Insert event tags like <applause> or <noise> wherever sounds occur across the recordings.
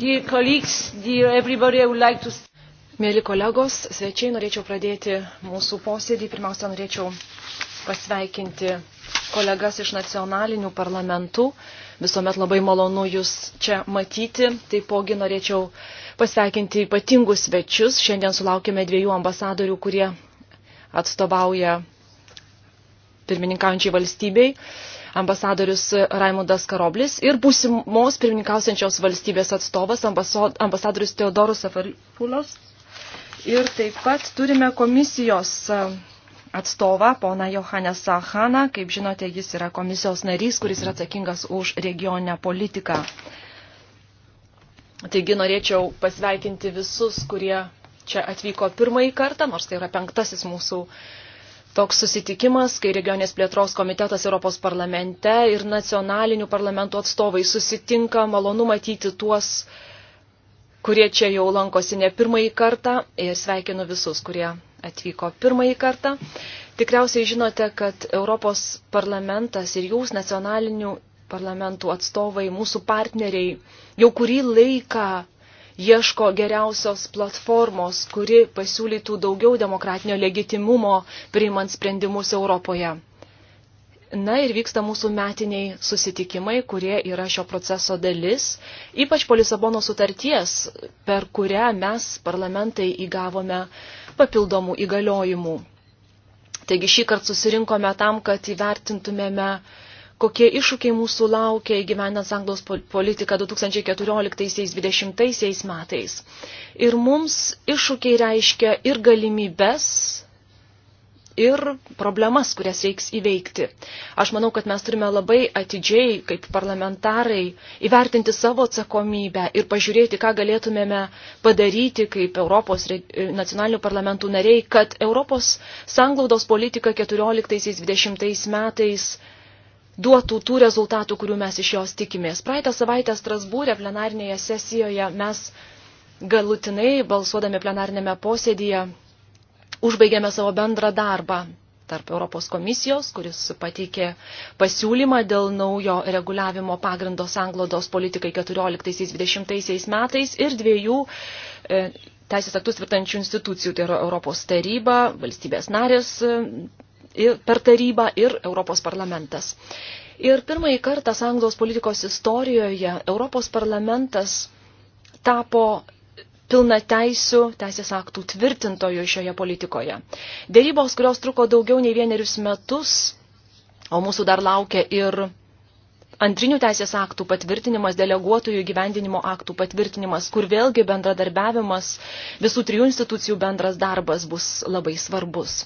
Dear colleagues, dear everybody, I would like to... Mėly kolegos, svečiai, norėčiau pradėti mūsų posėdį. Pirmiausia, norėčiau pasveikinti kolegas iš nacionalinių parlamentų. Visuomet labai malonu jūs čia matyti. Taipogi norėčiau pasveikinti ypatingus svečius. Šiandien sulaukime dviejų ambasadorių, kurie atstovauja pirmininkaujančiai valstybei ambasadorius Raimundas Karoblis ir būsimos pirmininkausiančios valstybės atstovas ambasadorius Teodorus Safaripulos. Ir taip pat turime komisijos e, atstovą, poną Johanesą Haną. Kaip žinote, jis yra komisijos narys, kuris yra atsakingas už regioninę politiką. Taigi norėčiau pasveikinti visus, kurie čia atvyko pirmąjį kartą, nors tai yra penktasis mūsų uh, toks susitikimas, kai regionės plėtros komitetas Europos parlamente ir nacionalinių parlamentų atstovai susitinka, malonu matyti tuos, kurie čia jau lankosi ne pirmąjį kartą ir sveikinu visus, kurie atvyko pirmąjį kartą. Tikriausiai žinote, kad Europos parlamentas ir jūs nacionalinių parlamentų atstovai, mūsų partneriai, jau kurį laiką ieško geriausios platformos, kuri pasiūlytų daugiau demokratinio legitimumo priimant sprendimus Europoje. Na ir vyksta mūsų metiniai susitikimai, kurie yra šio proceso dalis, ypač po Lisabono sutarties, per kurią mes parlamentai įgavome papildomų įgaliojimų. Taigi šį kartą susirinkome tam, kad įvertintumėme uh, kokie iššūkiai mūsų laukia įgyvendant sanglos politiką 2014-2020 metais. Ir mums iššūkiai reiškia ir galimybes, ir problemas, kurias reiks įveikti. Aš manau, kad mes turime labai atidžiai, kaip parlamentarai, įvertinti savo atsakomybę ir pažiūrėti, ką galėtumėme padaryti kaip Europos nacionalinių parlamentų nariai, kad Europos sanglaudos politika 2014-2020 metais duotų tų rezultatų, kurių mes iš jos tikimės. Praeitą savaitę Strasbūrė plenarnėje sesijoje mes galutinai balsuodami plenarnėme posėdėje užbaigėme savo bendrą darbą tarp Europos komisijos, kuris pateikė pasiūlymą dėl naujo reguliavimo pagrindo sanglodos politikai 14-20 metais ir dviejų e, teisės aktus tvirtančių institucijų, tai yra Europos taryba, valstybės narės per tarybą ir Europos parlamentas. Ir pirmąjį kartą sąjungos politikos istorijoje Europos parlamentas tapo pilna teisių teisės aktų tvirtintojų šioje politikoje. Dėrybos, kurios truko daugiau nei vienerius metus, o mūsų dar laukia ir antrinių teisės aktų patvirtinimas, deleguotojų gyvendinimo aktų patvirtinimas, kur vėlgi bendradarbiavimas, visų trijų institucijų bendras darbas bus labai svarbus.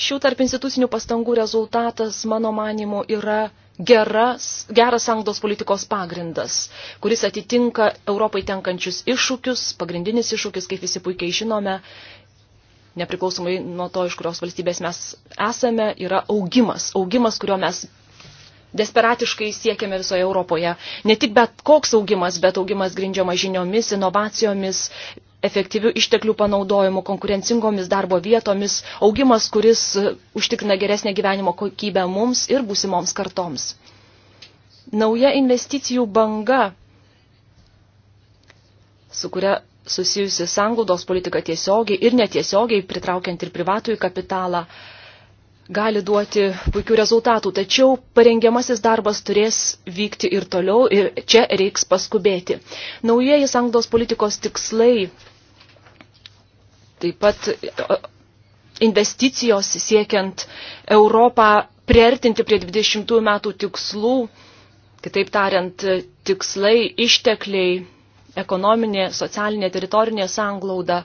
Šių tarp institucinių pastangų rezultatas, mano manimu, yra geras, geras anglos politikos pagrindas, kuris atitinka Europai tenkančius iššūkius, pagrindinis iššūkis, kaip visi puikiai žinome, nepriklausomai nuo to, iš kurios valstybės mes esame, yra augimas. Augimas, kurio mes desperatiškai siekiame visoje Europoje. Ne tik bet koks augimas, bet augimas grindžiamas žiniomis, inovacijomis, efektyvių išteklių panaudojimu, konkurencingomis darbo vietomis, augimas, kuris e, užtikrina geresnę gyvenimo kokybę mums ir būsimoms kartoms. Nauja investicijų banga, su kuria susijusi sanglaudos politika tiesiogiai ir netiesiogiai, pritraukiant ir privatų į kapitalą, gali duoti puikių rezultatų, tačiau parengiamasis darbas turės vykti ir toliau ir čia reiks paskubėti. Naujieji sanglos politikos tikslai Taip pat investicijos siekiant Europą priartinti prie 20 metų tikslų, kitaip tariant, tikslai, ištekliai, ekonominė, socialinė, teritorinė sanglauda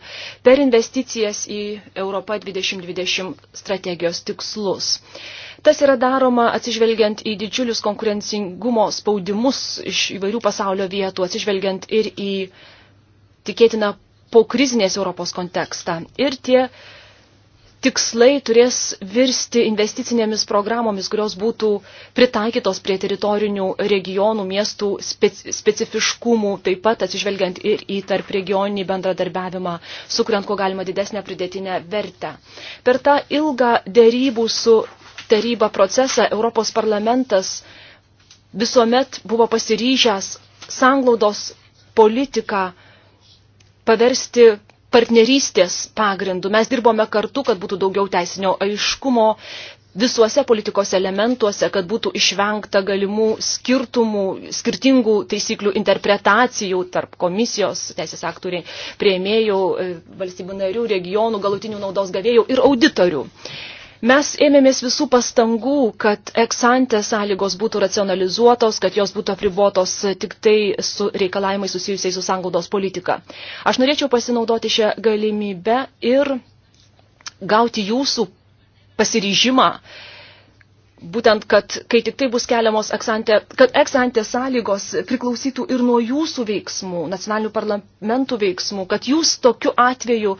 per investicijas į Europą 2020 strategijos tikslus. Tas yra daroma atsižvelgiant į didžiulius konkurencingumo spaudimus iš įvairių pasaulio vietų, atsižvelgiant ir į tikėtiną po krizinės Europos kontekstą. Ir tie tikslai turės virsti investicinėmis programomis, kurios būtų pritaikytos prie teritorinių regionų, miestų specifiškumų, taip pat atsižvelgiant ir į tarp regioninį bendradarbiavimą, sukuriant kuo galima didesnę pridėtinę vertę. Per tą ilgą dėrybų su taryba procesą Europos parlamentas visuomet buvo pasiryžęs sanglaudos politiką paversti partnerystės pagrindu. Mes dirbome kartu, kad būtų daugiau teisinio aiškumo visuose politikos elementuose, kad būtų išvengta galimų skirtumų, skirtingų taisyklių interpretacijų tarp komisijos, teisės aktų prieimėjų, e, valstybių narių, regionų, galutinių naudos gavėjų ir auditorių. Mes ėmėmės visų pastangų, kad eksantė sąlygos būtų racionalizuotos, kad jos būtų apribotos tik tai su reikalavimai susijusiai su sanglaudos politika. Aš norėčiau pasinaudoti šią galimybę ir gauti jūsų pasiryžimą uh, būtent, kad kai tik tai bus keliamos eksantė, kad eksantė sąlygos priklausytų ir nuo jūsų veiksmų, nacionalinių parlamentų veiksmų, kad jūs tokiu atveju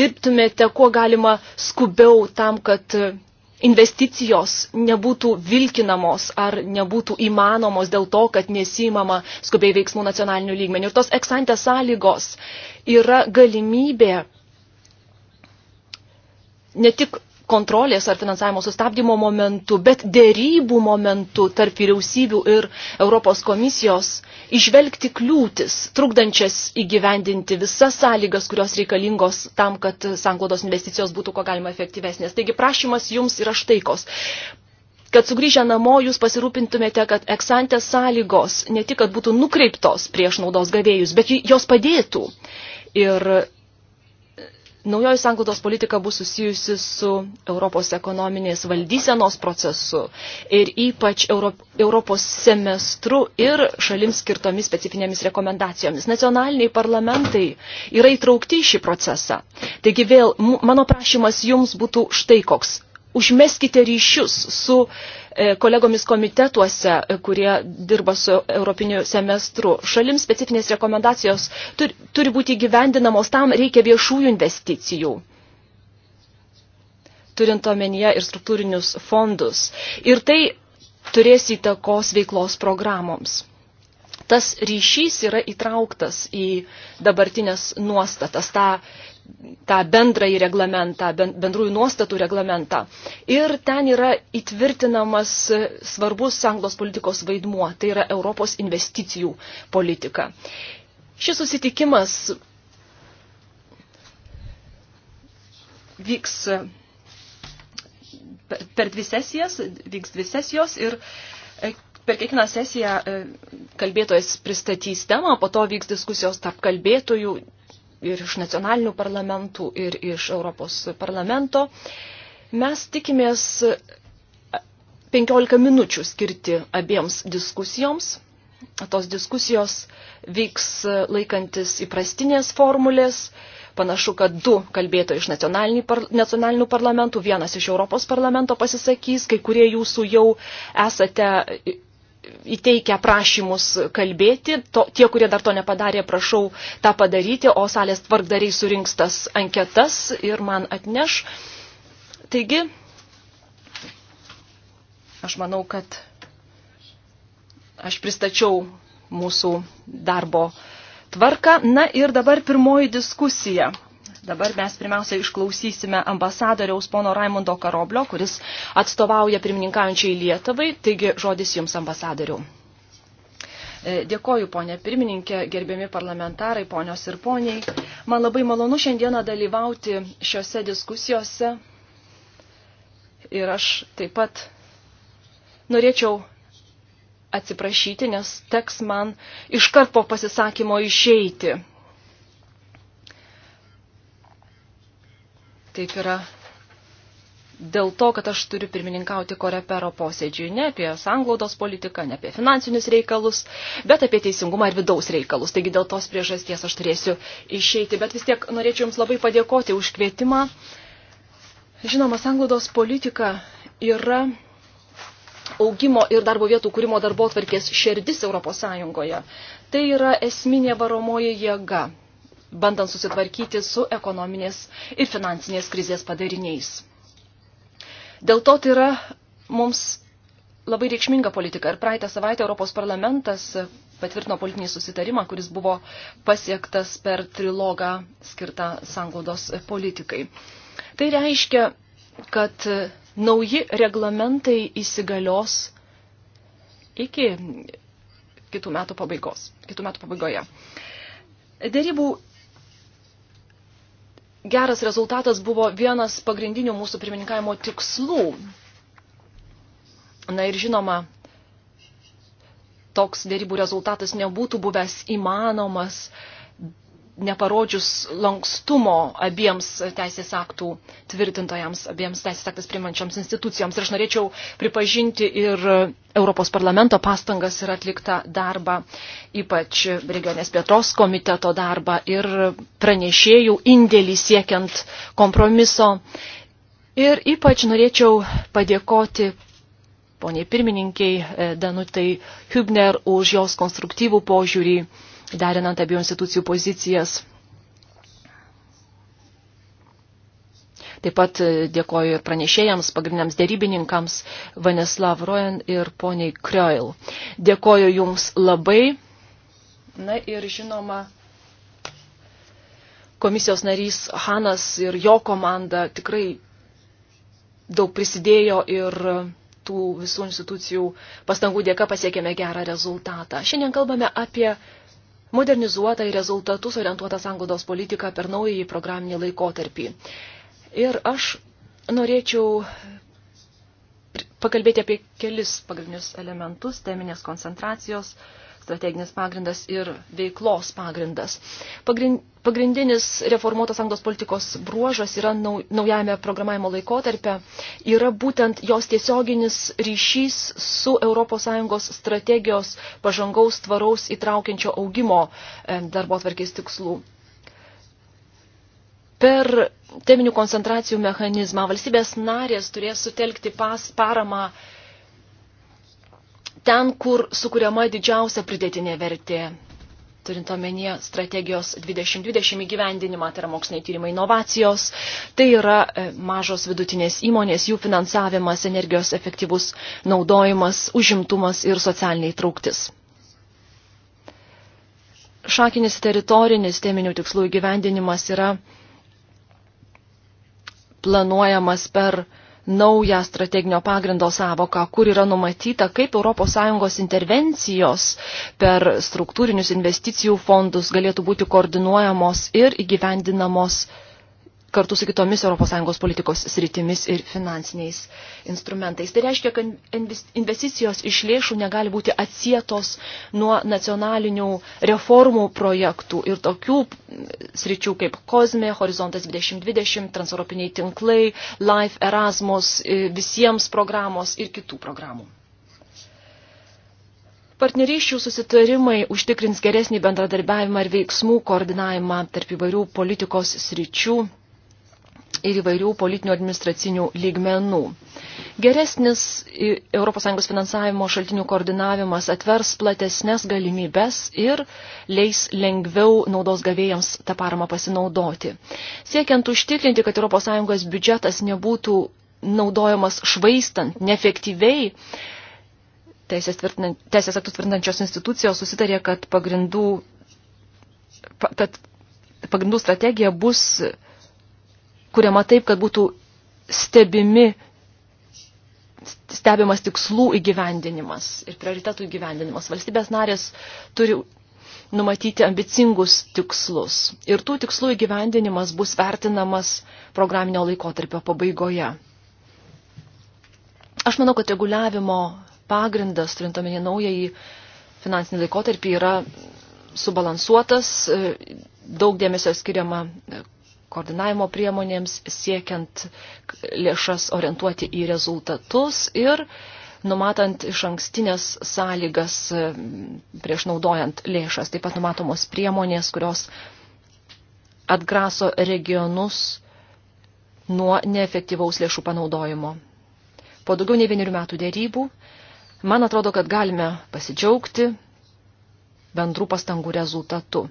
dirbtumėte kuo galima skubiau tam, kad investicijos nebūtų vilkinamos ar nebūtų įmanomos dėl to, kad nesimama skubiai veiksmų nacionalinių lygmenių. Ir tos eksantė sąlygos yra galimybė ne tik kontrolės ar finansavimo sustabdymo momentu, bet dėrybų momentu tarp vyriausybių ir Europos komisijos išvelgti kliūtis, trukdančias įgyvendinti visas sąlygas, kurios reikalingos tam, kad sanglaudos investicijos būtų ko galima efektyvesnės. Taigi prašymas jums yra štaikos kad sugrįžę namo jūs pasirūpintumėte, kad eksantės sąlygos ne tik, kad būtų nukreiptos prieš naudos gavėjus, bet jos padėtų. Ir Naujoji sanglaudos politika bus susijusi su Europos ekonominės valdysenos procesu ir ypač Europos semestru ir šalims skirtomis specifinėmis rekomendacijomis. Nacionaliniai parlamentai yra įtraukti į šį procesą. Taigi vėl mano prašymas jums būtų štai koks užmeskite ryšius su e, kolegomis komitetuose, e, kurie dirba su Europiniu semestru. Šalims specifinės rekomendacijos turi, turi būti gyvendinamos, tam reikia viešųjų investicijų turint omenyje ir struktūrinius fondus. Ir tai turės įtakos veiklos programoms. Tas ryšys yra įtrauktas į dabartinės nuostatas, tą tą bendrąjį reglamentą, bendrųjų nuostatų reglamentą. Ir ten yra įtvirtinamas svarbus anglos politikos vaidmuo, tai yra Europos investicijų politika. Šis susitikimas vyks per dvi sesijas, vyks dvi sesijos ir e, per kiekvieną sesiją e, kalbėtojas pristatys temą, po to vyks diskusijos tarp kalbėtojų, ir iš nacionalinių parlamentų, ir iš Europos parlamento. Mes tikimės 15 minučių skirti abiems diskusijoms. Tos diskusijos vyks laikantis įprastinės formulės. Panašu, kad du kalbėtojai iš nacionalinių parlamentų, vienas iš Europos parlamento pasisakys, kai kurie jūsų jau esate įteikia prašymus kalbėti. To, tie, kurie dar to nepadarė, prašau tą padaryti, o salės tvarkdariai surinks tas anketas ir man atneš. Taigi, aš manau, kad aš pristačiau mūsų darbo tvarką. Na ir dabar pirmoji diskusija. Dabar mes pirmiausia išklausysime ambasadoriaus pono Raimundo Karoblio, kuris atstovauja pirmininkaujančiai Lietuvai. Taigi žodis jums ambasadoriau. E, dėkoju, ponė pirmininkė, gerbiami parlamentarai, ponios ir poniai. Man labai malonu šiandieną dalyvauti šiuose diskusijose. Ir aš taip pat norėčiau atsiprašyti, nes teks man iškart po pasisakymo išeiti. Taip yra dėl to, kad aš turiu pirmininkauti korepero posėdžiui, ne apie sanglaudos politiką, ne apie finansinius reikalus, bet apie teisingumą ir vidaus reikalus. Taigi dėl tos priežasties aš turėsiu išeiti, bet vis tiek norėčiau Jums labai padėkoti už kvietimą. Žinoma, sanglaudos politika yra augimo ir darbo vietų kūrimo darbo tvarkės šerdis Europos Sąjungoje. Tai yra esminė varomoji jėga bandant susitvarkyti su ekonominės ir finansinės krizės padariniais. Dėl to tai yra mums labai reikšminga politika. Ir praeitą savaitę Europos parlamentas patvirtino politinį susitarimą, kuris buvo pasiektas per trilogą skirtą sanglaudos politikai. Tai reiškia, kad nauji reglamentai įsigalios iki kitų metų pabaigos, kitų metų pabaigoje. Dėrybų geras rezultatas buvo vienas pagrindinių mūsų pirmininkavimo tikslų. Na ir žinoma, toks dėrybų rezultatas nebūtų buvęs įmanomas, uh, neparodžius lankstumo abiems teisės aktų tvirtintojams, abiems teisės aktas primančioms institucijoms. Ir aš norėčiau pripažinti ir Europos parlamento pastangas ir atliktą darbą, ypač regionės plėtros komiteto darbą ir pranešėjų indėlį siekiant kompromiso. Ir ypač norėčiau padėkoti poniai pirmininkiai e, Danutai Hübner už jos konstruktyvų požiūrį derinant abiejų institucijų pozicijas. Taip pat e, dėkoju ir pranešėjams, pagrindiniams dėrybininkams, Vaneslav Rojan ir poniai Kreil. Dėkoju Jums labai. Na ir žinoma, komisijos narys Hanas ir jo komanda tikrai daug prisidėjo ir tų visų institucijų pastangų dėka pasiekėme gerą rezultatą. Šiandien kalbame apie modernizuotą ir rezultatus orientuotą sanglaudos politiką per naująjį programinį laikotarpį. Ir aš norėčiau pakalbėti apie kelis pagrindinius elementus - teminės koncentracijos, uh, strateginis pagrindas ir veiklos pagrindas. Pagrindinis reformuotos anglos politikos bruožas yra naujame programavimo laikotarpė, yra būtent jos tiesioginis ryšys su ES strategijos pažangaus tvaraus įtraukiančio augimo e, darbo atvarkės tikslų per teminių koncentracijų mechanizmą valstybės narės turės sutelkti pas, paramą ten, kur sukuriama didžiausia pridėtinė vertė, turint omenyje strategijos 2020 įgyvendinimą, tai yra moksliniai tyrimai inovacijos, tai yra e, mažos vidutinės įmonės, jų finansavimas, energijos efektyvus naudojimas, užimtumas ir socialiniai trauktis. Šakinis teritorinis teminių tikslų įgyvendinimas yra planuojamas per naują strateginio pagrindo savoką, kur yra numatyta, kaip ES intervencijos per struktūrinius investicijų fondus galėtų būti koordinuojamos ir įgyvendinamos kartu su kitomis ES politikos sritimis ir finansiniais instrumentais. Tai reiškia, kad investicijos iš lėšų negali būti atsietos nuo nacionalinių reformų projektų ir tokių sričių kaip COSME, Horizontas 2020, Transeuropiniai tinklai, Life, Erasmus, e, visiems programos ir kitų programų. Partnerysčių susitarimai užtikrins geresnį bendradarbiavimą ir veiksmų koordinavimą tarp įvairių politikos sričių ir įvairių politinių administracinių lygmenų. Geresnis ES finansavimo šaltinių koordinavimas atvers platesnės galimybės ir leis lengviau naudos gavėjams tą paramą pasinaudoti. Siekiant užtikrinti, kad ES biudžetas nebūtų naudojamas švaistant, neefektyviai, teisės, teisės aktus tvirtinančios institucijos susitarė, kad pagrindų, kad pagrindų strategija bus kuriama taip, kad būtų stebimi, stebimas tikslų įgyvendinimas ir prioritetų įgyvendinimas. Valstybės narės turi numatyti ambicingus tikslus. Ir tų tikslų įgyvendinimas bus vertinamas programinio laikotarpio pabaigoje. Aš manau, kad reguliavimo pagrindas, turint omenyje naująjį finansinį laikotarpį, yra subalansuotas, daug dėmesio skiriama koordinavimo priemonėms, siekiant lėšas orientuoti į rezultatus ir numatant iš ankstinės sąlygas prieš naudojant lėšas. Taip pat numatomos priemonės, kurios atgraso regionus nuo neefektyvaus lėšų panaudojimo. Po daugiau nei vienerių metų dėrybų, man atrodo, kad galime pasidžiaugti bendrų pastangų rezultatu.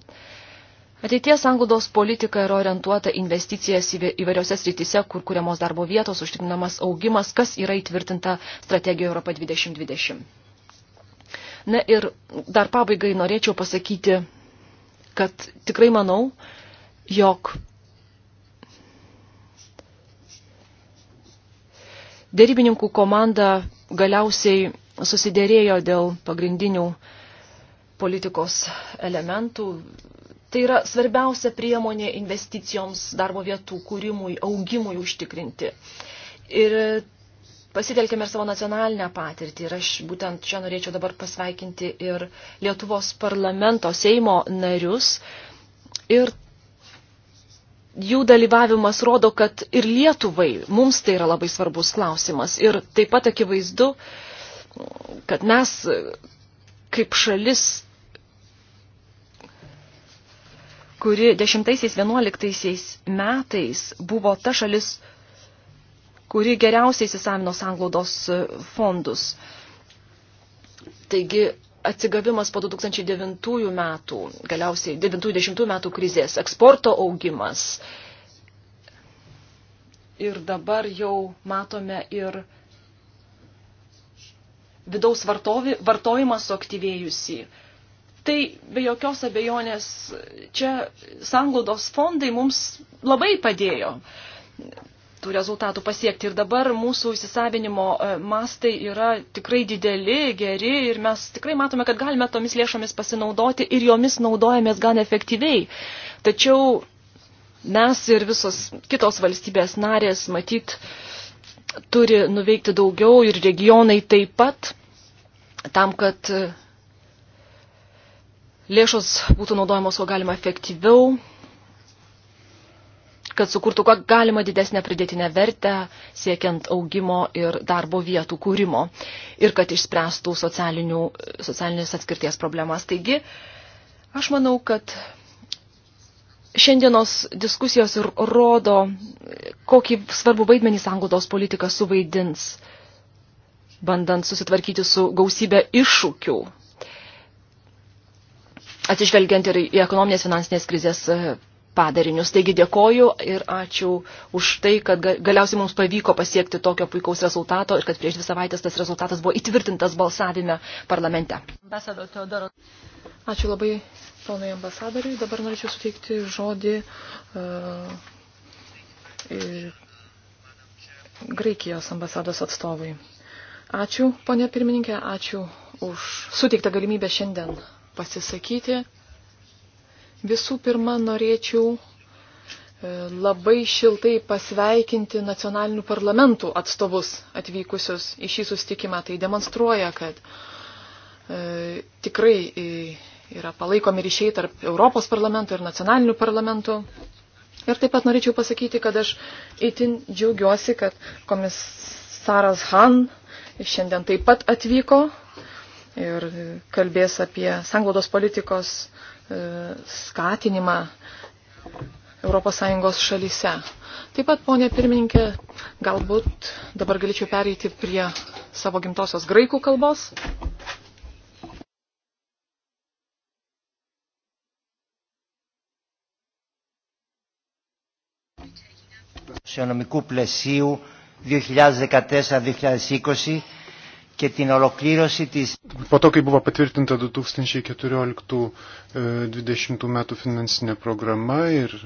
Ateities sanglaudos politika yra orientuota investicijas įvairiose srityse, kur kuriamos darbo vietos, užtikrinamas augimas, kas yra įtvirtinta strategijoje Europa 2020. Na ir dar pabaigai norėčiau pasakyti, kad tikrai manau, jog dėrybininkų komanda galiausiai susidėrėjo dėl pagrindinių politikos elementų Tai yra svarbiausia priemonė investicijoms darbo vietų kūrimui, augimui užtikrinti. Ir pasitelkėme ir savo nacionalinę patirtį. Ir aš būtent čia norėčiau dabar pasveikinti ir Lietuvos parlamento Seimo narius. Ir jų dalyvavimas rodo, kad ir Lietuvai mums tai yra labai svarbus klausimas. Ir taip pat akivaizdu, kad mes kaip šalis kuri 10-11 metais buvo ta šalis, kuri geriausiai įsisavino sanglaudos fondus. Taigi atsigavimas po 2009 metų, galiausiai 90 metų krizės, eksporto augimas. Ir dabar jau matome ir vidaus vartovi, vartojimą suaktyvėjusi. Tai be jokios abejonės čia sanglaudos fondai mums labai padėjo tų rezultatų pasiekti. Ir dabar mūsų įsisavinimo e, mastai yra tikrai dideli, geri ir mes tikrai matome, kad galime tomis lėšomis pasinaudoti ir jomis naudojamės gan efektyviai. Tačiau mes ir visos kitos valstybės narės matyt turi nuveikti daugiau ir regionai taip pat tam, kad lėšos būtų naudojamos kuo galima efektyviau, kad sukurtų kuo galima didesnę pridėtinę vertę, siekiant augimo ir darbo vietų kūrimo ir kad išspręstų socialinės atskirties problemas. Taigi, aš manau, kad šiandienos diskusijos ir rodo, kokį svarbų vaidmenį sanglaudos politika suvaidins, bandant susitvarkyti su gausybė iššūkių atsižvelgiant ir į ekonominės finansinės krizės e, padarinius. Taigi dėkoju ir ačiū už tai, kad galiausiai mums pavyko pasiekti tokio puikaus rezultato ir kad prieš dvi savaitės tas rezultatas buvo įtvirtintas balsavime parlamente. Ačiū labai ponui ambasadoriui. Dabar norėčiau suteikti žodį uh, Graikijos ambasados atstovui. Ačiū, ponė pirmininkė, ačiū už suteiktą galimybę šiandien pasisakyti. Visų pirma, norėčiau e, labai šiltai pasveikinti nacionalinių parlamentų atstovus atvykusius į šį sustikimą. Tai demonstruoja, kad e, tikrai e, yra palaikomi ryšiai tarp Europos parlamentų ir nacionalinių parlamentų. Ir taip pat norėčiau pasakyti, kad aš itin džiaugiuosi, kad komisaras Han šiandien taip pat atvyko ir kalbės apie sanglaudos politikos e, skatinimą ES šalyse. Taip pat, ponė pirmininkė, galbūt dabar galėčiau pereiti prie savo gimtosios graikų kalbos. Σιονομικού πλαισίου 2014-2020 και την ολοκλήρωση της... Po to, kai buvo patvirtinta 2014-2020 e, metų finansinė programa ir e,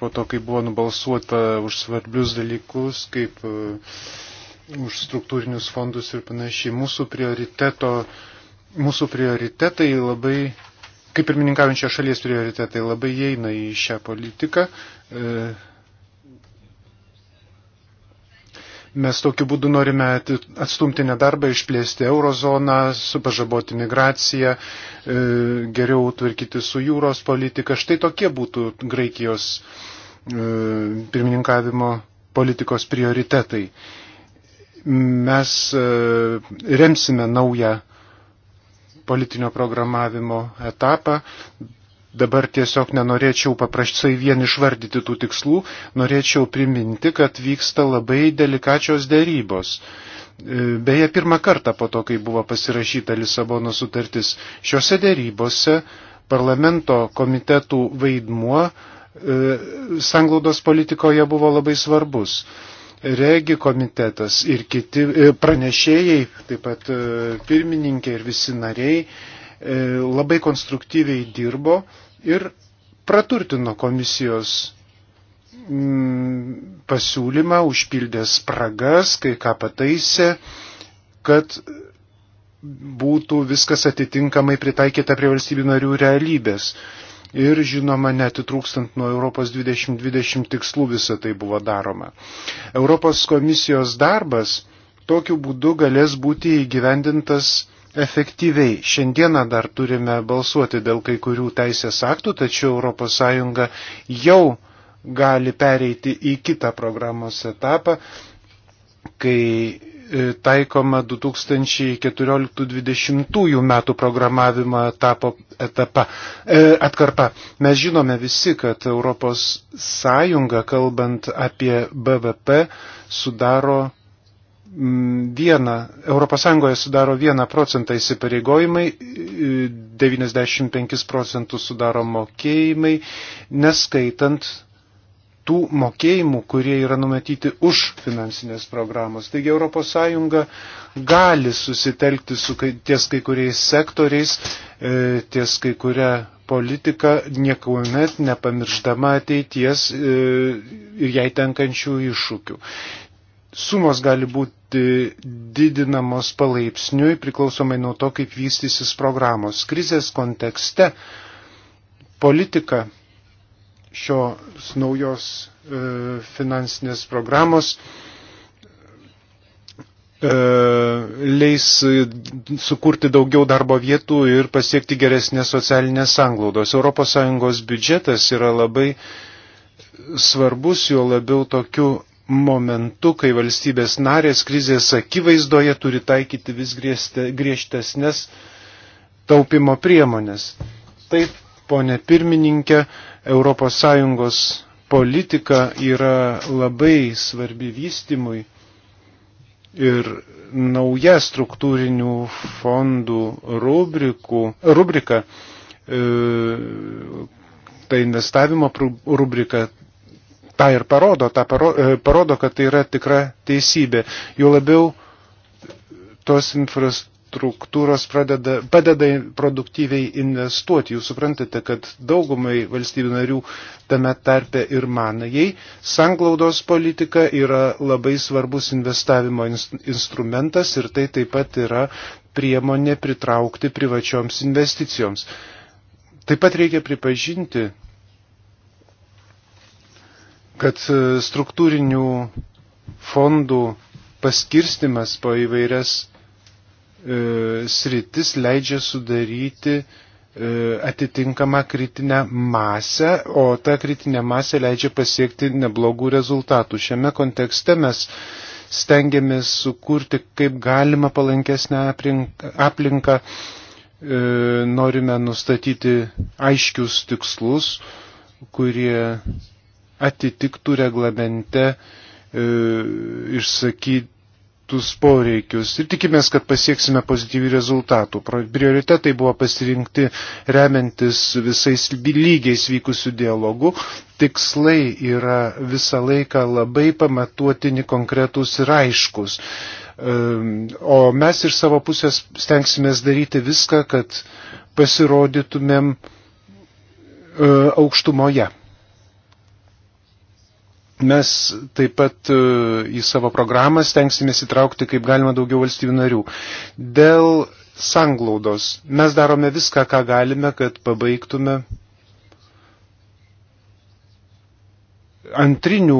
po to, kai buvo nubalsuota už svarbius dalykus, kaip e, už struktūrinius fondus ir panašiai, mūsų, mūsų prioritetai labai, kaip ir mininkaujančio šalies prioritetai, labai įeina į šią politiką. E, Mes tokiu būdu norime atstumti nedarbą, išplėsti eurozoną, supažaboti migraciją, e, geriau tvarkyti su jūros politika. Štai tokie būtų Graikijos e, pirmininkavimo politikos prioritetai. Mes e, remsime naują politinio programavimo etapą, Dabar tiesiog nenorėčiau paprastai vien išvardyti tų tikslų, norėčiau priminti, kad vyksta labai delikačios dėrybos. E, beje, pirmą kartą po to, kai buvo pasirašyta Lisabono sutartis, šiuose dėrybose parlamento komitetų vaidmuo e, sanglaudos politikoje buvo labai svarbus. Regi komitetas ir kiti e, pranešėjai, taip pat pirmininkė ir visi nariai E, labai konstruktyviai dirbo ir praturtino komisijos mm, pasiūlymą, užpildė spragas, kai ką pataisė, kad būtų viskas atitinkamai pritaikyta prie valstybių narių realybės. Ir žinoma, netitrūkstant nuo Europos 2020 tikslų visą tai buvo daroma. Europos komisijos darbas tokiu būdu galės būti įgyvendintas efektyviai. Šiandieną dar turime balsuoti dėl kai kurių teisės aktų, tačiau ES jau gali pereiti į kitą programos etapą, kai e, taikoma 2014-2020 metų programavimo etapo, etapa, e, atkarpa. Mes žinome visi, kad Europos Sąjunga, kalbant apie BVP, sudaro Mm, vieną, ES sudaro 1 procentą įsipareigojimai, 95 procentus sudaro mokėjimai, neskaitant tų mokėjimų, kurie yra numatyti už finansinės programos. Taigi ES gali susitelkti su ties kai kuriais sektoriais, e, ties kai kuria politika, niekuomet nepamirždama ateities e, ir jai tenkančių iššūkių sumos gali būti didinamos palaipsniui priklausomai nuo to, kaip vystysis programos. Krizės kontekste politika šios naujos e, finansinės programos e, leis sukurti daugiau darbo vietų ir pasiekti geresnės socialinės sanglaudos. ES biudžetas yra labai svarbus, jo labiau tokiu momentu, kai valstybės narės krizės akivaizdoje turi taikyti vis griežtesnės taupimo priemonės. Taip, ponė pirmininkė, ES politika yra labai svarbi vystimui ir nauja struktūrinių fondų rubrikų, rubrika, e, ta investavimo rubrika tą ir parodo, tą paro, e, parodo, kad tai yra tikra teisybė. Jau labiau tos infrastruktūros pradeda, padeda produktyviai investuoti. Jūs suprantate, kad daugumai valstybių narių tame tarpe ir manajai sanglaudos politika yra labai svarbus investavimo instrumentas ir tai taip pat yra priemonė pritraukti privačioms investicijoms. Taip pat reikia pripažinti, kad e, struktūrinių fondų paskirstimas po įvairias e, sritis leidžia sudaryti e, atitinkamą kritinę masę, o ta kritinė masė leidžia pasiekti neblogų rezultatų. Šiame kontekste mes stengiamės sukurti kaip galima palankesnę aplinką, e, norime nustatyti aiškius tikslus, kurie atitiktų reglamente e, išsakytus poreikius. Ir tikimės, kad pasieksime pozityvių rezultatų. Prioritetai buvo pasirinkti remiantis visais lygiais vykusių dialogų. Tikslai yra visą laiką labai pamatuotini, konkretūs ir aiškus. E, o mes iš savo pusės stengsimės daryti viską, kad pasirodytumėm e, aukštumoje. Mes taip pat e, į savo programą stengsimės įtraukti kaip galima daugiau valstybių narių. Dėl sanglaudos mes darome viską, ką galime, kad pabaigtume antrinių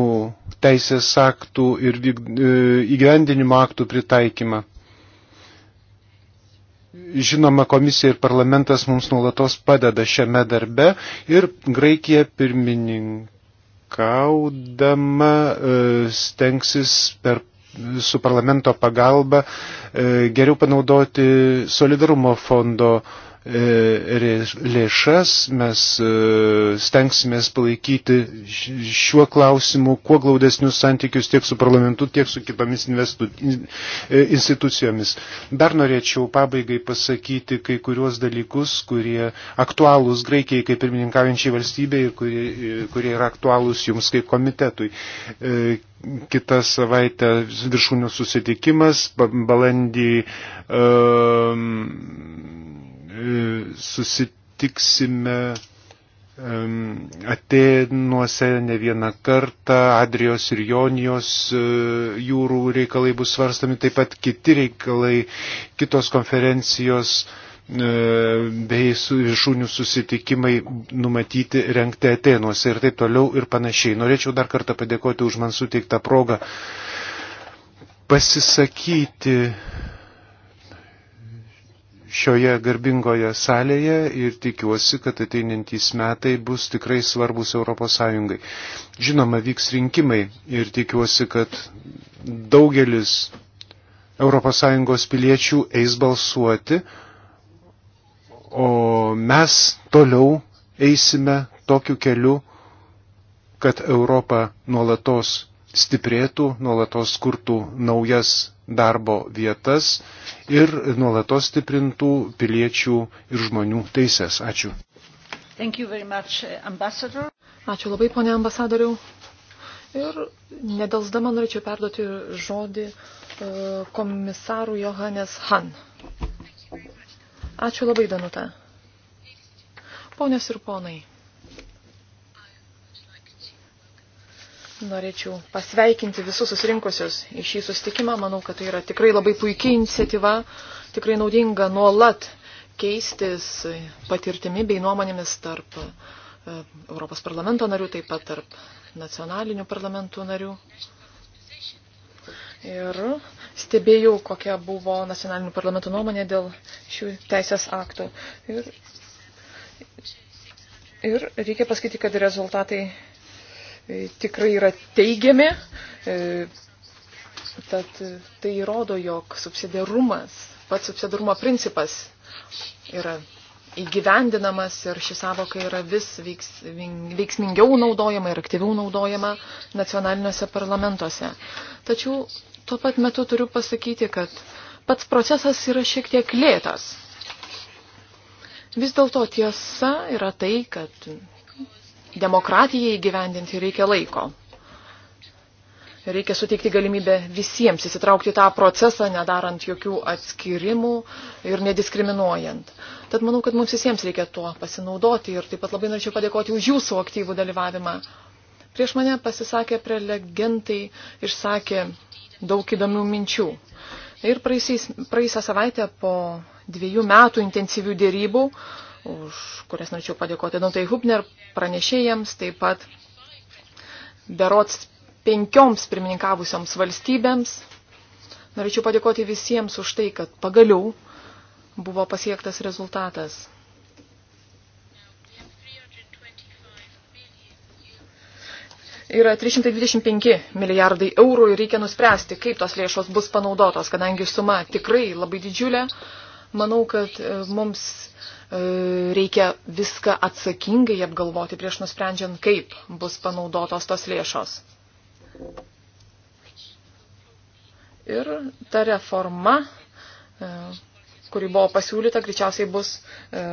teisės aktų ir e, įgyvendinimo aktų pritaikymą. Žinoma, komisija ir parlamentas mums nuolatos padeda šiame darbe ir Graikija pirmininkai pirmininkaudama e, stengsis per, su parlamento pagalba e, geriau panaudoti solidarumo fondo E, lėšas, mes e, stengsimės palaikyti šiuo klausimu kuo glaudesnius santykius tiek su parlamentu, tiek su kitomis investu, e, institucijomis. Dar norėčiau pabaigai pasakyti kai kuriuos dalykus, kurie aktualūs Graikijai kaip pirmininkavinčiai valstybei ir kurie, kurie yra aktualūs jums kaip komitetui kitą savaitę viršūnių susitikimas, balandį um, E, susitiksime Atenuose ne vieną kartą, Adrijos ir Jonijos e, jūrų reikalai bus svarstami, taip pat kiti reikalai, kitos konferencijos e, bei viršūnių susitikimai numatyti renkti Atenuose ir taip toliau ir panašiai. Norėčiau dar kartą padėkoti už man suteiktą progą pasisakyti šioje garbingoje salėje ir tikiuosi, kad ateinantys metai bus tikrai svarbus ES. Žinoma, vyks rinkimai ir tikiuosi, kad daugelis ES piliečių eis balsuoti, o mes toliau eisime tokiu keliu, kad Europa nuolatos stiprėtų, nuolatos kurtų naujas darbo vietas ir nuolatos stiprintų piliečių ir žmonių teises. Ačiū. Much, eh, ambassador. Ačiū labai, ponė ambasadoriau. Ir nedelsdama norėčiau perduoti žodį e, komisarų Johannes Han. Ačiū labai, Danuta. Ponios ir ponai. Norėčiau pasveikinti visus susirinkusius į šį sustikimą. Manau, kad tai yra tikrai labai puikiai iniciatyva, tikrai naudinga nuolat keistis patirtimi bei nuomonėmis tarp e, Europos parlamento narių, taip pat tarp nacionalinių parlamentų narių. Ir stebėjau, kokia buvo nacionalinių parlamentų nuomonė dėl šių teisės aktų. Ir, ir reikia pasakyti, kad rezultatai E, tikrai yra teigiami. E, tad e, tai įrodo, jog subsidiarumas, pats subsidiarumo principas yra įgyvendinamas ir ši savoka yra vis veiks, veiksmingiau naudojama ir aktyviau naudojama nacionaliniuose parlamentuose. Tačiau tuo pat metu turiu pasakyti, kad pats procesas yra šiek tiek lėtas. Vis dėlto tiesa yra tai, kad demokratijai gyvendinti reikia laiko. Reikia suteikti galimybę visiems įsitraukti į tą procesą, nedarant jokių atskirimų ir nediskriminuojant. Tad manau, kad mums visiems reikia tuo pasinaudoti ir taip pat labai norėčiau padėkoti už jūsų aktyvų dalyvavimą. Prieš mane pasisakė prelegentai, išsakė daug įdomių minčių. Ir praeisą savaitę po dviejų metų intensyvių dėrybų už kurias norėčiau padėkoti Dantai Hubner pranešėjams, taip pat berots penkioms pirmininkavusioms valstybėms. Norėčiau padėkoti visiems už tai, kad pagaliau buvo pasiektas rezultatas. Yra 325 milijardai eurų ir reikia nuspręsti, kaip tos lėšos bus panaudotos, kadangi suma tikrai labai didžiulė. Manau, kad e, mums E, reikia viską atsakingai apgalvoti prieš nusprendžiant, kaip bus panaudotos tos lėšos. Ir ta reforma, e, kuri buvo pasiūlyta, greičiausiai bus e,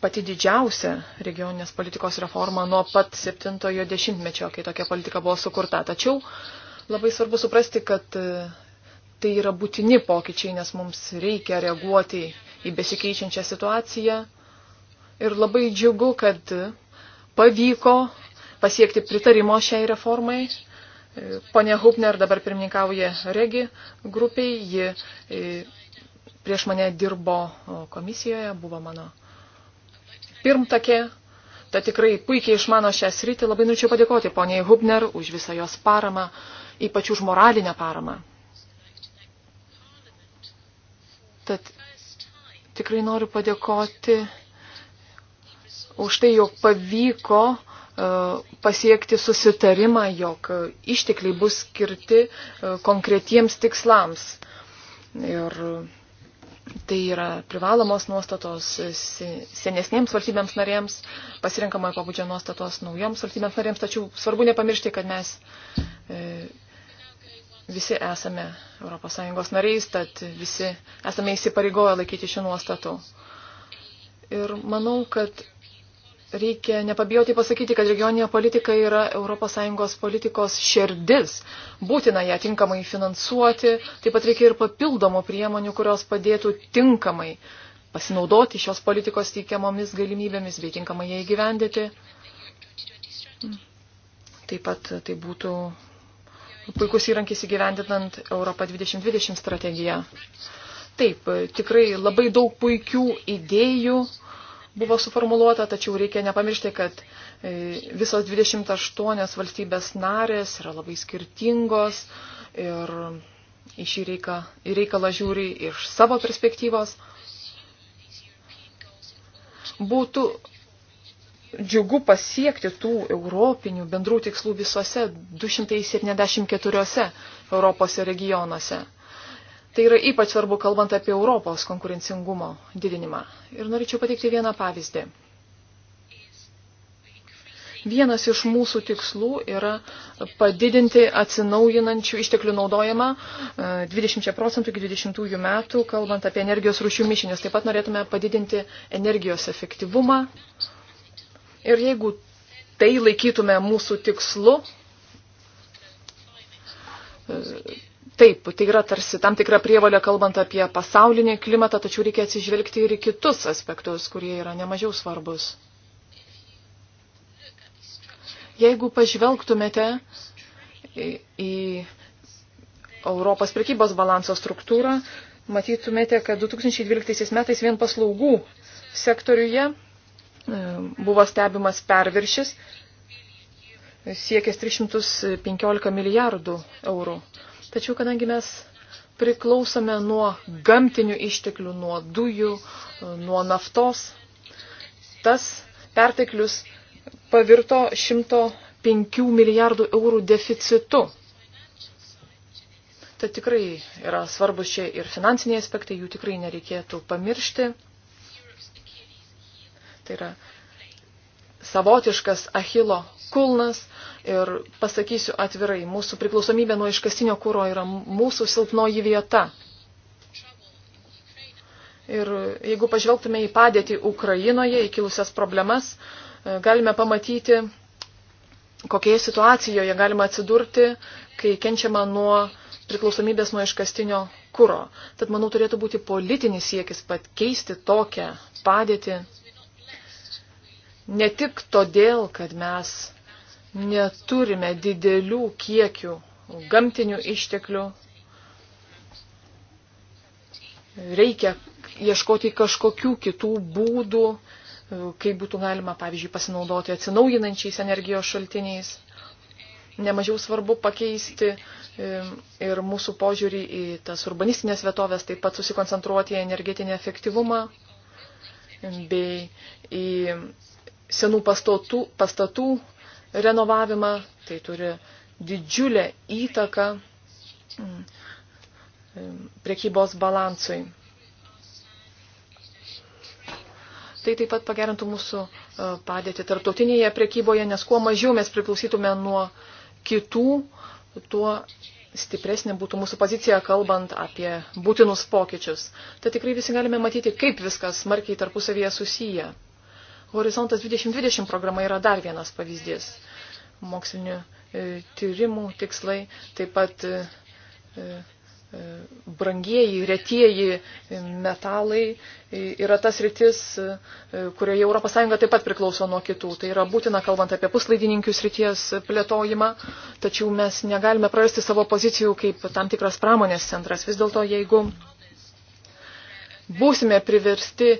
pati didžiausia regioninės politikos reforma nuo pat 70-ojo dešimtmečio, kai tokia politika buvo sukurta. Tačiau labai svarbu suprasti, kad tai yra būtini pokyčiai, nes mums reikia reaguoti į besikeičiančią situaciją. Ir labai džiugu, kad pavyko pasiekti pritarimo šiai reformai. Pone Hupner dabar pirmininkauja Regi grupiai, ji e, prieš mane dirbo komisijoje, buvo mano pirmtakė, ta tikrai puikiai išmano šią sritį. Labai norėčiau padėkoti poniai Hubner už visą jos paramą, ypač už moralinę paramą. Tad tikrai noriu padėkoti už tai, jog pavyko e, pasiekti susitarimą, jog ištekliai bus skirti e, konkretiems tikslams. Ir tai yra privalomos nuostatos senesniems valstybėms narėms, pasirinkamojo pabudžio nuostatos naujoms valstybėms narėms, tačiau svarbu nepamiršti, kad mes e, visi esame ES nariais, tad visi esame įsipareigoję laikyti šių nuostatų. Ir manau, kad reikia nepabijoti pasakyti, kad regioninė politika yra ES politikos šerdis. Būtina ją tinkamai finansuoti, taip pat reikia ir papildomų priemonių, kurios padėtų tinkamai pasinaudoti šios politikos teikiamomis galimybėmis bei tinkamai ją įgyvendyti. Taip pat tai būtų puikus įrankis įgyvendinant Europą 2020 strategiją. Taip, tikrai labai daug puikių idėjų buvo suformuoluota, tačiau reikia nepamiršti, kad e, visos 28 valstybės narės yra labai skirtingos ir į šį reiką, į reikalą žiūri iš savo perspektyvos. Būtų džiugu pasiekti tų europinių bendrų tikslų visose 274 Europos regionuose. Tai yra ypač svarbu, kalbant apie Europos konkurencingumo didinimą. Ir norėčiau pateikti vieną pavyzdį. Vienas iš mūsų tikslų yra padidinti atsinaujinančių išteklių naudojimą 20 e, procentų iki 20 metų, kalbant apie energijos rūšių mišinius. Taip pat norėtume padidinti energijos efektyvumą, Ir jeigu tai laikytume mūsų tikslu, Taip, tai yra tarsi tam tikra prievalė kalbant apie pasaulinį klimatą, tačiau reikia atsižvelgti ir į kitus aspektus, kurie yra nemažiau svarbus. Jeigu pažvelgtumėte į, į Europos prekybos balanso struktūrą, matytumėte, kad 2012 metais vien paslaugų sektoriuje buvo stebimas perviršis siekęs 315 milijardų eurų. Tačiau kadangi mes priklausome nuo gamtinių išteklių, nuo dujų, nuo naftos, tas perteklius pavirto 105 milijardų eurų deficitu. Tai tikrai yra svarbus čia ir finansiniai aspektai, jų tikrai nereikėtų pamiršti. Tai yra savotiškas Achilo kulnas ir pasakysiu atvirai, mūsų priklausomybė nuo iškastinio kūro yra mūsų silpnoji vieta. Ir jeigu pažvelgtume į padėtį Ukrainoje, į kilusias problemas, e, galime pamatyti, kokioje situacijoje galima atsidurti, kai kenčiama nuo priklausomybės nuo iškastinio kūro. Tad, manau, turėtų būti politinis siekis pat keisti tokią padėtį Ne tik todėl, kad mes neturime didelių kiekių gamtinių išteklių, reikia ieškoti kažkokių kitų būdų, kaip būtų galima, pavyzdžiui, pasinaudoti atsinaujinančiais energijos šaltiniais. Nemažiau svarbu pakeisti ir mūsų požiūrį į tas urbanistinės vietovės, taip pat susikoncentruoti į energetinį efektyvumą bei į senų pastatų, pastatų renovavimą, tai turi didžiulę įtaką mm, priekybos balansui. Tai taip pat pagerintų mūsų e, padėtį tarptautinėje prekyboje, nes kuo mažiau mes priklausytume nuo kitų, tuo stipresnė būtų mūsų pozicija, kalbant apie būtinus pokyčius. Tai tikrai visi galime matyti, kaip viskas smarkiai tarpusavyje susiję. Horizontas 2020 programa yra dar vienas pavyzdys. Mokslinių e, tyrimų tikslai, taip pat e, e, brangieji, retieji metalai yra tas rytis, kurioje ES taip pat priklauso nuo kitų. Tai yra būtina, kalbant apie puslaidininkių srities plėtojimą, tačiau mes negalime prarasti savo pozicijų kaip tam tikras pramonės centras. Vis dėlto, jeigu būsime priversti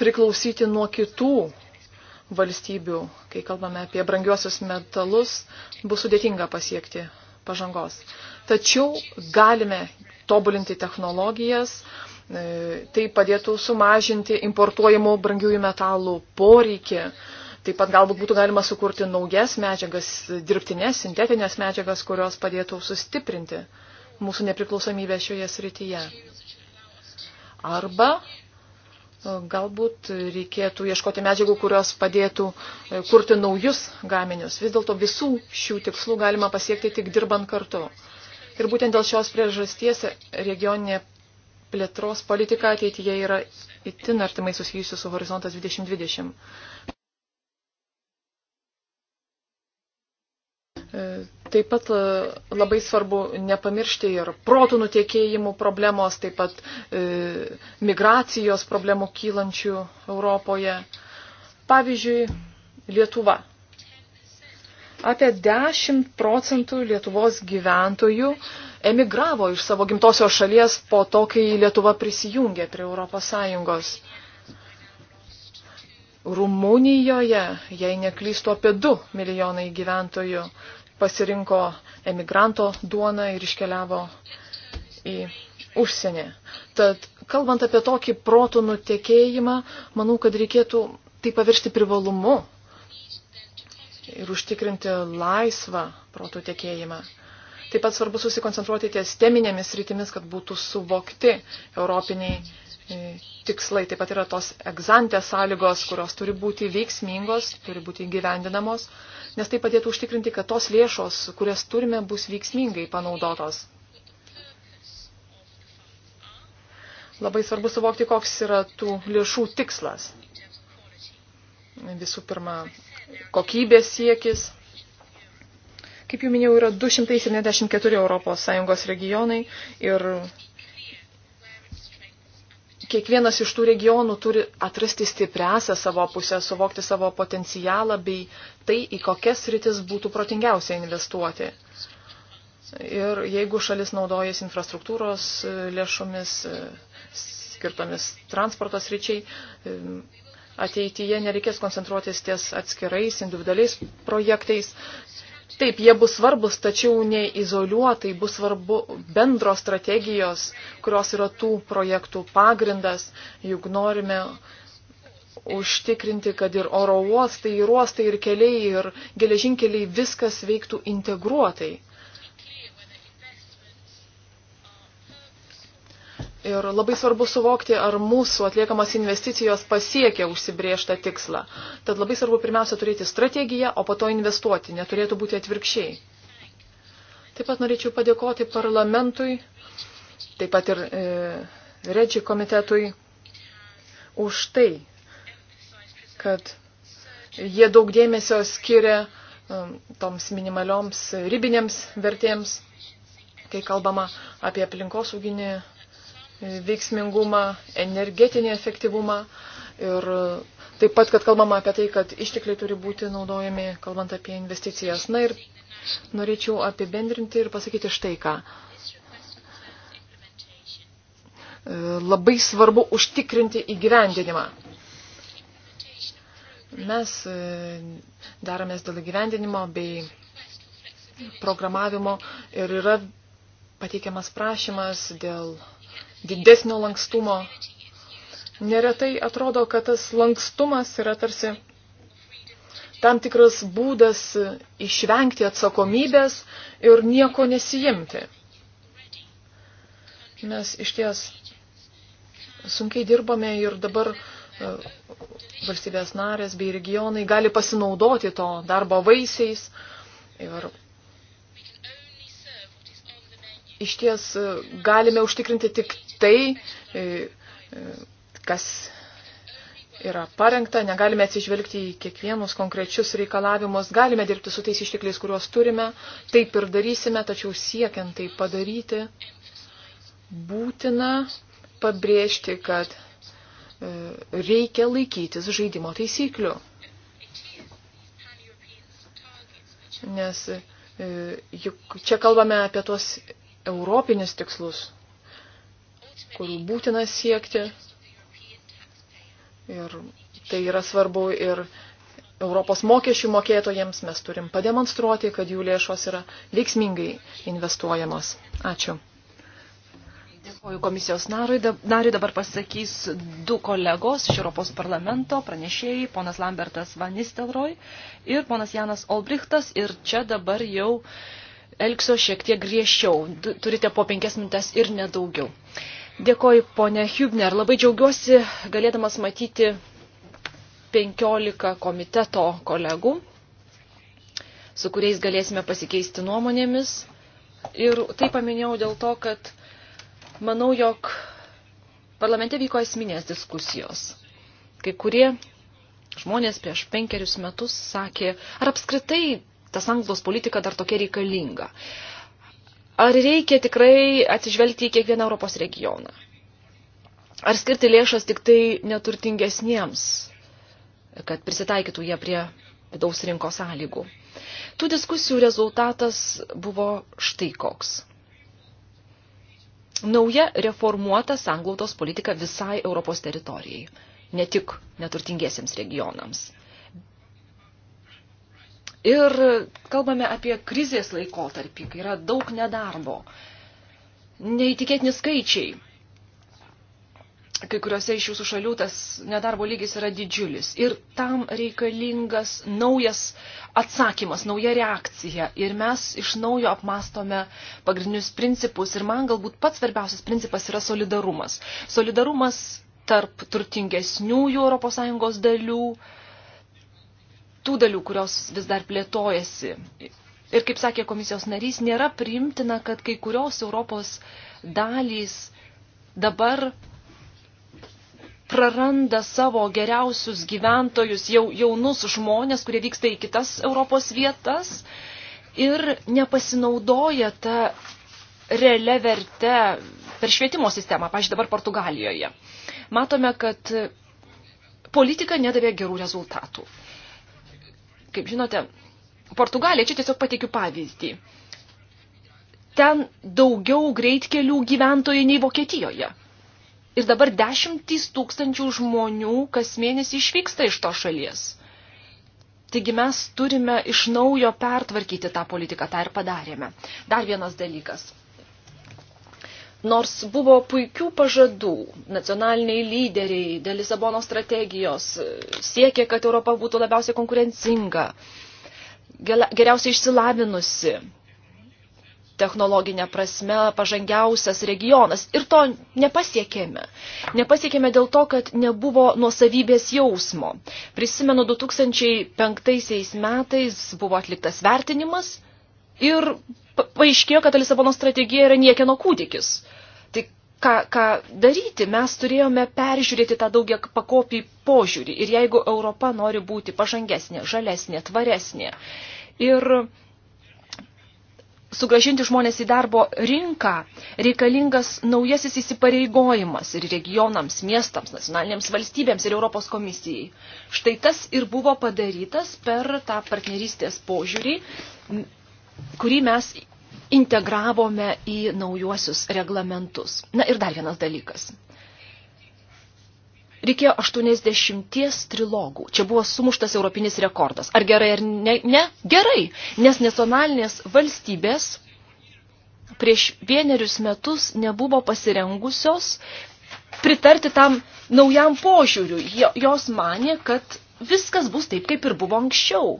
priklausyti nuo kitų valstybių, kai kalbame apie brangiuosius metalus, bus sudėtinga pasiekti pažangos. Tačiau galime tobulinti technologijas, e, tai padėtų sumažinti importuojamų brangiųjų metalų poreikį. Taip pat galbūt būtų galima sukurti naujas medžiagas, dirbtinės, sintetinės medžiagas, kurios padėtų sustiprinti mūsų nepriklausomybę šioje srityje. Arba Galbūt reikėtų ieškoti medžiagų, kurios padėtų e, kurti naujus gaminius. Vis dėlto visų šių tikslų galima pasiekti tik dirbant kartu. Ir būtent dėl šios priežasties regioninė plėtros politika ateityje yra itin artimai susijusi su Horizontas 2020. Taip pat e, labai svarbu nepamiršti ir protų nutiekėjimų problemos, taip pat e, migracijos problemų kylančių Europoje. Pavyzdžiui, Lietuva. Apie 10 procentų Lietuvos gyventojų emigravo iš savo gimtosios šalies po to, kai Lietuva prisijungė prie Europos Sąjungos. Rumunijoje, jei neklystu, apie 2 milijonai gyventojų pasirinko emigranto duoną ir iškeliavo į užsienį. Tad kalbant apie tokį protų nutekėjimą, manau, kad reikėtų tai pavirsti privalumu ir užtikrinti laisvą protų tekėjimą. Taip pat svarbu susikoncentruoti ties teminėmis rytimis, kad būtų suvokti europiniai E, tikslai, taip pat yra tos egzantės sąlygos, kurios turi būti veiksmingos, turi būti įgyvendinamos, nes tai padėtų užtikrinti, kad tos lėšos, kurias turime, bus veiksmingai panaudotos. Labai svarbu suvokti, koks yra tų lėšų tikslas. Visų pirma, kokybės siekis. Kaip jau minėjau, yra 274 ES regionai ir kiekvienas iš tų regionų turi atrasti stipriąsią savo pusę, suvokti savo potencialą bei tai, į kokias rytis būtų protingiausia investuoti. Ir jeigu šalis naudojasi infrastruktūros e, lėšomis, e, skirtomis transportos ryčiai, e, ateityje nereikės koncentruotis ties atskirais individualiais projektais, Taip, jie bus svarbus, tačiau neizoliuotai bus svarbu bendros strategijos, kurios yra tų projektų pagrindas, juk norime užtikrinti, kad ir oro uostai, ir uostai, ir keliai, ir geležinkeliai viskas veiktų integruotai. Ir labai svarbu suvokti, ar mūsų atliekamas investicijos pasiekia užsibriežtą tikslą. Tad labai svarbu pirmiausia turėti strategiją, o po to investuoti. Neturėtų būti atvirkščiai. Taip pat norėčiau padėkoti parlamentui, taip pat ir e, Redži komitetui už tai, kad jie daug dėmesio skiria e, toms minimalioms ribinėms vertėms, kai kalbama apie aplinkosauginį veiksmingumą, energetinį efektyvumą ir taip pat, kad kalbama apie tai, kad ištekliai turi būti naudojami, kalbant apie investicijas. Na ir norėčiau apibendrinti ir pasakyti štai ką. E, labai svarbu užtikrinti įgyvendinimą. Mes e, daromės dėl įgyvendinimo bei programavimo ir yra pateikiamas prašymas dėl didesnio lankstumo. Neretai atrodo, kad tas lankstumas yra tarsi tam tikras būdas išvengti atsakomybės ir nieko nesijimti. Mes iš ties sunkiai dirbame ir dabar e, valstybės narės bei regionai gali pasinaudoti to darbo vaisiais ir iš ties e, galime užtikrinti tik tai, e, e, kas yra parengta, negalime atsižvelgti į kiekvienus konkrečius reikalavimus, galime dirbti su tais ištekliais, kuriuos turime, taip ir darysime, tačiau siekiant tai padaryti, būtina pabrėžti, kad e, reikia laikytis žaidimo taisyklių. Nes juk čia kalbame apie tuos europinius tikslus kurių būtina siekti. Ir tai yra svarbu ir Europos mokesčių mokėtojams. Mes turim pademonstruoti, kad jų lėšos yra veiksmingai investuojamos. Ačiū. Dėkuoju komisijos narui. Nariui dabar pasakys du kolegos iš Europos parlamento, pranešėjai, ponas Lambertas Vanistelroj ir ponas Janas Olbrichtas. Ir čia dabar jau elgsiu šiek tiek griežčiau. Turite po penkias minutės ir nedaugiau. Dėkoju, ponė Hübner. Labai džiaugiuosi galėdamas matyti 15 komiteto kolegų, su kuriais galėsime pasikeisti nuomonėmis. Ir tai paminėjau dėl to, kad manau, jog parlamente vyko esminės diskusijos. Kai kurie žmonės prieš penkerius metus sakė, ar apskritai tas anglos politika dar tokia reikalinga. Ar reikia tikrai atsižvelgti į kiekvieną Europos regioną? Ar skirti lėšas tik tai neturtingesniems, kad prisitaikytų jie prie vidaus rinkos sąlygų? Tų diskusijų rezultatas buvo štai koks. Nauja reformuota sanglautos politika visai Europos teritorijai, ne tik neturtingiesiems regionams. Ir kalbame apie krizės laikotarpį, kai yra daug nedarbo. Neįtikėtini skaičiai. Kai kuriuose iš jūsų šalių tas nedarbo lygis yra didžiulis. Ir tam reikalingas naujas atsakymas, nauja reakcija. Ir mes iš naujo apmastome pagrindinius principus. Ir man galbūt pats svarbiausias principas yra solidarumas. Solidarumas tarp turtingesniųjų ES dalių tų dalių, kurios vis dar plėtojasi. Ir kaip sakė komisijos narys, nėra priimtina, kad kai kurios Europos dalys dabar praranda savo geriausius gyventojus, jau, jaunus žmonės, kurie vyksta į kitas Europos vietas ir nepasinaudoja tą realią vertę per švietimo sistemą, pažiūrėjau, dabar Portugalijoje. Matome, kad politika nedavė gerų rezultatų kaip žinote, Portugalija, čia tiesiog pateikiu pavyzdį. Ten daugiau greitkelių gyventojai nei Vokietijoje. Ir dabar dešimtys tūkstančių žmonių kas mėnesį išvyksta iš to šalies. Taigi mes turime iš naujo pertvarkyti tą politiką, tą ir padarėme. Dar vienas dalykas – Nors buvo puikių pažadų, nacionaliniai lyderiai dėl Lisabono strategijos e, siekė, kad Europa būtų labiausiai konkurencinga, geriausiai išsilavinusi, technologinė prasme pažangiausias regionas. Ir to nepasiekėme. Nepasiekėme dėl to, kad nebuvo nuosavybės jausmo. Prisimenu, 2005 metais buvo atliktas vertinimas ir paaiškėjo, kad Lisabono strategija yra niekieno kūdikis. Tai ką, ką daryti? Mes turėjome peržiūrėti tą daugia pakopį požiūrį. Ir jeigu Europa nori būti pažangesnė, žalesnė, tvaresnė ir sugražinti žmonės į darbo rinką, reikalingas naujasis įsipareigojimas ir regionams, miestams, nacionalinėms valstybėms ir Europos komisijai. Štai tas ir buvo padarytas per tą partnerystės požiūrį kurį mes integravome į naujuosius reglamentus. Na ir dar vienas dalykas. Reikėjo 80 trilogų. Čia buvo sumuštas europinis rekordas. Ar gerai, ar ne? ne? Gerai, nes nacionalinės valstybės prieš vienerius metus nebuvo pasirengusios pritarti tam naujam požiūriui. Jos manė, kad viskas bus taip, kaip ir buvo anksčiau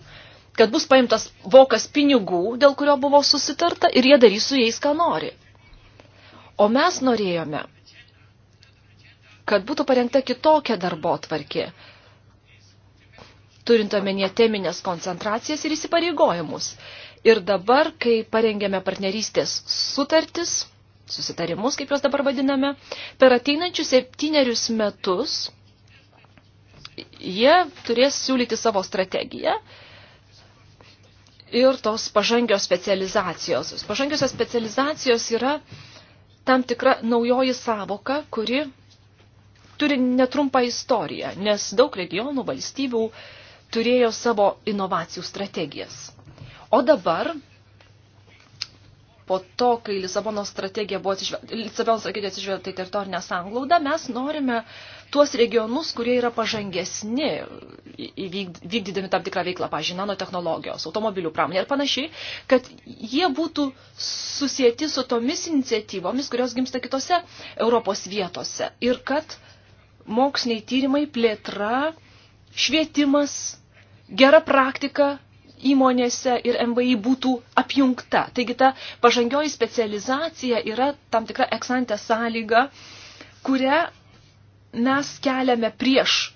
kad bus paimtas vokas pinigų, dėl kurio buvo susitarta ir jie darys su jais, ką nori. O mes norėjome, kad būtų parengta kitokia darbo tvarkė, turint omenyje teminės koncentracijas ir įsipareigojimus. Ir dabar, kai parengėme partnerystės sutartis, susitarimus, kaip juos dabar vadiname, per ateinančius septynerius metus jie turės siūlyti savo strategiją ir tos pažangios specializacijos. Pažangiosios specializacijos yra tam tikra naujoji savoka, kuri turi netrumpą istoriją, nes daug regionų valstybių turėjo savo inovacijų strategijas. O dabar, po to, kai Lisabono strategija buvo atsižvelgta, Lisabono strategija atsižvelgta į teritorinę sanglaudą, mes norime uh, tuos regionus, kurie yra pažangesni vykdydami tam tikrą veiklą, pažiūrėjau, nanotehnologijos, automobilių pramonė ir panašiai, kad jie būtų susijęti su tomis iniciatyvomis, kurios gimsta kitose Europos vietose. Ir kad moksliniai tyrimai, plėtra, švietimas, gera praktika įmonėse ir MVI būtų apjungta. Taigi ta pažangioji specializacija yra tam tikra eksantė sąlyga, kurią mes keliame prieš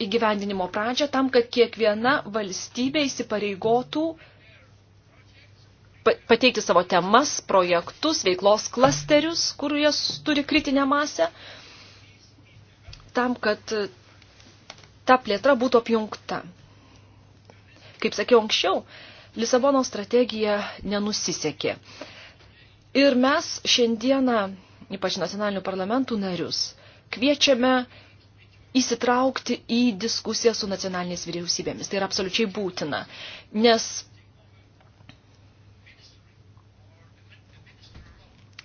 įgyvendinimo pradžią tam, kad kiekviena valstybė įsipareigotų pateikti savo temas, projektus, veiklos klasterius, kur jas turi kritinę masę, tam, kad ta plėtra būtų apjungta. Kaip sakiau anksčiau, Lisabono strategija nenusisekė. Ir mes šiandieną, ypač nacionalinių parlamentų narius, kviečiame įsitraukti į diskusiją su nacionalinės vyriausybėmis. Tai yra absoliučiai būtina, nes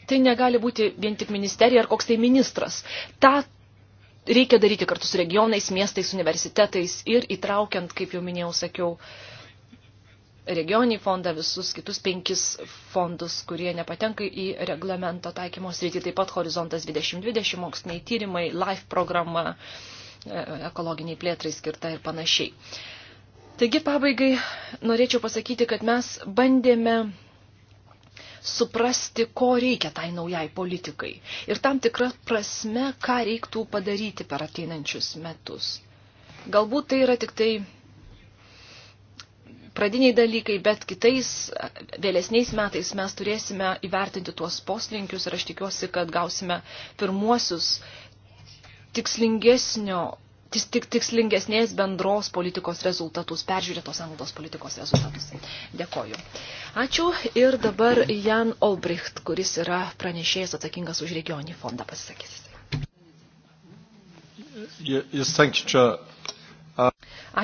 tai negali būti vien tik ministerija ar koks tai ministras. Ta reikia daryti kartu su regionais, miestais, universitetais ir įtraukiant, kaip jau minėjau, sakiau, uh, regioninį fondą, visus kitus penkis fondus, kurie nepatenka į reglamento taikymo sritį, taip pat Horizontas 2020, moksliniai tyrimai, LIFE programa, e, ekologiniai plėtrai skirta ir panašiai. Taigi pabaigai norėčiau pasakyti, kad mes bandėme suprasti, ko reikia tai naujai politikai ir tam tikrą prasme, ką reiktų padaryti per ateinančius metus. Galbūt tai yra tik tai pradiniai dalykai, bet kitais vėlesniais metais mes turėsime įvertinti tuos poslinkius ir aš tikiuosi, kad gausime pirmuosius tikslingesnio tik tikslingesnės bendros politikos rezultatus, peržiūrėtos anglos politikos rezultatus. Dėkoju. Ačiū ir dabar Jan Olbricht, kuris yra pranešėjas atsakingas už regionį fondą, pasisakys.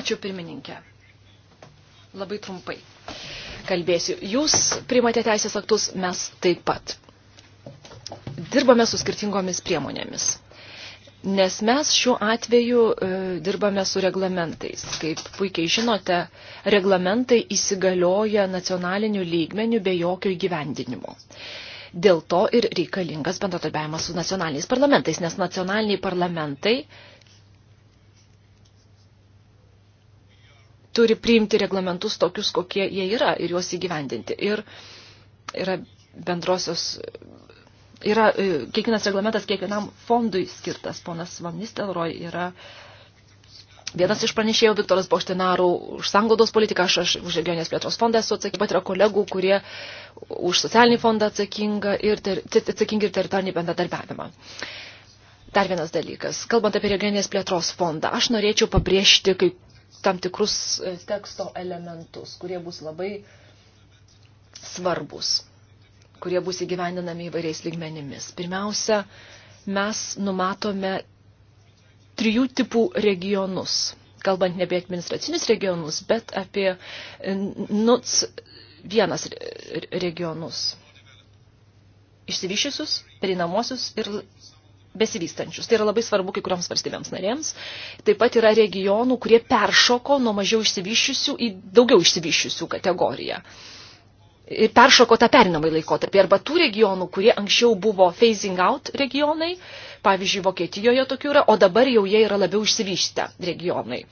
Ačiū pirmininkė labai trumpai kalbėsiu. Jūs primate teisės aktus, mes taip pat. Dirbame su skirtingomis priemonėmis. Nes mes šiuo atveju e, dirbame su reglamentais. Kaip puikiai žinote, reglamentai įsigalioja nacionaliniu lygmeniu be jokio įgyvendinimo. Dėl to ir reikalingas bendradarbiavimas su nacionaliniais parlamentais, nes nacionaliniai parlamentai turi priimti reglamentus tokius, kokie jie yra ir juos įgyvendinti. Ir yra bendrosios, yra e, kiekvienas reglamentas kiekvienam fondui skirtas. Ponas Van Nistelrooy yra vienas iš pranešėjų, Viktoras Boštinarų, už sangodos politiką, aš, aš už regionės plėtros fondą esu atsakinga, bet yra kolegų, kurie už socialinį fondą atsakinga ir, ter, atsakingi ir teritorinį bendradarbiavimą. Dar vienas dalykas, kalbant apie regionės plėtros fondą, aš norėčiau pabrėžti kai tam tikrus e, teksto elementus, kurie bus labai svarbus, kurie bus įgyvendinami įvairiais lygmenimis. Pirmiausia, mes numatome trijų tipų regionus, kalbant ne apie administracinius regionus, bet apie e, NUTS vienas regionus. Išsivyšysius, perinamosius ir besivystančius. Tai yra labai svarbu kai kurioms valstybėms narėms. Taip pat yra regionų, kurie peršoko nuo mažiau išsivyščiusių į daugiau išsivyščiusių kategoriją. Ir peršoko tą perinamąjį laikotarpį. Arba tų regionų, kurie anksčiau buvo phasing out regionai, pavyzdžiui, Vokietijoje tokių yra, o dabar jau jie yra labiau išsivystę regionai.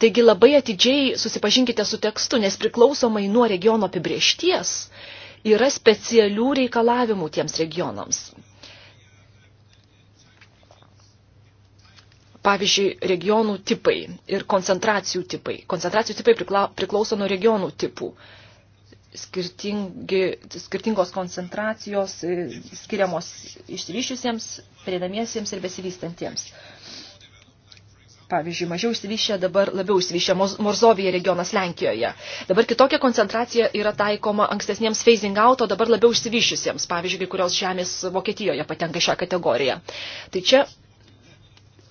Taigi labai atidžiai susipažinkite su tekstu, nes priklausomai nuo regiono apibriešties yra specialių reikalavimų tiems regionams. pavyzdžiui, regionų tipai ir koncentracijų tipai. Koncentracijų tipai priklauso nuo regionų tipų. Skirtingi, skirtingos koncentracijos e, skiriamos išsivyščiusiems, prieinamiesiems ir besivystantiems. Pavyzdžiui, mažiau išsivyščia, dabar labiau išsivyščia Morzovija regionas Lenkijoje. Dabar kitokia koncentracija yra taikoma ankstesniems phasing out, o dabar labiau išsivyščiusiems. Pavyzdžiui, kai kurios žemės Vokietijoje patenka šią kategoriją. Tai čia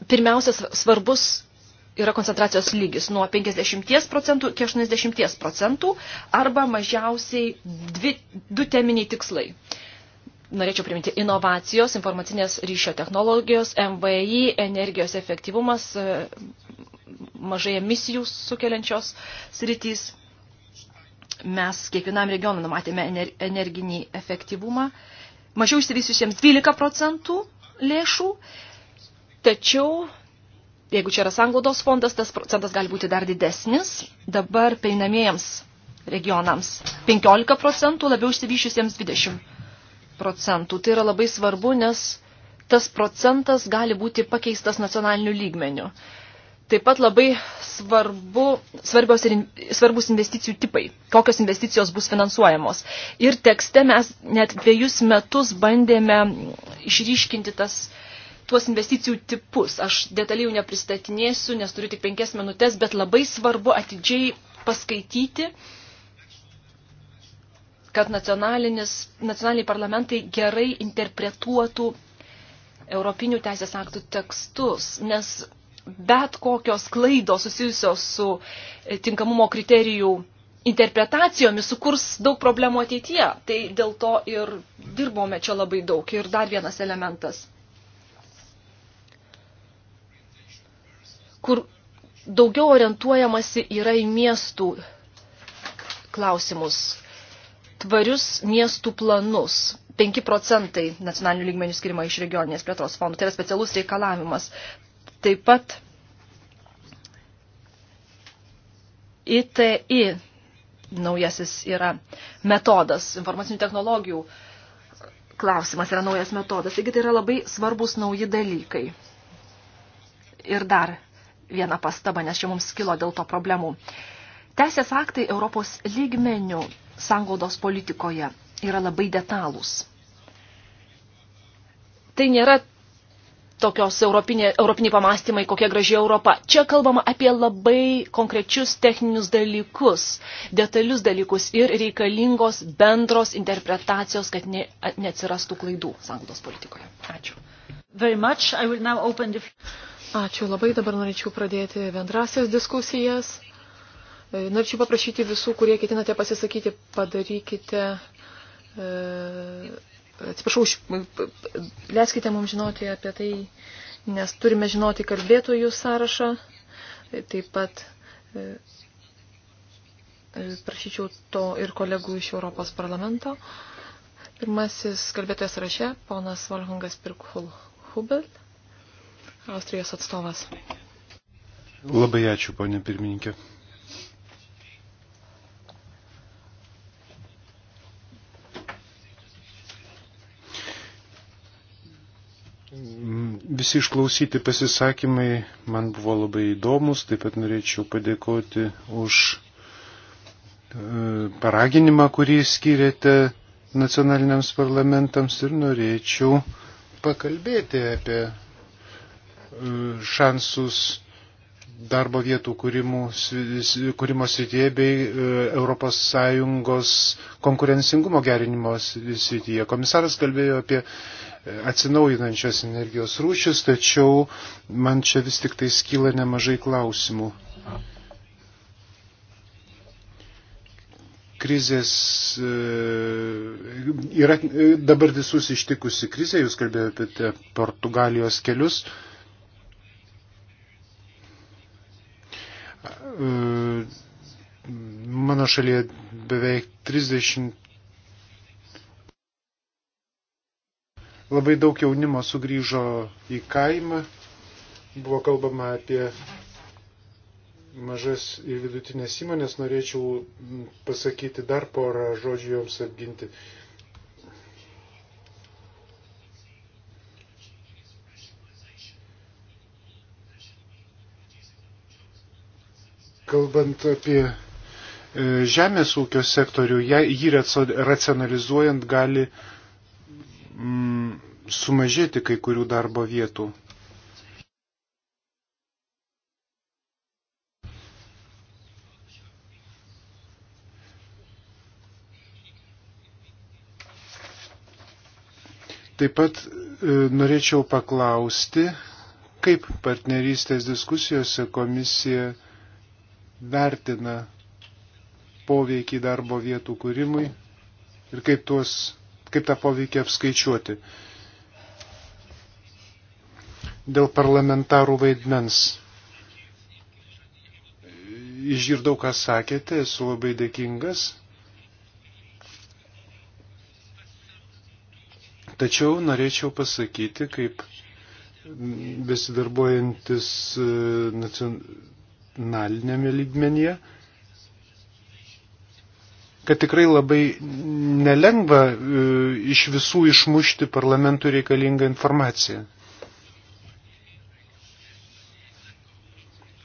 pirmiausia svarbus yra koncentracijos lygis nuo 50 procentų iki 80 procentų arba mažiausiai dvi, du teminiai tikslai. Norėčiau priminti inovacijos, informacinės ryšio technologijos, MVI, energijos efektyvumas, e, mažai emisijų sukeliančios sritys. Mes kiekvienam regionui numatėme energinį efektyvumą. Mažiau išsivysiusiems 12 procentų lėšų Tačiau, jeigu čia yra sanglaudos fondas, tas procentas gali būti dar didesnis. Dabar peinamiems regionams 15 procentų, labiau išsivyšiusiems 20 procentų. Tai yra labai svarbu, nes tas procentas gali būti pakeistas nacionaliniu lygmeniu. Taip pat labai svarbu, svarbios ir svarbus investicijų tipai, kokios investicijos bus finansuojamos. Ir tekste mes net dviejus metus bandėme išryškinti tas uh, tuos investicijų tipus. Aš detaliai jų nepristatinėsiu, nes turiu tik penkias minutės, bet labai svarbu atidžiai paskaityti, kad nacionaliniai parlamentai gerai interpretuotų europinių teisės aktų tekstus, nes bet kokios klaidos susijusios su e, tinkamumo kriterijų interpretacijomis sukurs daug problemų ateityje. Tai dėl to ir dirbome čia labai daug. Ir dar vienas elementas – kur daugiau orientuojamasi yra į miestų klausimus, tvarius miestų planus. 5 procentai nacionalinių lygmenių skirima iš regioninės plėtros fondų. Tai yra specialus reikalavimas. Taip pat ITI naujasis yra metodas, informacinių technologijų klausimas yra naujas metodas. Taigi tai yra labai svarbus nauji dalykai. Ir dar vieną pastabą, nes čia mums kilo dėl to problemų. Teisės aktai Europos lygmenių sanglaudos politikoje yra labai detalūs. Tai nėra tokios europinė, europiniai pamastymai, kokia graži Europa. Čia kalbama apie labai konkrečius techninius dalykus, detalius dalykus ir reikalingos bendros interpretacijos, kad ne, neatsirastų klaidų sanglos politikoje. Ačiū. The... Ačiū labai, dabar norėčiau pradėti bendrasias diskusijas. E, norėčiau paprašyti visų, kurie ketinate pasisakyti, padarykite, e, atsiprašau, leiskite mums žinoti apie tai, nes turime žinoti kalbėtojų sąrašą. E, taip pat e, e, prašyčiau to ir kolegų iš Europos parlamento. Pirmasis kalbėtojas rašė, ponas Volhungas Pirkhul Hubel. Austrijos atstovas. Labai ačiū, ponė pirmininkė. Visi išklausyti pasisakymai man buvo labai įdomus, taip pat norėčiau padėkoti už e, paraginimą, kurį skiriate nacionaliniams parlamentams ir norėčiau pakalbėti apie E, šansus darbo vietų kūrimų, kūrimo srityje bei ES konkurencingumo gerinimo srityje. Komisaras kalbėjo apie e, atsinaujinančias energijos rūšis, tačiau man čia vis tik tai skyla nemažai klausimų. Krizės e, yra dabar visus ištikusi krizė, jūs kalbėjote apie Portugalijos kelius. mano šalyje beveik 30. Labai daug jaunimo sugrįžo į kaimą. Buvo kalbama apie mažas ir vidutinės įmonės. Norėčiau pasakyti dar porą žodžių joms apginti. Uh, Kalbant apie e, žemės ūkio sektorių, jį racionalizuojant gali mm, sumažėti kai kurių darbo vietų. Taip pat e, norėčiau paklausti, kaip partnerystės diskusijose komisija e, vertina poveikį darbo vietų kūrimui ir kaip, tuos, kaip tą poveikį apskaičiuoti. Dėl parlamentarų vaidmens. Išgirdau, ką sakėte, esu labai dėkingas. Tačiau norėčiau pasakyti, kaip besidarbuojantis e, nacionalinis nacionalinėme lygmenyje, kad tikrai labai nelengva e, iš visų išmušti parlamentų reikalingą informaciją.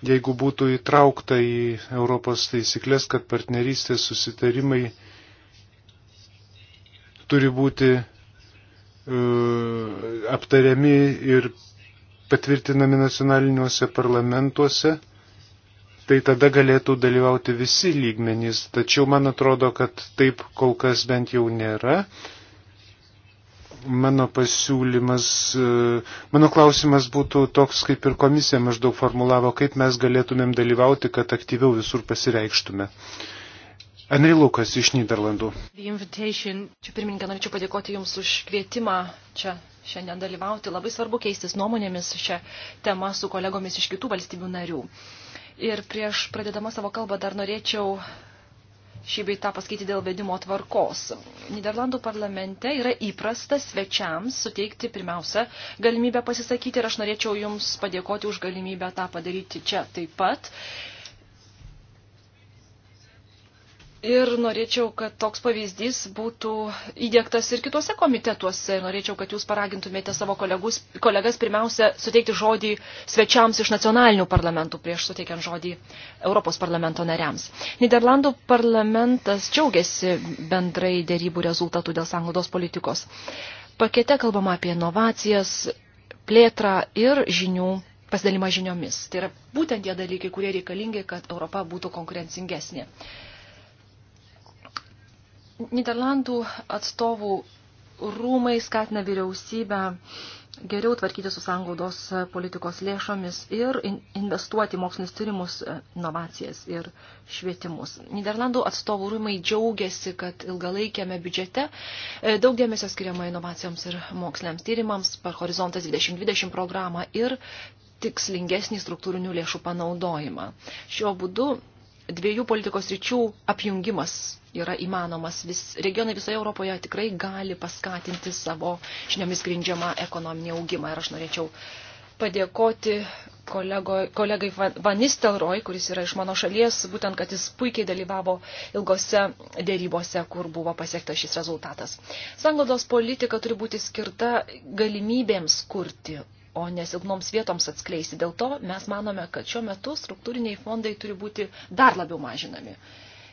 Jeigu būtų įtraukta į Europos taisyklės, kad partnerystės susitarimai turi būti e, aptariami ir patvirtinami nacionaliniuose parlamentuose, tai tada galėtų dalyvauti visi lygmenys. Tačiau man atrodo, kad taip kol kas bent jau nėra. Mano pasiūlymas, e, mano klausimas būtų toks, kaip ir komisija maždaug formulavo, kaip mes galėtumėm dalyvauti, kad aktyviau visur pasireikštume. Henry Lukas iš Niderlandų. Čia pirmininkė, norėčiau padėkoti Jums už kvietimą čia šiandien dalyvauti. Labai svarbu keistis nuomonėmis šią temą su kolegomis iš kitų valstybių narių. Uh, Ir prieš pradėdama savo kalbą dar norėčiau šį beitą pasakyti dėl vedimo tvarkos. Niderlandų parlamente yra įprasta svečiams suteikti pirmiausia galimybę pasisakyti ir aš norėčiau Jums padėkoti už galimybę tą padaryti čia taip pat. Ir norėčiau, kad toks pavyzdys būtų įdėktas ir kitose komitetuose. Norėčiau, kad jūs paragintumėte savo kolegus, kolegas pirmiausia suteikti žodį svečiams iš nacionalinių parlamentų prieš suteikiant žodį Europos parlamento nariams. Niderlandų parlamentas džiaugiasi bendrai dėrybų rezultatų dėl sanglaudos politikos. Pakete kalbama apie inovacijas, plėtrą ir žinių pasidalimą žiniomis. Tai yra būtent tie dalykai, kurie reikalingi, kad Europa būtų konkurencingesnė. Niderlandų atstovų rūmai skatina vyriausybę geriau tvarkyti su sanglaudos politikos lėšomis ir investuoti mokslinis tyrimus, inovacijas ir švietimus. Niderlandų atstovų rūmai džiaugiasi, kad ilgalaikėme biudžete e, daug dėmesio skiriama inovacijoms ir moksliniams tyrimams per Horizontas 2020 programą ir tikslingesnį struktūrinių lėšų panaudojimą. Šiuo būdu dviejų politikos ryčių apjungimas yra įmanomas. Vis, regionai visoje Europoje tikrai gali paskatinti savo žiniomis grindžiamą ekonominį augimą. Ir aš norėčiau padėkoti kolego, kolegai Vanistelroj, kuris yra iš mano šalies, būtent, kad jis puikiai dalyvavo ilgose dėrybose, kur buvo pasiektas šis rezultatas. Sanglaudos politika turi būti skirta galimybėms kurti o nesilpnoms vietoms atskleisti. Dėl to mes manome, kad šiuo metu struktūriniai fondai turi būti dar labiau mažinami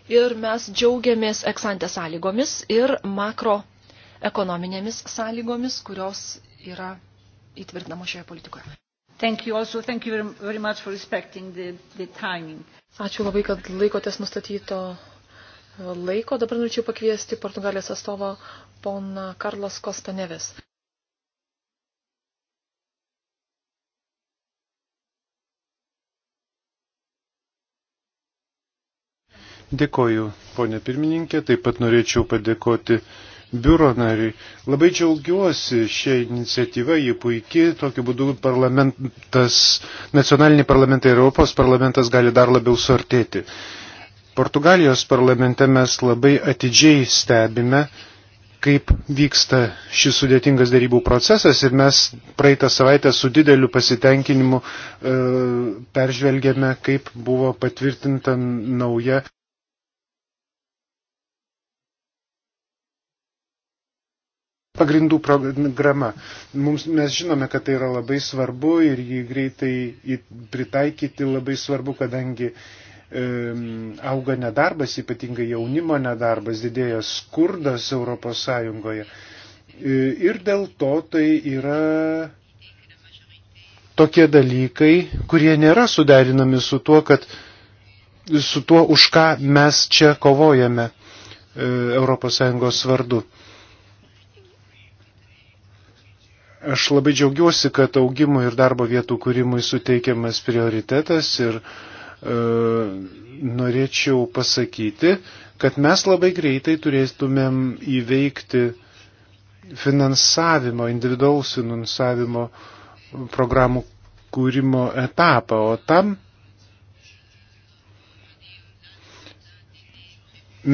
ir mes džiaugiamės eksantę sąlygomis ir makroekonominėmis sąlygomis, kurios yra įtvirtinamos šioje politikoje. Thank you also. Thank you very much for respecting the, the timing. Ačiū labai, kad laikotės nustatyto laiko. Dabar norėčiau pakviesti Portugalijos atstovą poną Karlos Kostaneves. Dėkoju, ponė pirmininkė, taip pat norėčiau padėkoti biuro nariui. Labai džiaugiuosi šią iniciatyvą, ji puikiai, tokiu būdu parlamentas, nacionaliniai parlamentai ir Europos parlamentas gali dar labiau suartėti. Portugalijos parlamente mes labai atidžiai stebime, kaip vyksta šis sudėtingas darybų procesas ir mes praeitą savaitę su dideliu pasitenkinimu e, peržvelgėme, kaip buvo patvirtinta nauja pagrindų programa. Mums, mes žinome, kad tai yra labai svarbu ir jį greitai pritaikyti labai svarbu, kadangi e, auga nedarbas, ypatingai jaunimo nedarbas, didėja skurdas Europos Sąjungoje. E, ir dėl to tai yra tokie dalykai, kurie nėra suderinami su tuo, kad, su tuo už ką mes čia kovojame e, Europos Sąjungos vardu. Aš labai džiaugiuosi, kad augimui ir darbo vietų kūrimui suteikiamas prioritetas ir e, norėčiau pasakyti, kad mes labai greitai turėtumėm įveikti finansavimo, individualaus finansavimo programų kūrimo etapą, o tam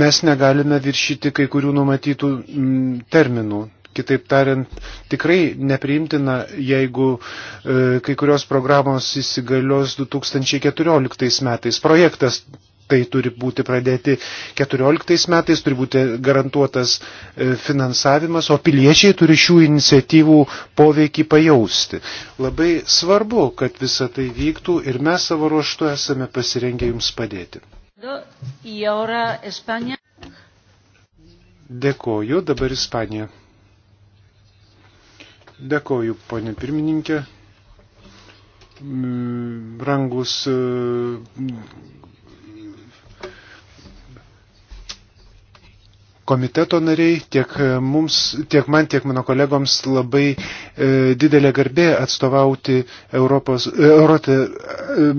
mes negalime viršyti kai kurių numatytų terminų. Kitaip tariant, tikrai nepriimtina, jeigu e, kai kurios programos įsigalios 2014 metais. Projektas tai turi būti pradėti 2014 metais, turi būti garantuotas e, finansavimas, o piliečiai turi šių iniciatyvų poveikį pajausti. Labai svarbu, kad visa tai vyktų ir mes savo ruoštu esame pasirengę jums padėti. Dėkoju, dabar Ispanija. Dėkoju, ponė pirmininkė. Mm, rangus e, komiteto nariai, tiek, e, mums, tiek man, tiek mano kolegoms labai e, didelė garbė atstovauti Europos, e, Eurotė, e,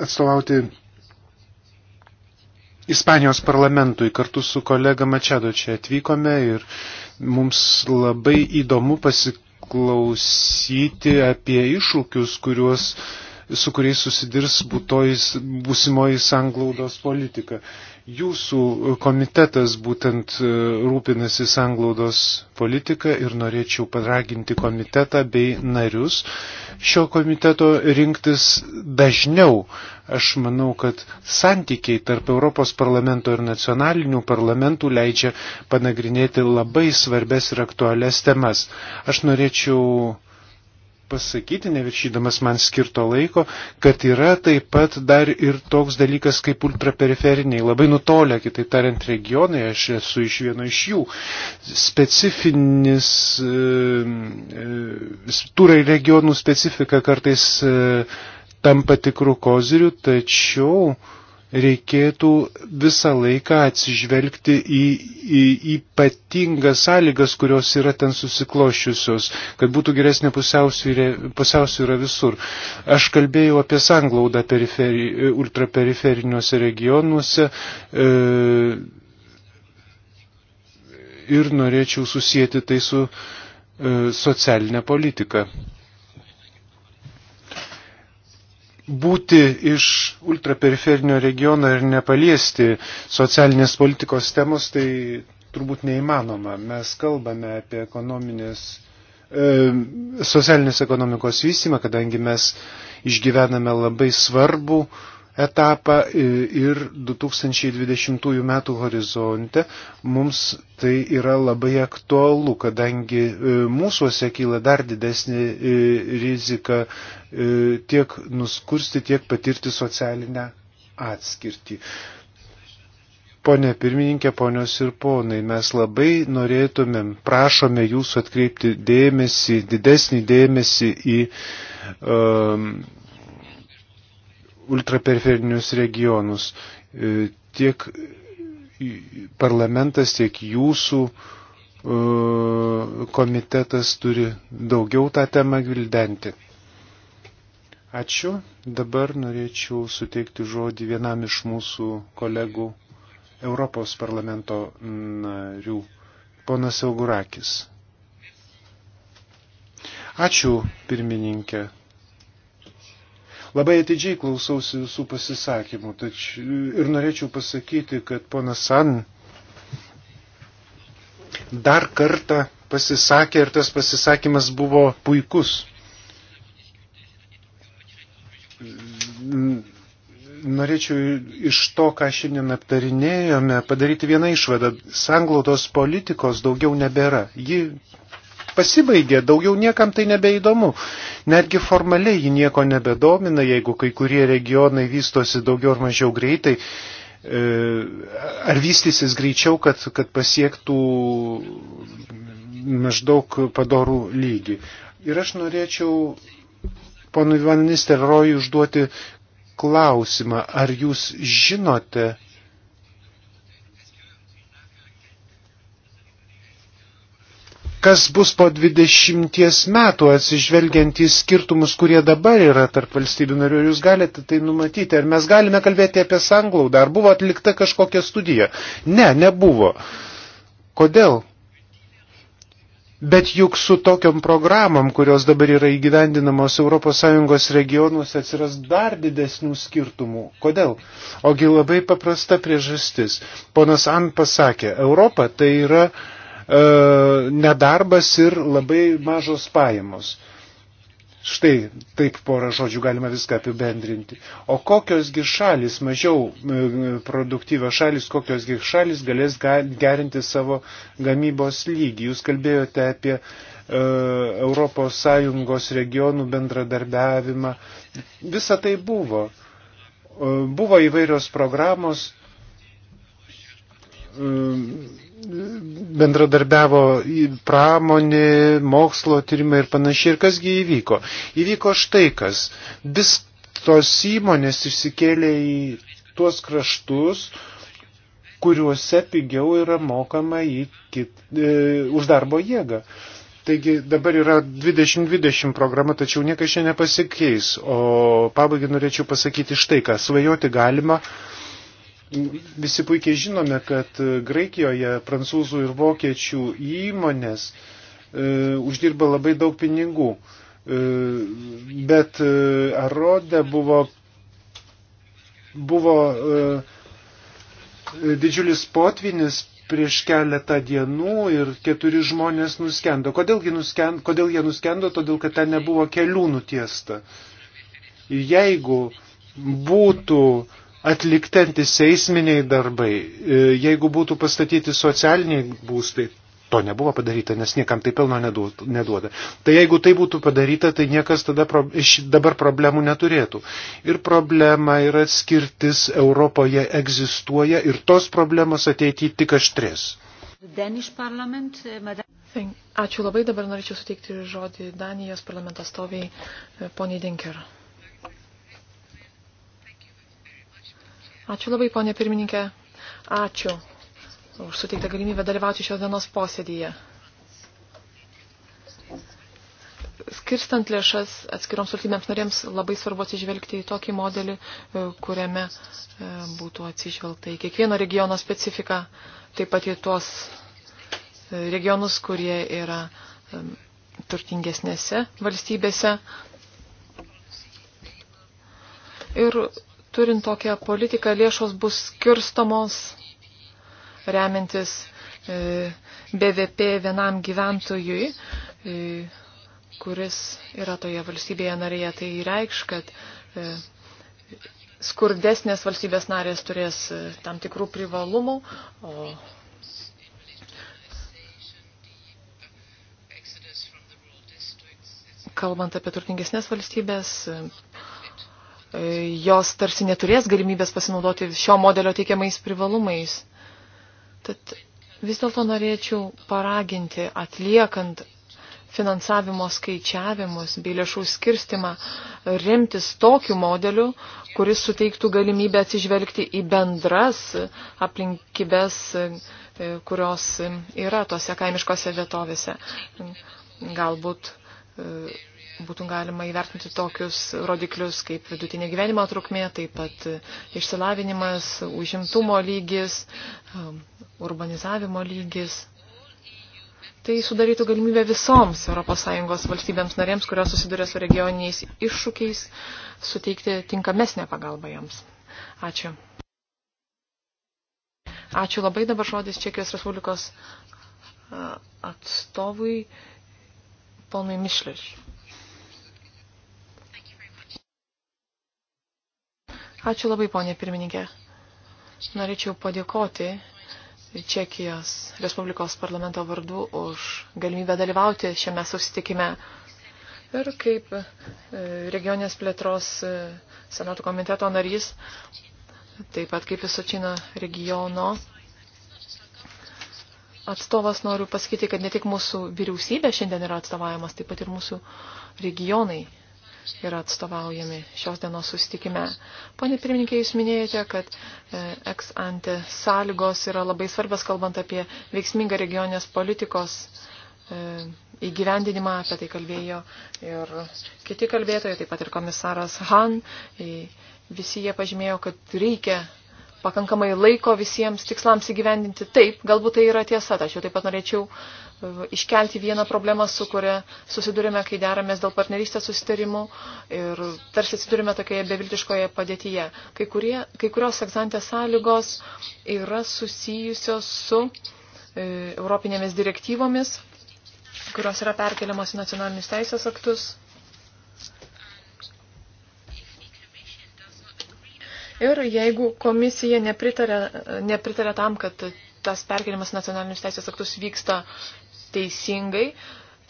atstovauti Ispanijos parlamentui kartu su kolega Mačedo čia atvykome ir mums labai įdomu pasi, klausyti apie iššūkius, kuriuos, su kuriais susidirs būtoji, būsimoji sanglaudos politika. Jūsų komitetas būtent e, rūpinasi sanglaudos politiką ir norėčiau padraginti komitetą bei narius šio komiteto rinktis dažniau. Aš manau, kad santykiai tarp Europos parlamento ir nacionalinių parlamentų leidžia panagrinėti labai svarbes ir aktualias temas. Aš norėčiau pasakyti, neviršydamas man skirto laiko, kad yra taip pat dar ir toks dalykas kaip ultraperiferiniai, labai nutolę, kitaip tariant, regionai, aš esu iš vieno iš jų. Specifinis, e, e, turai regionų specifika kartais e, tampa tikrų kozirių, tačiau reikėtų visą laiką atsižvelgti į, į ypatingas sąlygas, kurios yra ten susiklošiusios, kad būtų geresnė pusiausvyrą visur. Aš kalbėjau apie sanglaudą periferi, ultraperiferiniuose regionuose. E, Ir norėčiau susijęti tai su e, socialinė politika būti iš ultraperiferinio regiono ir nepaliesti socialinės politikos temos, tai turbūt neįmanoma. Mes kalbame apie ekonominės, e, socialinės ekonomikos vystymą, kadangi mes išgyvename labai svarbu etapą ir 2020 metų horizonte mums tai yra labai aktualu, kadangi e, mūsųse kyla dar didesnė e, rizika e, tiek nuskursti, tiek patirti socialinę atskirtį. Pone pirmininkė, ponios ir ponai, mes labai norėtumėm, prašome jūsų atkreipti dėmesį, didesnį dėmesį į um, ultraperiferinius regionus. E, tiek parlamentas, tiek jūsų e, komitetas turi daugiau tą temą gvildenti. Ačiū. Dabar norėčiau suteikti žodį vienam iš mūsų kolegų Europos parlamento narių, ponas Augurakis. Ačiū, pirmininkė. Labai atidžiai klausausi visų pasisakymų tač, ir norėčiau pasakyti, kad ponas San dar kartą pasisakė ir tas pasisakymas buvo puikus. Norėčiau iš to, ką šiandien aptarinėjome, padaryti vieną išvadą. Sanglautos politikos daugiau nebėra. Ji pasibaigė, daugiau niekam tai nebeįdomu. Netgi formaliai ji nieko nebedomina, jeigu kai kurie regionai vystosi daugiau ar mažiau greitai. E, ar vystysis greičiau, kad, kad pasiektų maždaug padorų lygį. Ir aš norėčiau ponui Vanistelrojui užduoti klausimą, ar jūs žinote, kas bus po 20 metų atsižvelgiant į skirtumus, kurie dabar yra tarp valstybių narių. Jūs galite tai numatyti. Ar mes galime kalbėti apie sanglaudą? Ar buvo atlikta kažkokia studija? Ne, nebuvo. Kodėl? Bet juk su tokiam programam, kurios dabar yra įgyvendinamos ES regionuose, atsiras dar didesnių skirtumų. Kodėl? Ogi labai paprasta priežastis. Ponas An pasakė, Europa tai yra uh, E, nedarbas ir labai mažos pajamos. Štai taip porą žodžių galima viską apibendrinti. O kokiosgi šalis, mažiau e, produktyvios šalis, kokiosgi šalis galės gerinti savo gamybos lygį? Jūs kalbėjote apie ES regionų bendradarbiavimą. Visa tai buvo. E, buvo įvairios programos bendradarbiavo pramonė, mokslo tyrimai ir panašiai. Ir kasgi įvyko? Įvyko štai kas. Vis tos įmonės išsikėlė į tuos kraštus, kuriuose pigiau yra mokama į kit, e, už darbo jėgą. Taigi dabar yra 2020 programa, tačiau niekas čia nepasikeis. O pabaigai norėčiau pasakyti štai ką. Svajoti galima, Visi puikiai žinome, kad e, Graikijoje prancūzų ir vokiečių įmonės e, uždirba labai daug pinigų, e, bet e, Arode buvo, buvo e, didžiulis potvinis prieš keletą dienų ir keturi žmonės nuskendo. Kodėlgi nuskendo? Kodėl jie nuskendo? Todėl, kad ten nebuvo kelių nutiesta. Jeigu būtų uh, atlikti antiseisminiai darbai, e, jeigu būtų pastatyti socialiniai būstai. To nebuvo padaryta, nes niekam tai pelno neduoda. Tai jeigu tai būtų padaryta, tai niekas tada pro, dabar problemų neturėtų. Ir problema ir atskirtis Europoje egzistuoja ir tos problemos ateityje tik aštrės. E, Ačiū labai, dabar norėčiau suteikti žodį Danijos parlamento stoviai e, poniai Dinker. Ačiū labai, ponė pirmininkė. Ačiū už suteiktą galimybę dalyvauti šios dienos posėdyje. Skirstant lėšas atskiroms valstybėms norėms labai svarbu atsižvelgti į tokį modelį, e, kuriame e, būtų atsižvelgta į kiekvieno regiono specifiką, taip pat į tuos e, regionus, kurie yra turtingesnėse valstybėse. Ir turint tokią politiką, lėšos bus skirstamos remintis e, BVP vienam gyventojui, e, kuris yra toje valstybėje narėje. Tai reikš, kad e, skurdesnės valstybės narės turės tam tikrų privalumų, o kalbant apie turtingesnės valstybės, E, jos tarsi neturės galimybės pasinaudoti šio modelio teikiamais privalumais. Tad vis dėlto norėčiau paraginti, atliekant finansavimo skaičiavimus bei lėšų skirstimą, remtis tokiu modeliu, kuris suteiktų galimybę atsižvelgti į bendras aplinkybės, e, kurios yra tose kaimiškose vietovėse. Galbūt e, būtų galima įvertinti tokius rodiklius kaip vidutinė gyvenimo trukmė, taip pat išsilavinimas, užimtumo lygis, um, urbanizavimo lygis. Tai sudarytų galimybę visoms ES valstybėms narėms, kurios susiduria su regioniniais iššūkiais, suteikti tinkamesnę pagalbą joms. Ačiū. Ačiū labai dabar žodis Čekijos Respublikos atstovui ponui Mišliš. Ačiū labai, ponė pirmininkė. Norėčiau padėkoti Čekijos Respublikos parlamento vardu už galimybę dalyvauti šiame susitikime. Ir kaip e, regionės plėtros e, senato komiteto narys, taip pat kaip Visočino regiono atstovas noriu pasakyti, kad ne tik mūsų vyriausybė šiandien yra atstovavimas, taip pat ir mūsų regionai yra atstovaujami šios dienos sustikime. Pone pirmininkė, jūs minėjote, kad e, ex ante sąlygos yra labai svarbios, kalbant apie veiksmingą regionės politikos e, įgyvendinimą, apie tai kalbėjo ir kiti kalbėtojai, taip pat ir komisaras Han. E, visi jie pažymėjo, kad reikia pakankamai laiko visiems tikslams įgyvendinti. Taip, galbūt tai yra tiesa, tačiau taip pat norėčiau e, iškelti vieną problemą, su kuria susidurime, kai deramės dėl partnerystės susitarimų ir tarsi atsidurime tokioje beviltiškoje padėtyje. Kai, kurie, kai kurios egzantės sąlygos yra susijusios su e, europinėmis direktyvomis, kurios yra perkeliamos į nacionalinius teisės aktus. Ir jeigu komisija nepritarė, nepritarė tam, kad tas perkelimas nacionalinius teisės aktus vyksta teisingai,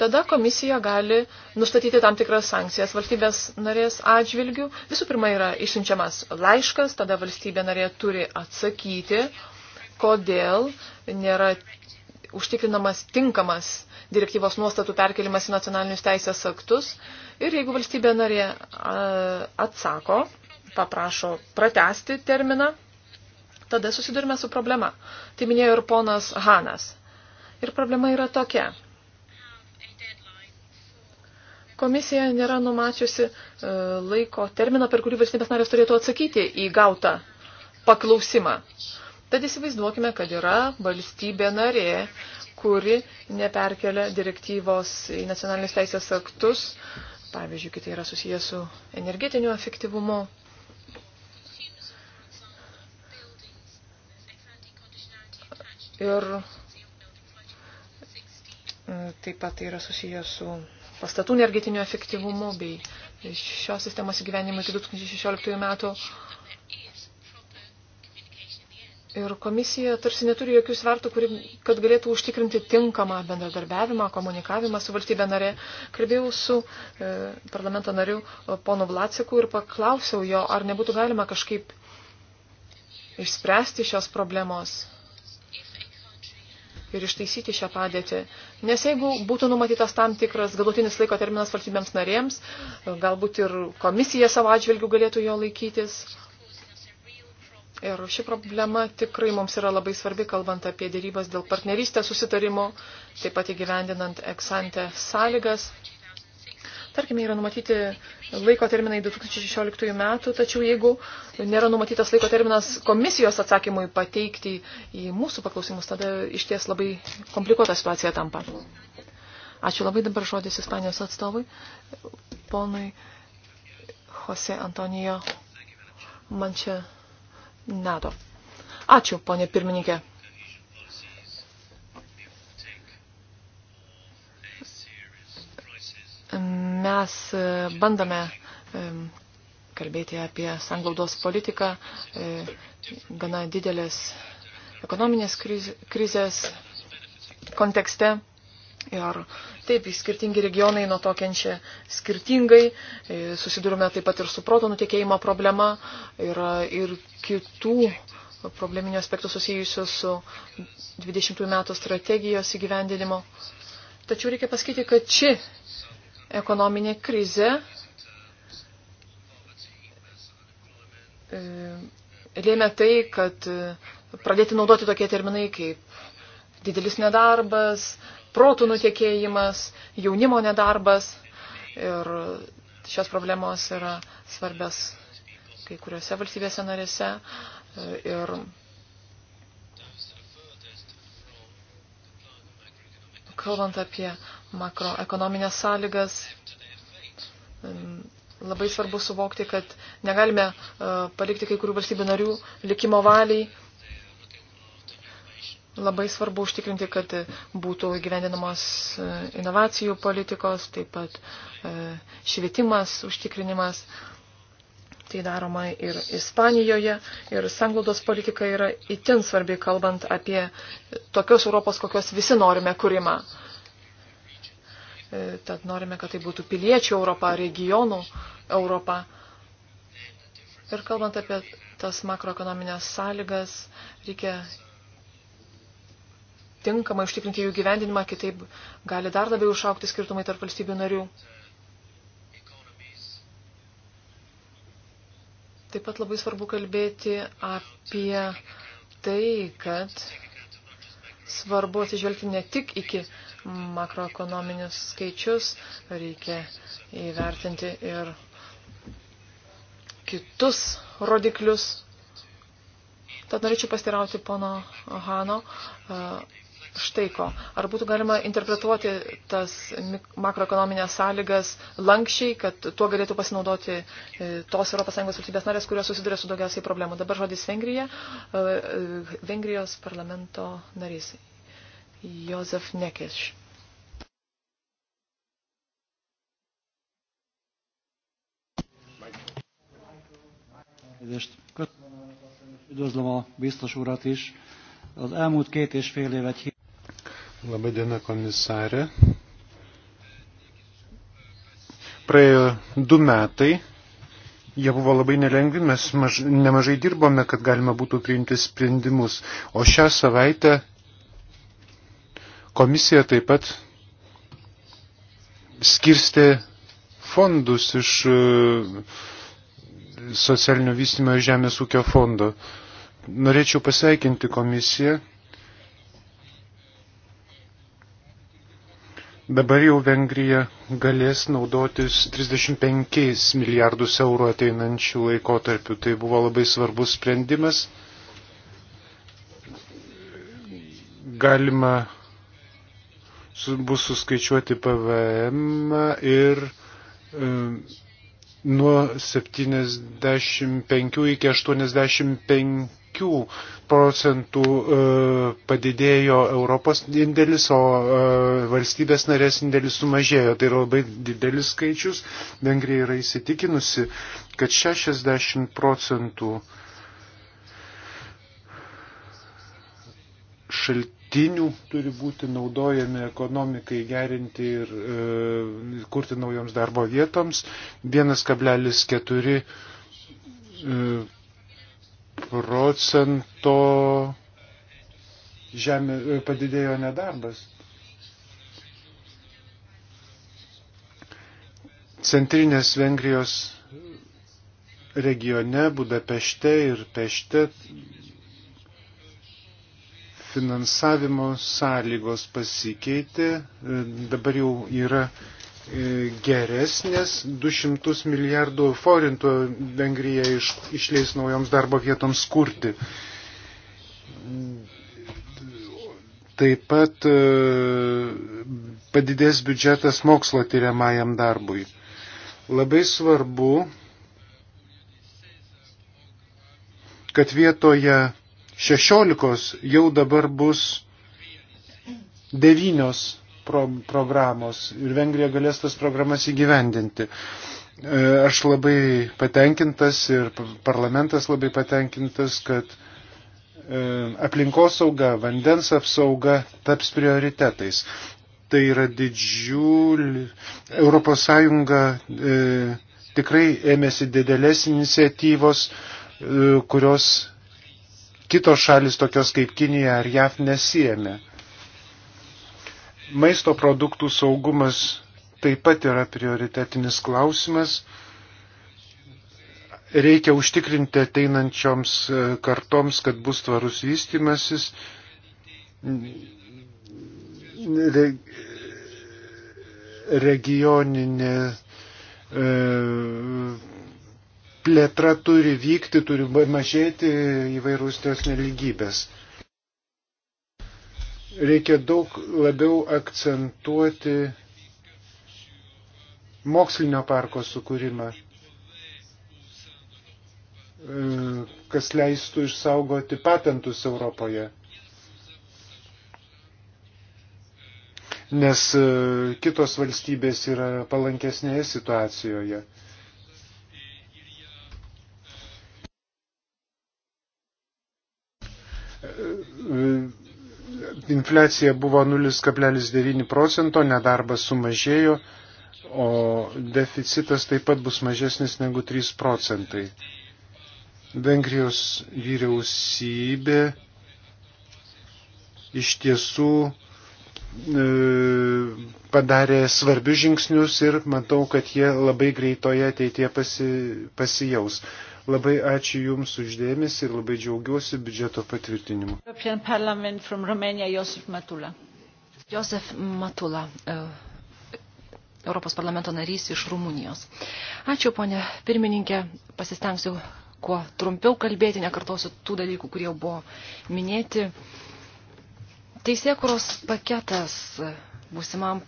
tada komisija gali nustatyti tam tikras sankcijas valstybės narės atžvilgių. Visų pirma yra išsiunčiamas laiškas, tada valstybė narė turi atsakyti, kodėl nėra užtikrinamas tinkamas direktyvos nuostatų perkelimas į nacionalinius teisės aktus. Ir jeigu valstybė narė atsako, paprašo pratesti terminą, tada susidurime su problema. Tai minėjo ir ponas Hanas. Ir problema yra tokia. Komisija nėra numačiusi e, laiko terminą, per kurį valstybės narės turėtų atsakyti į gautą paklausimą. Tad įsivaizduokime, kad yra valstybė narė, kuri neperkelia direktyvos į nacionalinius teisės aktus, pavyzdžiui, kitai yra susijęs su energetiniu efektyvumu Ir e, taip pat tai yra susijęs su pastatų energetiniu efektyvumu bei šios sistemos įgyvenimu iki 2016 metų. Ir komisija tarsi neturi jokių svertų, kuri, kad galėtų užtikrinti tinkamą bendradarbiavimą, komunikavimą su valstybė narė. Kalbėjau su e, parlamento nariu e, ponu Vlaciku ir paklausiau jo, ar nebūtų galima kažkaip išspręsti šios problemos ir ištaisyti šią padėtį. Nes jeigu būtų numatytas tam tikras galutinis laiko terminas valstybėms narėms, galbūt ir komisija savo atžvilgių galėtų jo laikytis. Ir ši problema tikrai mums yra labai svarbi, kalbant apie dėrybas dėl partnerystės susitarimo, taip pat įgyvendinant eksantę sąlygas. Tarkime, yra numatyti laiko terminai 2016 metų, tačiau jeigu nėra numatytas laiko terminas komisijos atsakymui pateikti į mūsų paklausimus, tada iš ties labai komplikuota situacija tampa. Ačiū labai dabar žodis Ispanijos atstovui, ponui Jose Antonijo Mančia Nado. Ačiū, ponė pirmininkė. Mes e, bandome e, kalbėti apie sanglaudos politiką, e, gana didelės ekonominės krizės kontekste. Ir taip, skirtingi regionai nuo to kenčia skirtingai, susidurime taip pat ir su proto nutekėjimo problema ir, ir kitų probleminių aspektų susijusių su 20 metų strategijos įgyvendinimo. Tačiau reikia pasakyti, kad ši ekonominė krizė e, lėmė tai, kad e, pradėti naudoti tokie terminai kaip didelis nedarbas, protų nutiekėjimas, jaunimo nedarbas ir šios problemos yra svarbios kai kuriuose valstybėse narėse. E, ir kalbant apie makroekonominės sąlygas. Labai svarbu suvokti, kad negalime e, palikti kai kurių valstybių narių likimo valiai. Labai svarbu užtikrinti, kad būtų įgyvendinamos e, inovacijų politikos, taip pat e, švietimas, užtikrinimas. Tai daroma ir Ispanijoje, ir sanglaudos politika yra itin svarbi, kalbant apie tokios Europos, kokios visi norime kūrimą. E, tad norime, kad tai būtų piliečių Europa, regionų Europa. Ir kalbant apie tas makroekonominės sąlygas, reikia tinkamai užtikrinti jų gyvendinimą, kitaip gali dar labiau išaukti skirtumai tarp valstybių narių. Taip pat labai svarbu kalbėti apie tai, kad svarbu atsižvelgti ne tik iki makroekonominius skaičius, reikia įvertinti ir kitus rodiklius. Tad norėčiau pastirauti pono Hano e, štai ko. Ar būtų galima interpretuoti tas makroekonominės sąlygas lankščiai, kad tuo galėtų pasinaudoti e, tos ES valstybės narės, kurios susiduria su daugiausiai problemų. Dabar žodis Vengrija, e, Vengrijos parlamento narys Jozef Nekeš. Üdvözlöm a biztos urat is. Az elmúlt két és fél év egy... Labai diena, komisarė. Praėjo du metai, Jie buvo labai nelengvi, mes maž, nemažai dirbome, kad galima būtų priimti sprendimus. O šią savaitę Komisija taip pat skirstė fondus iš e, socialinio vystimo ir žemės ūkio fondo. Norėčiau pasveikinti komisiją. Dabar jau Vengrija galės naudotis 35 milijardus eurų ateinančių laikotarpių. Tai buvo labai svarbus sprendimas. Galima bus suskaičiuoti PVM ir e, nuo 75 iki 85 procentų e, padidėjo Europos indėlis, o e, valstybės narės indėlis sumažėjo. Tai yra labai didelis skaičius. Vengrija yra įsitikinusi, kad 60 procentų šaltinių šaltinių turi būti naudojami ekonomikai gerinti ir e, kurti naujoms darbo vietoms. 1,4 e, procento žemė, e, padidėjo nedarbas. Centrinės Vengrijos regione, Budapešte ir Pešte Finansavimo sąlygos pasikeitė, e, dabar jau yra e, geresnės, 200 milijardų forintų Vengrija iš, išleis naujoms darbo vietoms kurti. Taip pat e, padidės biudžetas mokslo tyriamajam darbui. Labai svarbu, kad vietoje 16 jau dabar bus 9 pro programos ir Vengrija galės tas programas įgyvendinti. E, aš labai patenkintas ir parlamentas labai patenkintas, kad e, aplinkosauga, vandens apsauga taps prioritetais. Tai yra didžiulį. Europos Sąjunga e, tikrai ėmėsi didelės iniciatyvos, e, kurios kitos šalis tokios kaip Kinija ar JAV nesijėmė. Maisto produktų saugumas taip pat yra prioritetinis klausimas. Reikia užtikrinti ateinančioms e, kartoms, kad bus tvarus vystimasis. Re, regioninė e, plėtra turi vykti, turi mažėti įvairūs tos neligybės. Reikia daug labiau akcentuoti mokslinio parko sukūrimą, e, kas leistų išsaugoti patentus Europoje. Nes e, kitos valstybės yra palankesnėje situacijoje. E, infliacija buvo 0,9 procento, nedarbas sumažėjo, o deficitas taip pat bus mažesnis negu 3 procentai. Vengrijos vyriausybė iš tiesų e, padarė svarbius žingsnius ir matau, kad jie labai greitoje ateitie pasi, pasijaus. Labai ačiū Jums uždėmės ir labai džiaugiuosi biudžeto patvirtinimu. Josef Matula, e, Europos parlamento narys iš Rumunijos. Ačiū, ponė pirmininkė, pasistengsiu kuo trumpiau kalbėti, nekartosiu tų dalykų, kurie jau buvo minėti. Teisėkuros paketas e, būsimam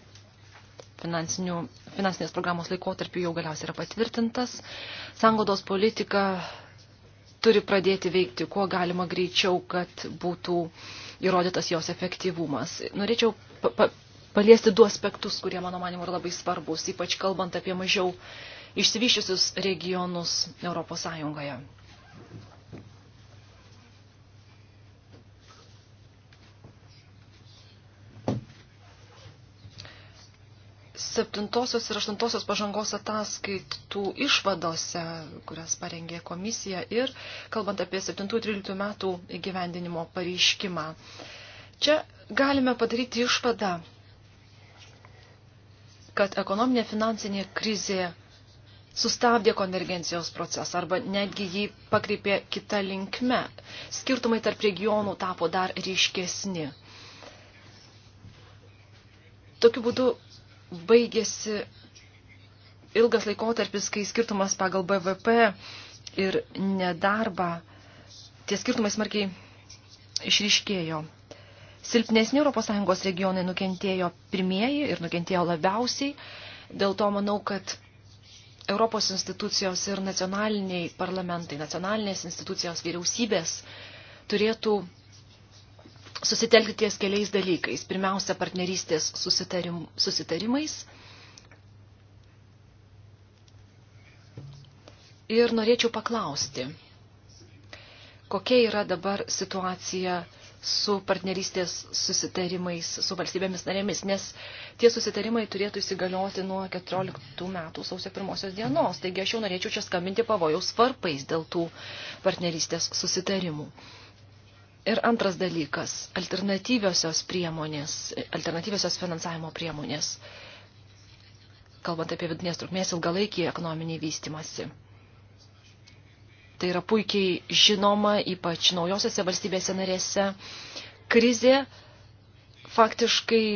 finansinių finansinės programos laikotarpiu jau galiausiai yra patvirtintas. Sangodos politika turi pradėti veikti kuo galima greičiau, kad būtų įrodytas jos efektyvumas. Norėčiau pa pa paliesti du aspektus, kurie mano manimu yra labai svarbus, ypač kalbant apie mažiau išsivyščiusius regionus Europos Sąjungoje. septintosios ir aštuntosios pažangos ataskaitų išvadose, kurias parengė komisija ir kalbant apie 7-13 metų įgyvendinimo pareiškimą. Čia galime padaryti išvadą, kad ekonominė finansinė krizė sustabdė konvergencijos procesą arba netgi jį pakreipė kitą linkme. Skirtumai tarp regionų tapo dar ryškesni. Tokiu būdu baigėsi ilgas laikotarpis, kai skirtumas pagal BVP ir nedarbą, tie skirtumai smarkiai išryškėjo. Silpnesni ES regionai nukentėjo pirmieji ir nukentėjo labiausiai. Dėl to manau, kad Europos institucijos ir nacionaliniai parlamentai, nacionalinės institucijos, vyriausybės turėtų susitelkti ties keliais dalykais. Pirmiausia, partnerystės susitarim, susitarimais. Ir norėčiau paklausti, kokia yra dabar situacija su partnerystės susitarimais su valstybėmis narėmis, nes tie susitarimai turėtų įsigalioti nuo 14 metų sausio pirmosios dienos. Taigi aš jau norėčiau čia skambinti pavojaus varpais dėl tų partnerystės susitarimų. Uh, Ir antras dalykas - alternatyviosios priemonės, alternatyviosios finansavimo priemonės, kalbant apie vidinės trukmės ilgalaikį ekonominį vystimasi. Tai yra puikiai žinoma, ypač naujosiose valstybėse narėse. Krizė faktiškai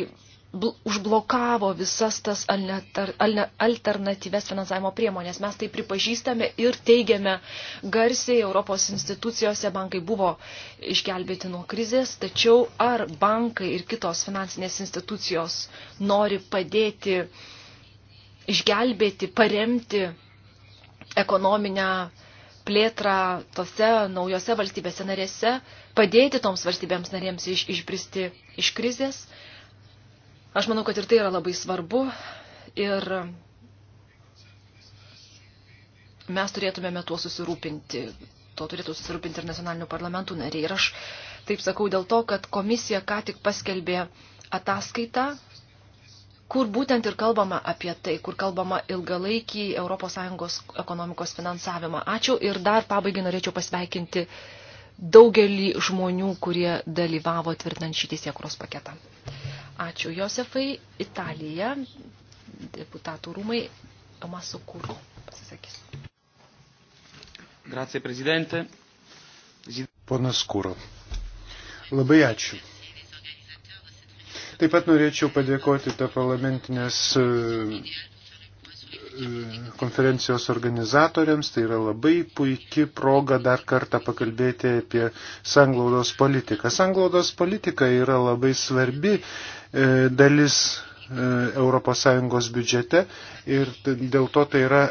užblokavo visas tas alternatyves finansavimo priemonės. Mes tai pripažįstame ir teigiame garsiai Europos institucijose bankai buvo išgelbėti nuo krizės, tačiau ar bankai ir kitos finansinės institucijos nori padėti išgelbėti, paremti ekonominę plėtrą tose naujose valstybėse narėse, padėti toms valstybėms narėms iš, išbristi iš krizės. Aš manau, kad ir tai yra labai svarbu ir mes turėtumėme tuo susirūpinti. To turėtų susirūpinti ir nacionalinių parlamentų nariai. Ir aš taip sakau dėl to, kad komisija ką tik paskelbė ataskaitą, kur būtent ir kalbama apie tai, kur kalbama ilgalaikį ES ekonomikos finansavimą. Ačiū ir dar pabaigai norėčiau pasveikinti daugelį žmonių, kurie dalyvavo tvirtinant šį teisėkuros paketą. Ačiū, Josefai. Italija, deputatų rūmai, Tomaso Kūro. Pasisakys. Grazie, prezidente. Ponas Kūro. Labai ačiū. Taip pat norėčiau padėkoti tą parlamentinės E, konferencijos organizatoriams. Tai yra labai puikia proga dar kartą pakalbėti apie sanglaudos politiką. Sanglaudos politika yra labai svarbi e, dalis ES biudžete ir dėl to tai yra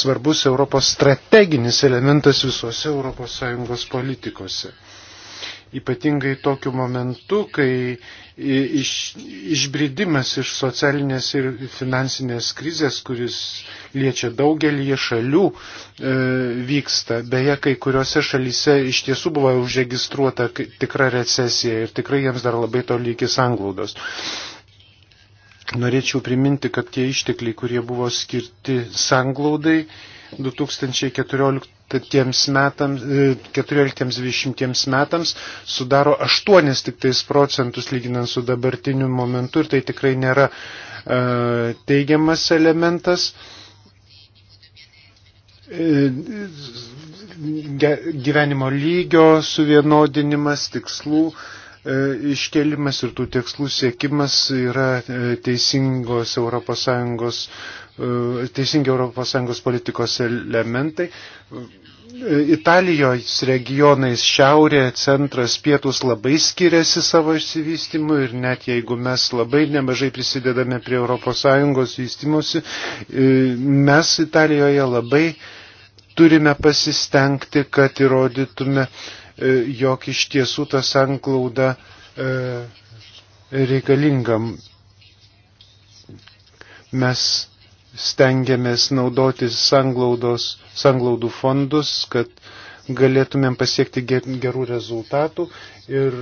svarbus Europos strateginis elementas visose ES politikose ypatingai tokiu momentu, kai iš, išbridimas iš socialinės ir finansinės krizės, kuris liečia daugelį šalių, e, vyksta. Beje, kai kuriuose šalyse iš tiesų buvo užregistruota tikra recesija ir tikrai jiems dar labai toli iki sanglaudos. Norėčiau priminti, kad tie ištekliai, kurie buvo skirti sanglaudai, 2014 metams, 14-20 e, metams sudaro 8 tik tais procentus lyginant su dabartiniu momentu ir tai tikrai nėra e, teigiamas elementas. E, gyvenimo lygio suvienodinimas, tikslų e, iškelimas ir tų tikslų siekimas yra e, teisingos ES E, teisingi ES politikos elementai. E, Italijos regionais šiaurė, centras, pietus labai skiriasi savo išsivystimu ir net jeigu mes labai nemažai prisidedame prie ES vystimusi, e, mes Italijoje labai turime pasistengti, kad įrodytume, jog iš tiesų ta sanklauda reikalingam. Mes stengiamės naudoti sanglaudų fondus, kad galėtumėm pasiekti gerų rezultatų ir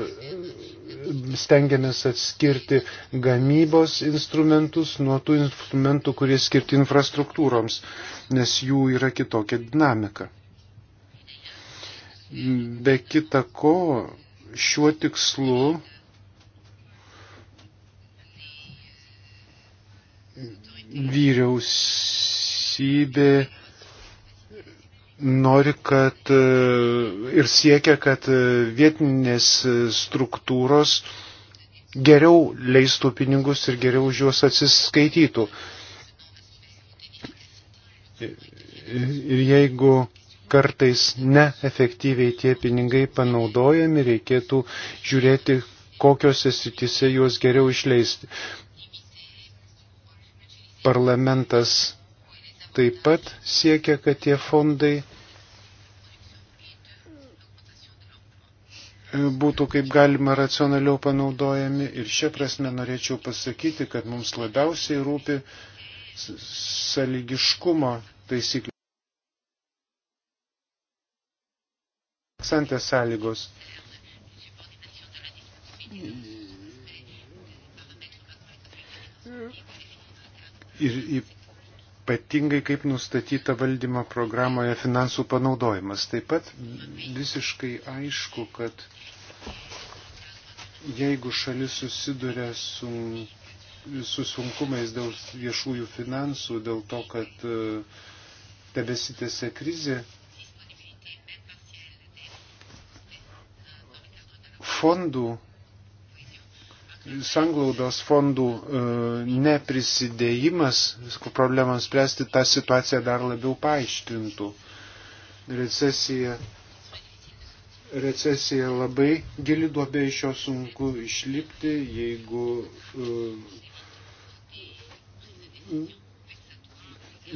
stengiamės atskirti gamybos instrumentus nuo tų instrumentų, kurie skirti infrastruktūroms, nes jų yra kitokia dinamika. Be kita ko, šiuo tikslu vyriausybė nori, kad e, ir siekia, kad e, vietinės struktūros geriau leistų pinigus ir geriau už juos atsiskaitytų. Ir jeigu kartais neefektyviai tie pinigai panaudojami, reikėtų žiūrėti, kokiose sritise juos geriau išleisti. Parlamentas taip pat siekia, kad tie fondai būtų kaip galima racionaliau panaudojami. Ir šią prasme norėčiau pasakyti, kad mums labiausiai rūpi saligiškumo taisyklė. Santės sąlygos. ir ypatingai kaip nustatyta valdymo programoje finansų panaudojimas. Taip pat visiškai aišku, kad jeigu šalis susiduria su, su sunkumais dėl viešųjų finansų, dėl to, kad e, tebesitėse krizė, fondų sanglaudos fondų e, neprisidėjimas problemams spręsti tą situaciją dar labiau paaištrintų. Recesija, recesija labai gili duobė iš jo sunku išlipti, jeigu uh,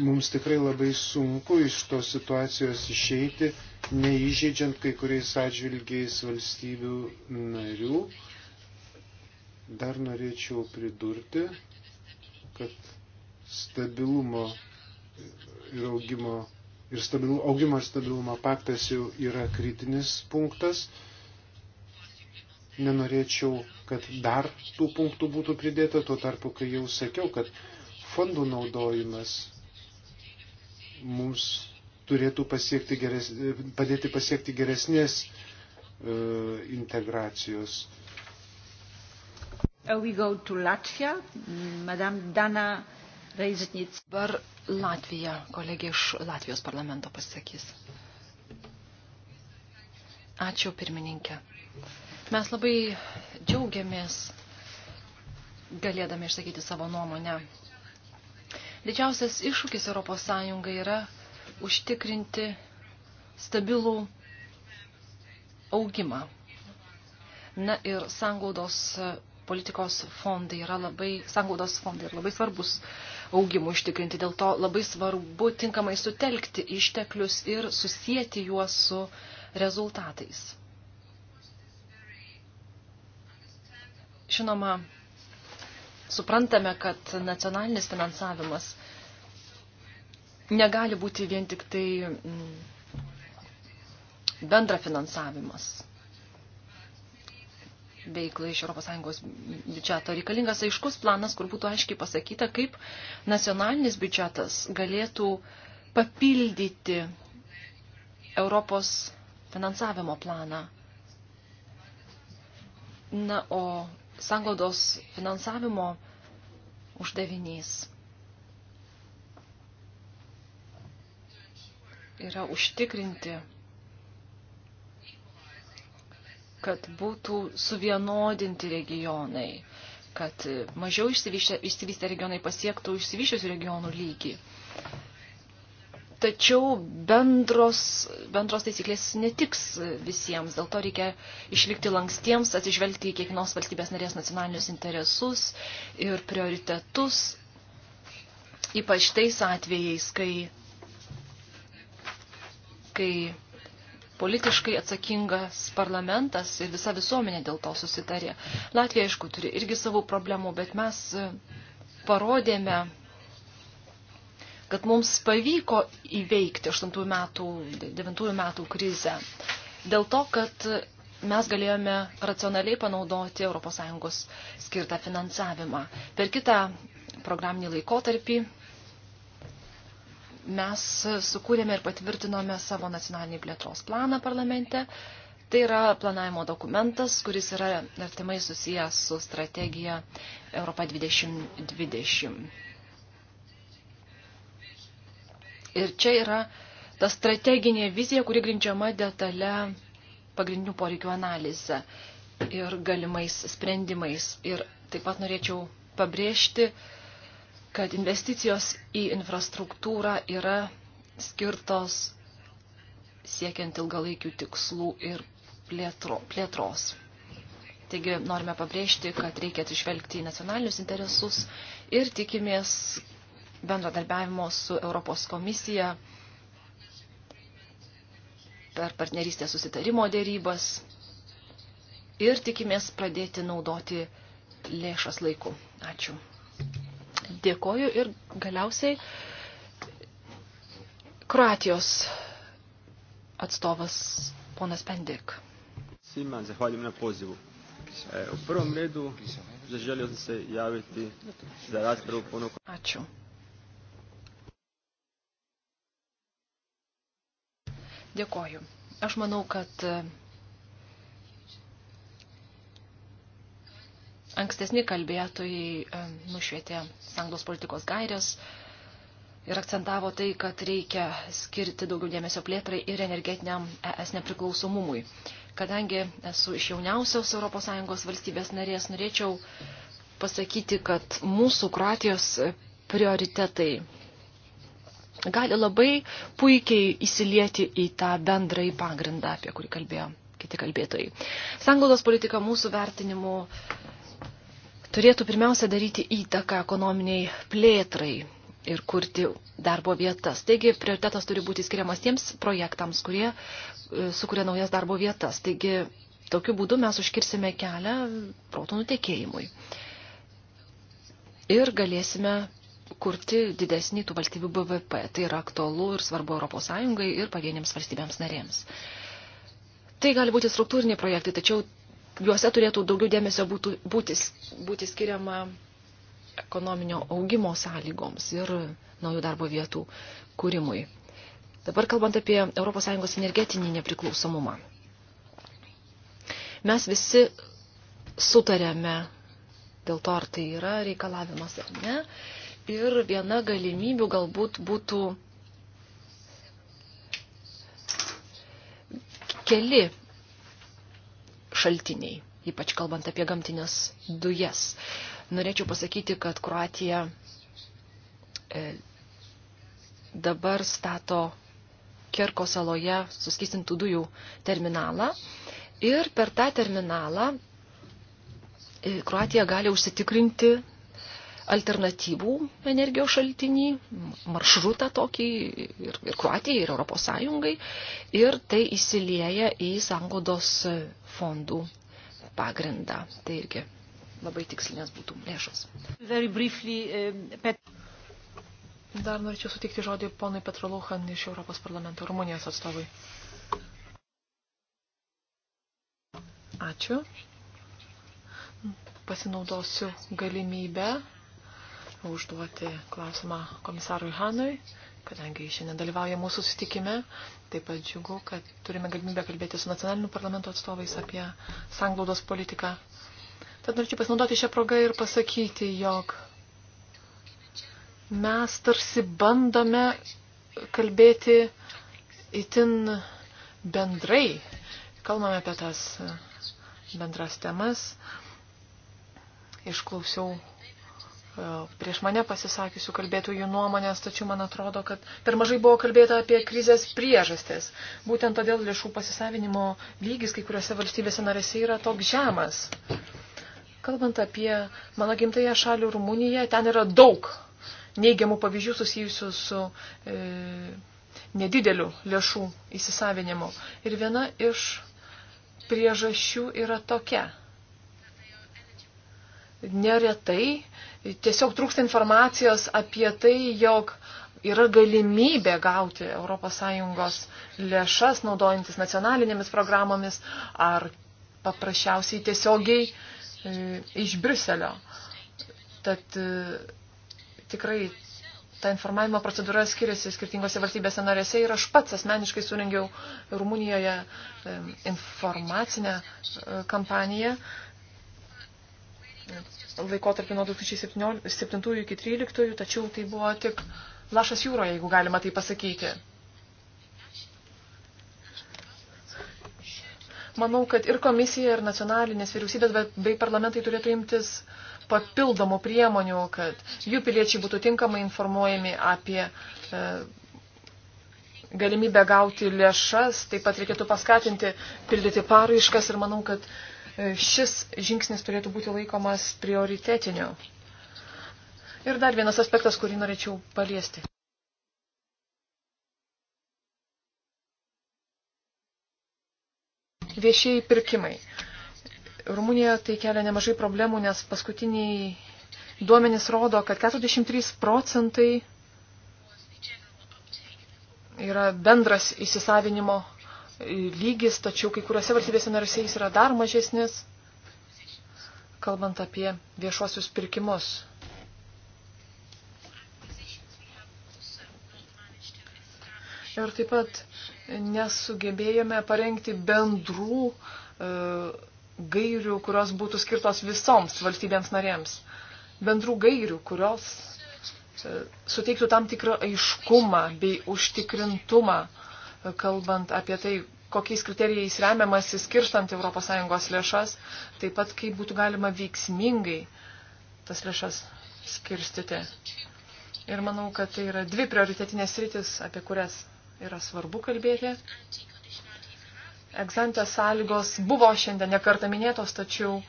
mums tikrai labai sunku iš tos situacijos išeiti, neįžeidžiant kai kuriais atžvilgiais valstybių narių. Uh, Dar norėčiau pridurti, kad stabilumo ir augimo ir stabilu, augimo ir stabilumo paktas jau yra kritinis punktas. Nenorėčiau, kad dar tų punktų būtų pridėta, tuo tarpu, kai jau sakiau, kad fondų naudojimas mums turėtų pasiekti geres, padėti pasiekti geresnės e, integracijos. E, Uh, we go to Latvia. Mm, Madame Dana Reiznic. Dabar Latvija, kolegė iš Latvijos parlamento pasakys. Ačiū pirmininkė. Mes labai džiaugiamės galėdami išsakyti savo nuomonę. Didžiausias iššūkis ES yra užtikrinti stabilų augimą. Na ir sanglaudos politikos fondai yra labai, sangaudos fondai yra labai svarbus augimų ištikrinti. Dėl to labai svarbu tinkamai sutelkti išteklius ir susijęti juos su rezultatais. Žinoma, suprantame, kad nacionalinis finansavimas negali būti vien tik tai mm, bendra finansavimas veiklai iš ES biudžeto. Reikalingas aiškus planas, kur būtų aiškiai pasakyta, kaip nacionalinis biudžetas galėtų papildyti Europos finansavimo planą. Na, o sangodos finansavimo uždavinys yra užtikrinti kad būtų suvienodinti regionai, kad mažiau išsivystę regionai pasiektų išsivyščiusių regionų lygį. Tačiau bendros, bendros taisyklės netiks visiems, dėl to reikia išlikti lankstiems, atsižvelgti į kiekvienos valstybės narės nacionalinius interesus ir prioritetus, ypač tais atvejais, kai, kai politiškai atsakingas parlamentas ir visa visuomenė dėl to susitarė. Latvija, aišku, turi irgi savo problemų, bet mes e, parodėme, kad mums pavyko įveikti 8 metų, 9 metų krizę. Dėl to, kad mes galėjome racionaliai panaudoti ES skirtą finansavimą. Per kitą programinį laikotarpį mes sukūrėme ir patvirtinome savo nacionalinį plėtros planą parlamente. Tai yra planavimo dokumentas, kuris yra artimai susijęs su strategija Europa 2020. Ir čia yra ta strateginė vizija, kuri grindžiama detale pagrindinių poreikių analizę ir galimais sprendimais. Ir taip pat norėčiau pabrėžti, kad investicijos į infrastruktūrą yra skirtos siekiant ilgalaikių tikslų ir plėtro, plėtros. Taigi norime pabrėžti, kad reikia atsižvelgti į nacionalinius interesus ir tikimės bendradarbiavimo su Europos komisija per partnerystės susitarimo dėrybas ir tikimės pradėti naudoti lėšas laiku. Ačiū. Dėkoju ir galiausiai Kroatijos atstovas ponas Pendik. Svima zahvaljujem na pozivu. E, u prvom redu zaželio sam se javiti za raspravu ponuku. Ačiū. Dėkoju. Aš manau, kad Ankstesni kalbėtojai e, nušvietė sanglos politikos gairės ir akcentavo tai, kad reikia skirti daugiau dėmesio plėtrai ir energetiniam ES nepriklausomumui. Kadangi esu iš jauniausios ES valstybės narės, norėčiau pasakyti, kad mūsų Kroatijos prioritetai gali labai puikiai įsilieti į tą bendrąjį pagrindą, apie kurį kalbėjo kiti kalbėtojai. Sanglaudos politika mūsų vertinimu turėtų pirmiausia daryti įtaką ekonominiai plėtrai ir kurti darbo vietas. Taigi prioritetas turi būti skiriamas tiems projektams, kurie e, sukuria naujas darbo vietas. Taigi tokiu būdu mes užkirsime kelią protų nutekėjimui. Ir galėsime kurti didesnį tų valstybių BVP. Tai yra aktualu ir svarbu Europos Sąjungai ir pavieniams valstybėms narėms. Tai gali būti struktūriniai projektai, tačiau juose turėtų daugiau dėmesio būtų, būti, būti skiriama ekonominio augimo sąlygoms ir naujų darbo vietų kūrimui. Dabar kalbant apie ES energetinį nepriklausomumą. Mes visi sutarėme dėl to, ar tai yra reikalavimas ar ne. Ir viena galimybių galbūt būtų keli šaltiniai, ypač kalbant apie gamtinės dujas. Norėčiau pasakyti, kad Kroatija e, dabar stato Kerko saloje suskistintų dujų terminalą ir per tą terminalą e, Kroatija gali užsitikrinti alternatyvų energijos šaltinį, maršrutą tokį ir, ir Kroatijai, ir Europos Sąjungai, ir tai įsilieja į sangodos fondų pagrindą. Tai irgi labai tikslinės būtų lėšos. Um, Dar norėčiau sutikti žodį ponui Petroluchan iš Europos parlamento Rumunijos atstovui. Ačiū. Pasinaudosiu galimybę užduoti klausimą komisarui Hanui, kadangi šiandien dalyvauja mūsų susitikime. Taip pat džiugu, kad turime galimybę kalbėti su nacionaliniu parlamento atstovais apie sanglaudos politiką. Tad norėčiau pasinaudoti šią progą ir pasakyti, jog mes tarsi bandome kalbėti itin bendrai. Kalbame apie tas bendras temas. Išklausiau E, prieš mane pasisakysiu kalbėtųjų nuomonės, tačiau man atrodo, kad per mažai buvo kalbėta apie krizės priežastis. Būtent todėl lėšų pasisavinimo lygis kai kuriuose valstybėse narėse yra toks žemas. Kalbant apie mano gimtąją šalį Rumuniją, ten yra daug neigiamų pavyzdžių susijusių su e, nedideliu lėšų įsisavinimu. Ir viena iš priežasčių yra tokia neretai tiesiog trūksta informacijos apie tai, jog yra galimybė gauti ES lėšas naudojantis nacionalinėmis programomis ar paprasčiausiai tiesiogiai e, iš Briuselio. Tad e, tikrai ta informavimo procedūra skiriasi skirtingose valstybėse narėse ir aš pats asmeniškai surengiau Rumunijoje e, informacinę kampaniją laikotarpį nuo 2007 iki 2013, tačiau tai buvo tik lašas jūroje, jeigu galima tai pasakyti. Manau, kad ir komisija, ir nacionalinės vyriausybės bei parlamentai turėtų imtis papildomų priemonių, kad jų piliečiai būtų tinkamai informuojami apie e, galimybę gauti lėšas, taip pat reikėtų paskatinti pildyti paraiškas ir manau, kad šis žingsnis turėtų būti laikomas prioritetiniu. Ir dar vienas aspektas, kurį norėčiau paliesti. Viešieji pirkimai. Rumunijoje tai kelia nemažai problemų, nes paskutiniai duomenys rodo, kad 43 procentai yra bendras įsisavinimo lygis, tačiau kai kuriuose valstybėse narėse jis yra dar mažesnis, kalbant apie viešuosius pirkimus. Ir taip pat nesugebėjome parengti bendrų e, gairių, kurios būtų skirtos visoms valstybėms narėms. Bendrų gairių, kurios e, suteiktų tam tikrą aiškumą bei užtikrintumą e, kalbant apie tai, kokiais kriterijais remiamasi skirstant ES lėšas, taip pat kaip būtų galima veiksmingai tas lėšas skirstyti. Ir manau, kad tai yra dvi prioritetinės rytis, apie kurias yra svarbu kalbėti. Egzantės sąlygos buvo šiandien nekartą minėtos, tačiau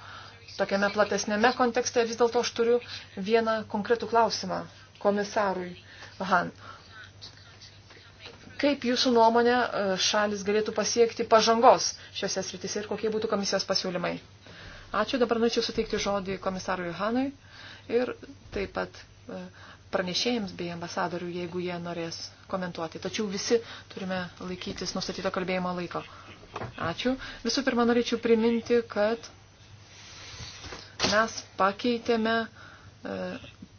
tokiame platesnėme kontekste vis dėlto aš turiu vieną konkretų klausimą komisarui Han. Kaip jūsų nuomonė e, šalis galėtų pasiekti pažangos šiuose srityse ir kokie būtų komisijos pasiūlymai? Ačiū, dabar norėčiau suteikti žodį komisarui Hanui ir taip pat e, pranešėjams bei ambasadorių, jeigu jie norės komentuoti. Tačiau visi turime laikytis nustatyto kalbėjimo laiko. Ačiū. Visų pirma, norėčiau priminti, kad mes pakeitėme e,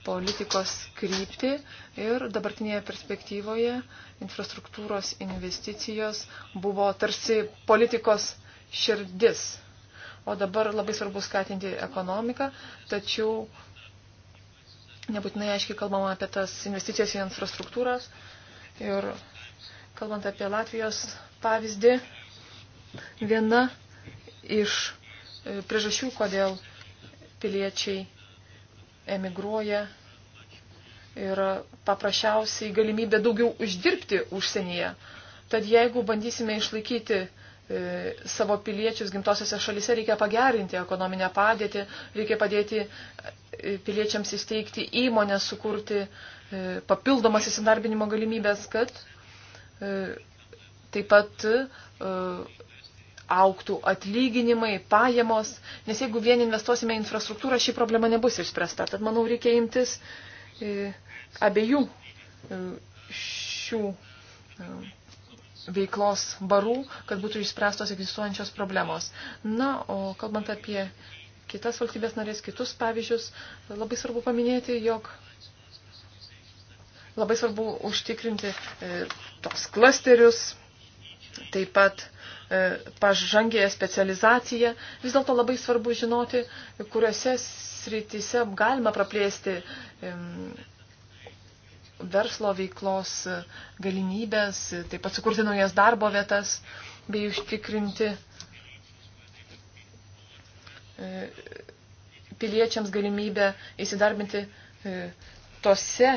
politikos kryptį ir dabartinėje perspektyvoje infrastruktūros investicijos buvo tarsi politikos širdis. O dabar labai svarbu skatinti ekonomiką, tačiau nebūtinai aiškiai kalbama apie tas investicijas į infrastruktūras. Ir kalbant apie Latvijos pavyzdį, viena iš priežasčių, kodėl piliečiai emigruoja ir paprasčiausiai galimybė daugiau uždirbti užsienyje. Tad jeigu bandysime išlaikyti e, savo piliečius gimtosiose šalise, reikia pagerinti ekonominę padėtį, reikia padėti e, piliečiams įsteigti įmonę, sukurti e, papildomas įsidarbinimo galimybės, kad taip pat auktų atlyginimai, pajamos, nes jeigu vien investuosime į infrastruktūrą, ši problema nebus išspręsta. Tad, manau, reikia imtis e, abiejų e, šių e, veiklos barų, kad būtų išspręstos egzistuojančios problemos. Na, o kalbant apie kitas valstybės narės, kitus pavyzdžius, labai svarbu paminėti, jog labai svarbu užtikrinti tos klasterius, taip pat E, pažangėje specializaciją, vis dėlto labai svarbu žinoti, kuriuose srityse galima praplėsti verslo veiklos galimybės, taip pat sukurti naujas darbo vietas bei užtikrinti e, piliečiams galimybę įsidarbinti e, tose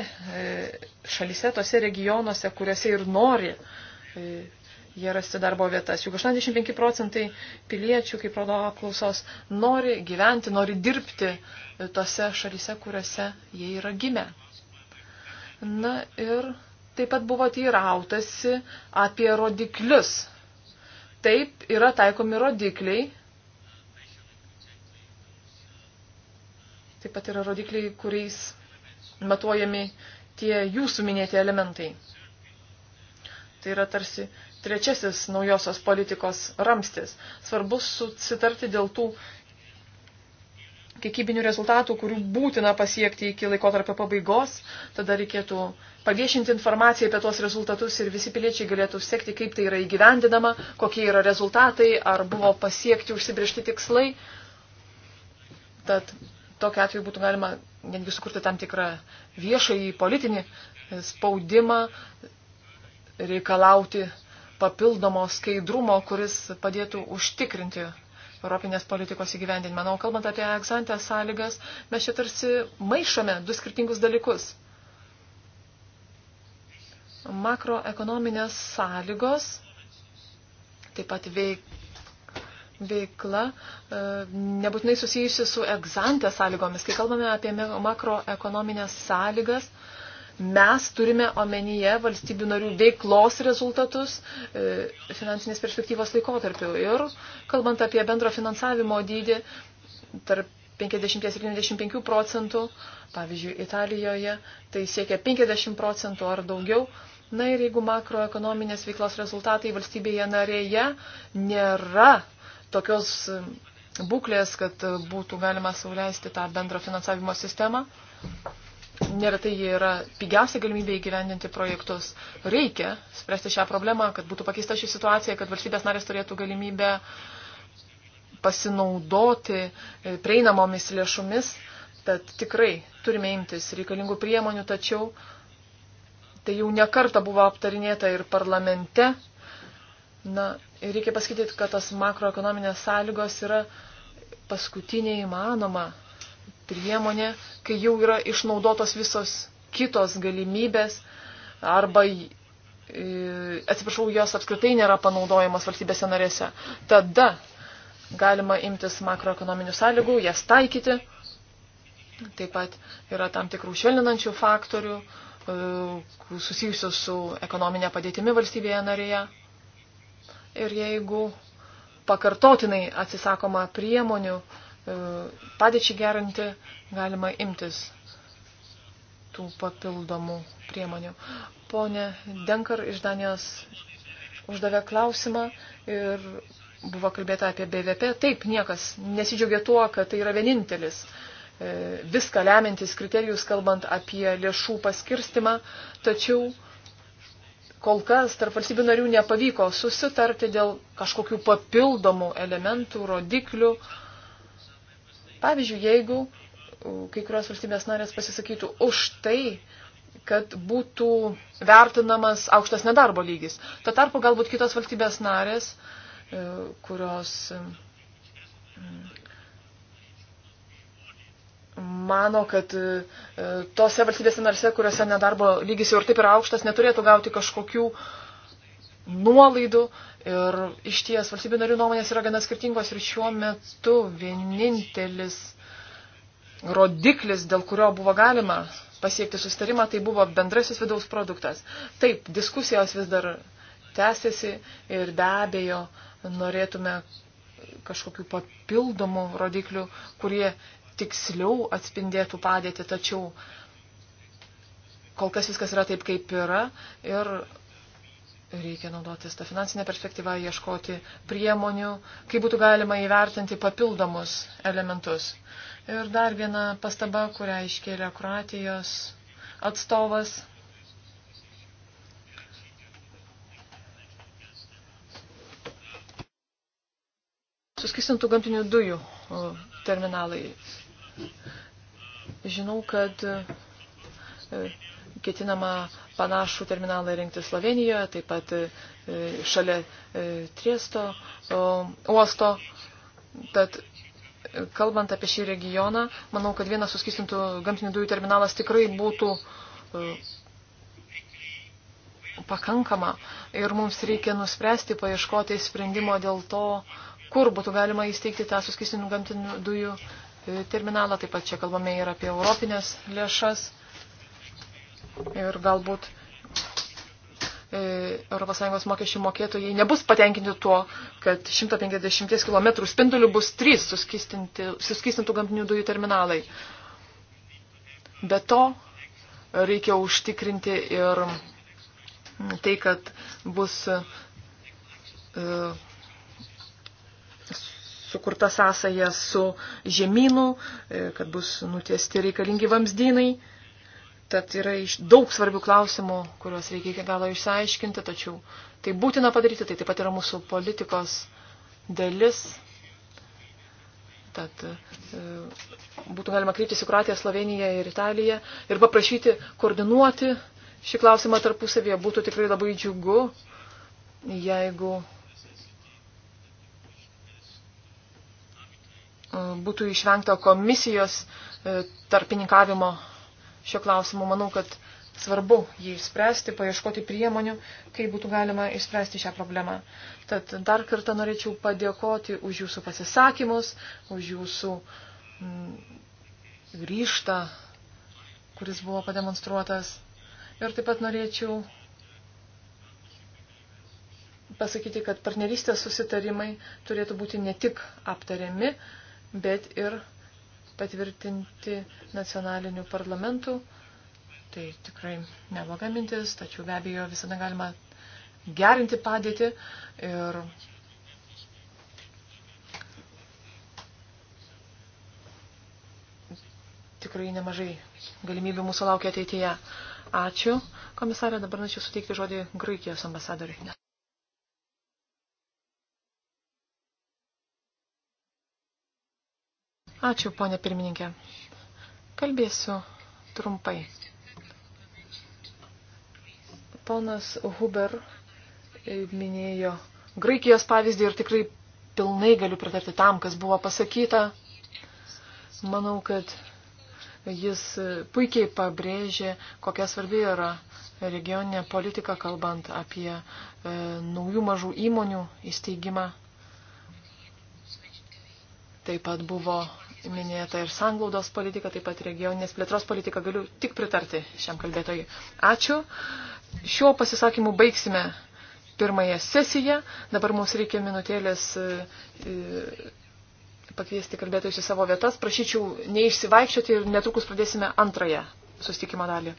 šalise, tose regionuose, kuriuose ir nori jie rasti darbo vietas. Juk 85 procentai piliečių, kaip rodo apklausos, nori gyventi, nori dirbti tose šalise, kuriuose jie yra gimę. Na ir taip pat buvo teirautasi apie rodiklius. Taip yra taikomi rodikliai. Taip pat yra rodikliai, kuriais matuojami tie jūsų minėti elementai. Tai yra tarsi trečiasis naujosios politikos ramstis. Svarbu susitarti dėl tų kiekybinių rezultatų, kurių būtina pasiekti iki laikotarpio pabaigos. Tada reikėtų paviešinti informaciją apie tuos rezultatus ir visi piliečiai galėtų sekti, kaip tai yra įgyvendinama, kokie yra rezultatai, ar buvo pasiekti užsibriežti tikslai. Tad tokia atveju būtų galima netgi sukurti tam tikrą viešąjį politinį spaudimą, reikalauti papildomo skaidrumo, kuris padėtų užtikrinti Europinės politikos įgyvendinimą. Na, o kalbant apie egzantę sąlygas, mes čia tarsi maišome du skirtingus dalykus. Makroekonominės sąlygos, taip pat veik, veikla, e, nebūtinai susijusi su egzantę sąlygomis. Kai kalbame apie makroekonominės sąlygas, Mes turime omenyje valstybių narių veiklos rezultatus e, finansinės perspektyvos laikotarpiu. Ir kalbant apie bendro finansavimo dydį, tarp 50-75 procentų, pavyzdžiui, Italijoje tai siekia 50 procentų ar daugiau. Na ir jeigu makroekonominės veiklos rezultatai valstybėje narėje nėra tokios e, būklės, kad būtų galima sauliaisti tą bendro finansavimo sistemą, neretai jie yra pigiausia galimybė įgyvendinti projektus. Reikia spręsti šią problemą, kad būtų pakeista ši situacija, kad valstybės narės turėtų galimybę pasinaudoti e, prieinamomis lėšomis. Tad tikrai turime imtis reikalingų priemonių, tačiau tai jau nekarta buvo aptarinėta ir parlamente. Na, ir reikia pasakyti, kad tas makroekonominės sąlygos yra paskutinė įmanoma priemonė, kai jau yra išnaudotos visos kitos galimybės arba, e, atsiprašau, jos apskritai nėra panaudojamos valstybėse narėse. Tada galima imtis makroekonominių sąlygų, jas taikyti. Taip pat yra tam tikrų švelninančių faktorių e, susijusių su ekonominė padėtimi valstybėje narėje. Ir jeigu pakartotinai atsisakoma priemonių, E, padėčiai gerinti galima imtis tų papildomų priemonių. Pone Denkar iš Danijos uždavė klausimą ir buvo kalbėta apie BVP. Taip, niekas nesidžiaugia tuo, kad tai yra vienintelis e, viską lemiantis kriterijus, kalbant apie lėšų paskirstimą, tačiau kol kas tarp valstybių narių nepavyko susitarti dėl kažkokių papildomų elementų, rodiklių, uh, Pavyzdžiui, jeigu kai kurios valstybės narės pasisakytų už tai, kad būtų vertinamas aukštas nedarbo lygis. Tuo tarpu galbūt kitos valstybės narės, e, kurios e, mano, kad e, tose valstybėse narse, kuriuose nedarbo lygis jau ir taip yra aukštas, neturėtų gauti kažkokių uh, nuolaidų ir iš ties valstybių narių nuomonės yra gana skirtingos ir šiuo metu vienintelis rodiklis, dėl kurio buvo galima pasiekti sustarimą, tai buvo bendrasis vidaus produktas. Taip, diskusijos vis dar tęsiasi ir be abejo norėtume kažkokių papildomų rodiklių, kurie tiksliau atspindėtų padėtį, tačiau kol kas viskas yra taip, kaip yra ir reikia naudotis tą finansinę perspektyvą, ieškoti priemonių, kaip būtų galima įvertinti papildomus elementus. Ir dar viena pastaba, kurią iškėlė Kroatijos atstovas. Suskistintų gamtinių dujų terminalai. Žinau, kad e, ketinama panašų terminalą įrengti Slovenijoje, taip pat e, šalia e, Triesto uosto. Tad e, kalbant apie šį regioną, manau, kad vienas suskistintų gamtinių dujų terminalas tikrai būtų pakankama ir mums reikia nuspręsti, paieškoti sprendimo dėl to, kur būtų galima įsteigti tą suskistintų gamtinių dujų terminalą. Taip pat čia kalbame ir apie europinės lėšas ir galbūt e, ES mokesčių mokėtojai nebus patenkinti tuo, kad 150 km spindulių bus 3 suskistintų gamtinių dujų terminalai. Be to, reikia užtikrinti ir tai, kad bus e, sukurta sąsaja su žemynu, e, kad bus nutiesti reikalingi vamzdynai. Tad yra iš daug svarbių klausimų, kuriuos reikia iki galo išsiaiškinti, tačiau tai būtina padaryti, tai taip pat yra mūsų politikos dalis. Tad e, būtų galima kreiptis į Kroatiją, Sloveniją ir Italiją ir paprašyti koordinuoti šį klausimą tarpusavėje. Būtų tikrai labai džiugu, jeigu e, būtų išvengta komisijos e, tarpininkavimo šio klausimu. Manau, kad svarbu jį išspręsti, paieškoti priemonių, kaip būtų galima išspręsti šią problemą. Tad dar kartą norėčiau padėkoti už jūsų pasisakymus, už jūsų grįžtą, mm, kuris buvo pademonstruotas. Ir taip pat norėčiau pasakyti, kad partnerystės susitarimai turėtų būti ne tik aptariami, bet ir patvirtinti nacionalinių parlamentų. Tai tikrai nebloga mintis, tačiau be abejo visada galima gerinti padėtį ir tikrai nemažai galimybių mūsų laukia ateityje. Ačiū, komisarė, dabar norėčiau suteikti žodį Graikijos ambasadoriui. Ačiū, ponė pirmininkė. Kalbėsiu trumpai. Ponas Huber e, minėjo Graikijos pavyzdį ir tikrai pilnai galiu pritarti tam, kas buvo pasakyta. Manau, kad jis e, puikiai pabrėžė, kokia svarbi yra regioninė politika, kalbant apie e, naujų mažų įmonių įsteigimą. Taip pat buvo minėta ir sanglaudos politika, taip pat regioninės plėtros politika. Galiu tik pritarti šiam kalbėtojui. Ačiū. Šiuo pasisakymu baigsime pirmąją sesiją. Dabar mums reikia minutėlės e, e, pakviesti kalbėtojus į savo vietas. Prašyčiau neišsivaikščioti ir netrukus pradėsime antrąją sustikimo dalį.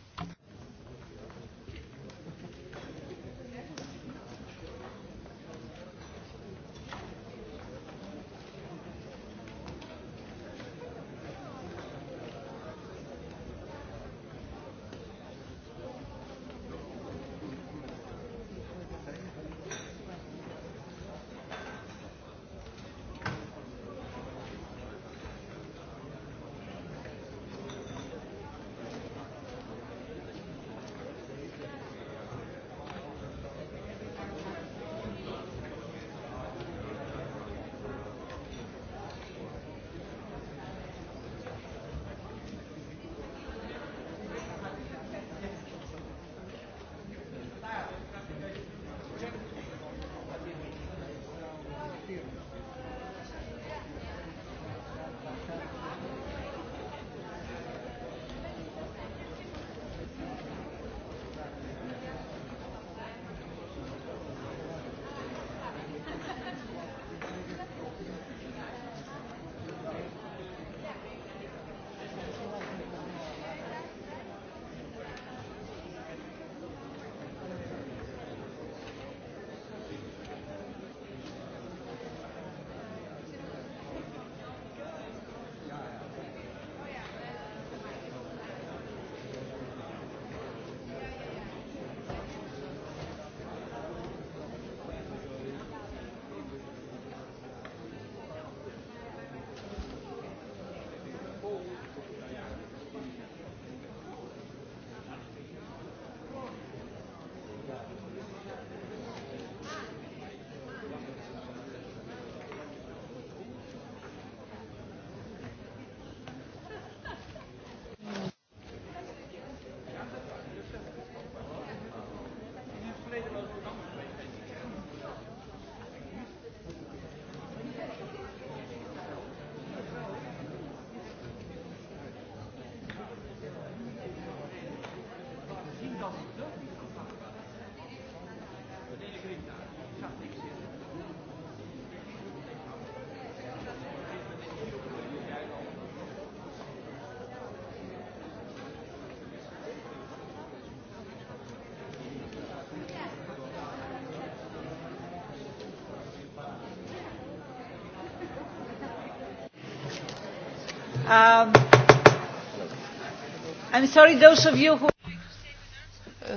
sorry, who...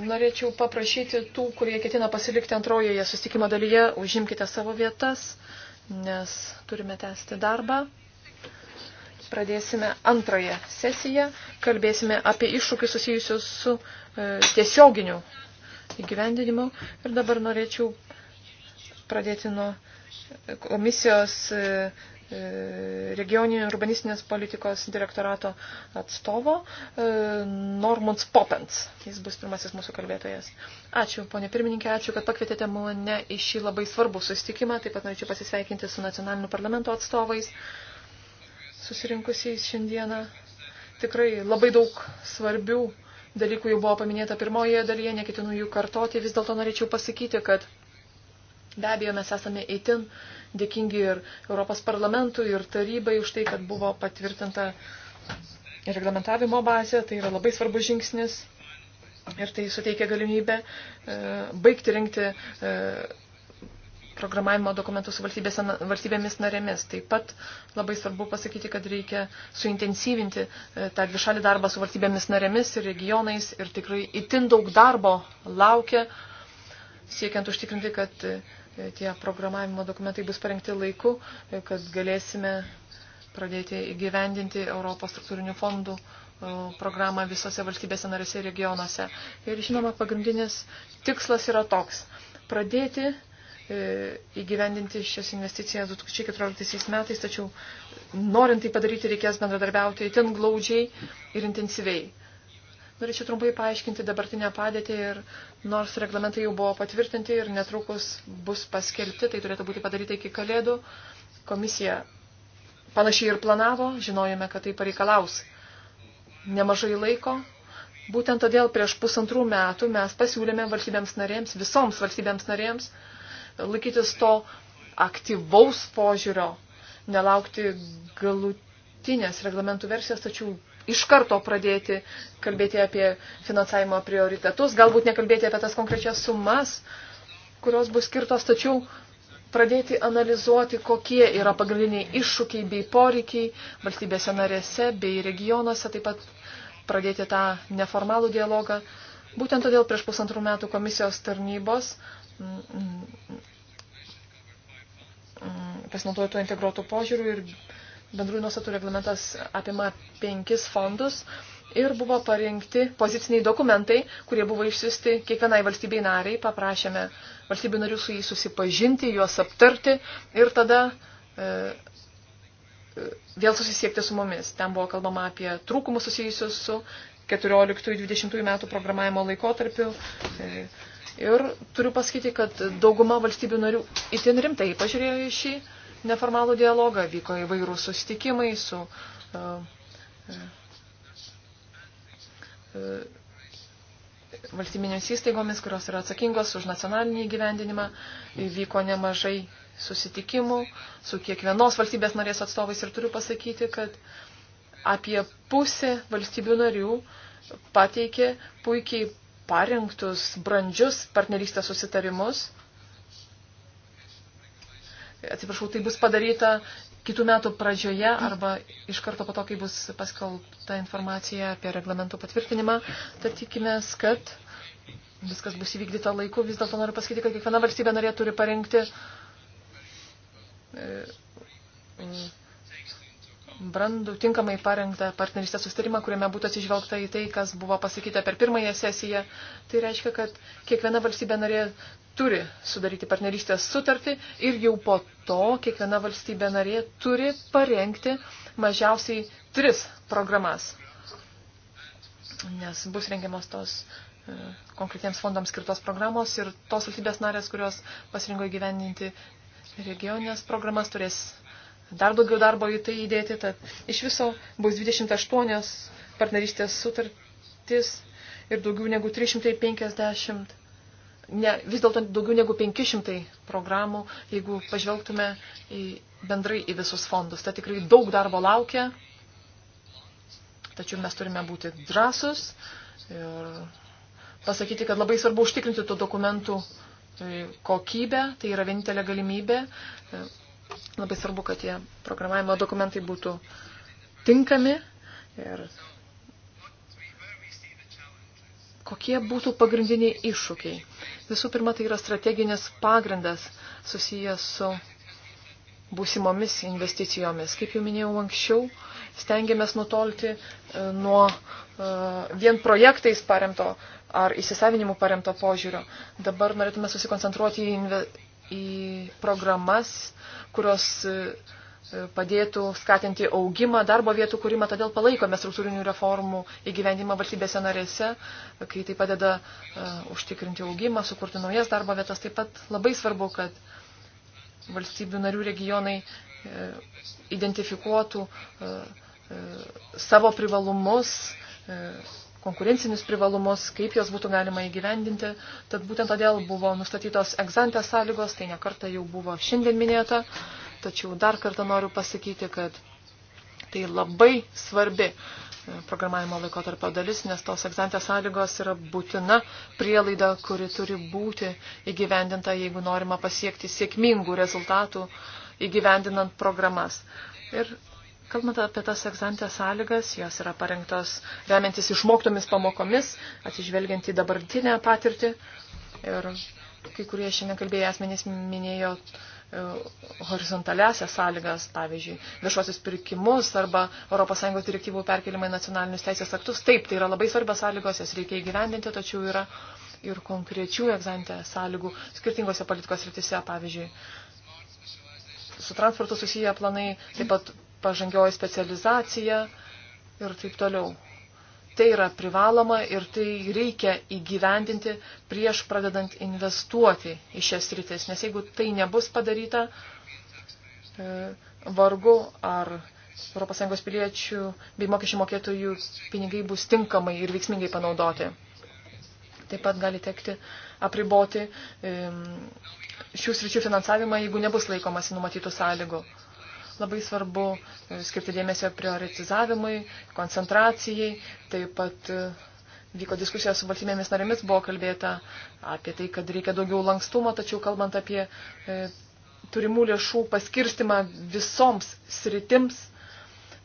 Norėčiau paprašyti tų, kurie ketina pasilikti antrojoje susitikimo dalyje, užimkite savo vietas, nes turime tęsti darbą. Pradėsime antrąją sesiją, kalbėsime apie iššūkius susijusius su e, tiesioginiu įgyvendinimu. Ir dabar norėčiau pradėti nuo e, komisijos e, E, regioninio urbanistinės politikos direktorato atstovo e, Normans Popens. Jis bus pirmasis mūsų kalbėtojas. Ačiū, ponė pirmininkė, ačiū, kad pakvietėte mane į šį labai svarbų susitikimą. Taip pat norėčiau pasisveikinti su nacionaliniu parlamento atstovais, susirinkusiais šiandieną. Tikrai labai daug svarbių dalykų jau buvo paminėta pirmojoje dalyje, neketinu jų kartoti. Vis dėlto norėčiau pasakyti, kad be abejo mes esame itin uh, dėkingi ir Europos parlamentui, ir tarybai už tai, kad buvo patvirtinta reglamentavimo bazė. Tai yra labai svarbus žingsnis ir tai suteikia galimybę e, baigti rinkti e, programavimo dokumentus su valstybėmis narėmis. Taip pat labai svarbu pasakyti, kad reikia suintensyvinti e, tą dvišalį darbą su valstybėmis narėmis ir regionais ir tikrai itin daug darbo laukia, siekiant užtikrinti, kad E, tie programavimo dokumentai bus parengti laiku, e, kad galėsime pradėti įgyvendinti Europos struktūrinių fondų e, programą visose valstybėse narėse ir regionuose. Ir žinoma, pagrindinis tikslas yra toks - pradėti įgyvendinti šias investicijas 2014 metais, tačiau norint tai padaryti reikės bendradarbiauti itin glaudžiai ir intensyviai. Norėčiau trumpai paaiškinti dabartinę padėtį ir nors reglamentai jau buvo patvirtinti ir netrukus bus paskelbti, tai turėtų būti padaryta iki kalėdų. Komisija panašiai ir planavo, žinojame, kad tai pareikalaus nemažai laiko. Būtent todėl prieš pusantrų metų mes pasiūlėme valstybėms narėms, visoms valstybėms narėms, laikytis to aktyvaus požiūrio, nelaukti galutinės reglamentų versijos, tačiau iš karto pradėti kalbėti apie finansavimo prioritetus, galbūt nekalbėti apie tas konkrečias sumas, kurios bus skirtos, tačiau pradėti analizuoti, kokie yra pagrindiniai iššūkiai bei poreikiai valstybėse narėse bei regionuose, taip pat pradėti tą neformalų dialogą. Būtent todėl prieš pusantrų metų komisijos tarnybos mm, mm, mm, pasinaudojo tuo integruotų požiūrių ir bendrųjų nuostatų reglamentas apima penkis fondus ir buvo parinkti poziciniai dokumentai, kurie buvo išsiusti kiekvienai valstybei nariai. Paprašėme valstybių narių su jais susipažinti, juos aptarti ir tada e, e vėl susisiekti su mumis. Ten buvo kalbama apie trūkumus susijusius su 14-20 metų programavimo laikotarpiu. E, ir turiu pasakyti, kad dauguma valstybių narių itin rimtai pažiūrėjo į šį neformalų dialogą, vyko įvairių sustikimai su uh, e, uh, e, e, valstybinėmis įstaigomis, kurios yra atsakingos už nacionalinį gyvendinimą. Vyko nemažai susitikimų su kiekvienos valstybės narės atstovais ir turiu pasakyti, kad apie pusę valstybių narių pateikė puikiai parengtus, brandžius partnerystės susitarimus atsiprašau, tai bus padaryta kitų metų pradžioje arba iš karto po to, kai bus paskelbta informacija apie reglamento patvirtinimą. Tad tikimės, kad viskas bus įvykdyta laiku. Vis dėlto noriu pasakyti, kad kiekviena valstybė narė turi parengti e, brandų, tinkamai parengtą partnerystės sustarimą, kuriame būtų atsižvelgta į tai, kas buvo pasakyta per pirmąją sesiją. Tai reiškia, kad kiekviena valstybė narė turi sudaryti partnerystės sutartį ir jau po to kiekviena valstybė narė turi parengti mažiausiai tris programas. Nes bus rengiamas tos e, konkretiems fondams skirtos programos ir tos valstybės narės, kurios pasirinko įgyvendinti regioninės programas, turės dar daugiau darbo į tai įdėti, tad iš viso bus 28 partnerystės sutartis ir daugiau negu 350, ne, vis dėlto daugiau negu 500 programų, jeigu pažvelgtume į, bendrai į visus fondus. Tai tikrai daug darbo laukia, tačiau mes turime būti drąsus ir pasakyti, kad labai svarbu užtikrinti tų dokumentų e, kokybę, tai yra vienintelė galimybė Labai svarbu, kad tie programavimo dokumentai būtų tinkami ir kokie būtų pagrindiniai iššūkiai. Visų pirma, tai yra strateginis pagrindas susijęs su būsimomis investicijomis. Kaip jau minėjau anksčiau, stengiamės nutolti e, nuo e, vien projektais paremto ar įsisavinimu paremto požiūrio. Dabar norėtume susikoncentruoti į į programas, kurios e, e, padėtų skatinti augimą, darbo vietų kūrimą, todėl palaikome struktūrinių reformų įgyvendimą valstybėse narėse, kai tai padeda uh, užtikrinti augimą, sukurti naujas darbo vietas. Taip pat labai svarbu, kad valstybių narių regionai uh, identifikuotų uh, uh, savo privalumus, uh, konkurencinius privalumus, kaip jos būtų galima įgyvendinti. Tad būtent todėl buvo nustatytos egzantės sąlygos, tai nekarta jau buvo šiandien minėta. Tačiau dar kartą noriu pasakyti, kad tai labai svarbi e, programavimo laikotarpio dalis, nes tos egzantės sąlygos yra būtina prielaida, kuri turi būti įgyvendinta, jeigu norima pasiekti sėkmingų rezultatų įgyvendinant programas. Ir Kalbant apie tas egzantės sąlygas, jos yra parengtos remiantis išmoktomis pamokomis, atsižvelgiant į dabartinę patirtį. Ir kai kurie šiandien kalbėję asmenys minėjo e, horizontalesias sąlygas, pavyzdžiui, viešuosius pirkimus arba ES direktyvų perkelimą į nacionalinius teisės aktus. Taip, tai yra labai svarbios sąlygos, jas reikia įgyvendinti, tačiau yra ir konkrečių egzantė sąlygų skirtingose politikos rytise, pavyzdžiui, su transportu susiję planai, taip pat pažangioji specializacija ir taip toliau. Tai yra privaloma ir tai reikia įgyvendinti prieš pradedant investuoti į šias rytis, nes jeigu tai nebus padaryta, e, vargu ar ES piliečių bei mokesčių mokėtojų pinigai bus tinkamai ir veiksmingai panaudoti. Taip pat gali tekti apriboti šių sričių finansavimą, jeigu nebus laikomasi numatytų sąlygų. Labai svarbu e, skirti dėmesio prioritizavimui, koncentracijai, taip pat e, vyko diskusijos su valstybėmis narėmis, buvo kalbėta apie tai, kad reikia daugiau lankstumo, tačiau kalbant apie e, turimų lėšų paskirstimą visoms sritims,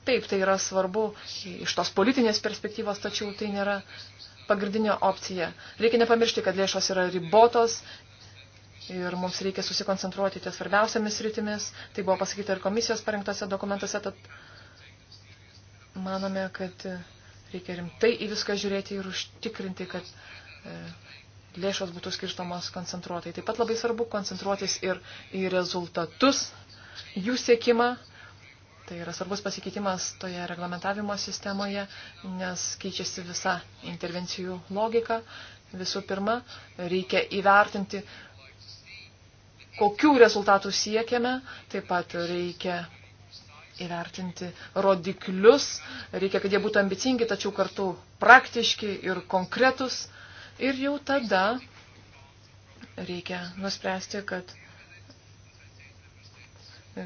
taip, tai yra svarbu iš tos politinės perspektyvos, tačiau tai nėra pagrindinė opcija. Reikia nepamiršti, kad lėšos yra ribotos ir mums reikia susikoncentruoti ties svarbiausiamis rytimis. Tai buvo pasakyta ir komisijos parengtose dokumentuose, tad manome, kad reikia rimtai į viską žiūrėti ir užtikrinti, kad e, lėšos būtų skirstamos koncentruotai. Taip pat labai svarbu koncentruotis ir į rezultatus, jų siekimą. Tai yra svarbus pasikeitimas toje reglamentavimo sistemoje, nes keičiasi visa intervencijų logika. Visų pirma, reikia įvertinti, kokių rezultatų siekiame, taip pat reikia įvertinti rodiklius, reikia, kad jie būtų ambicingi, tačiau kartu praktiški ir konkretus. Ir jau tada reikia nuspręsti, kad e,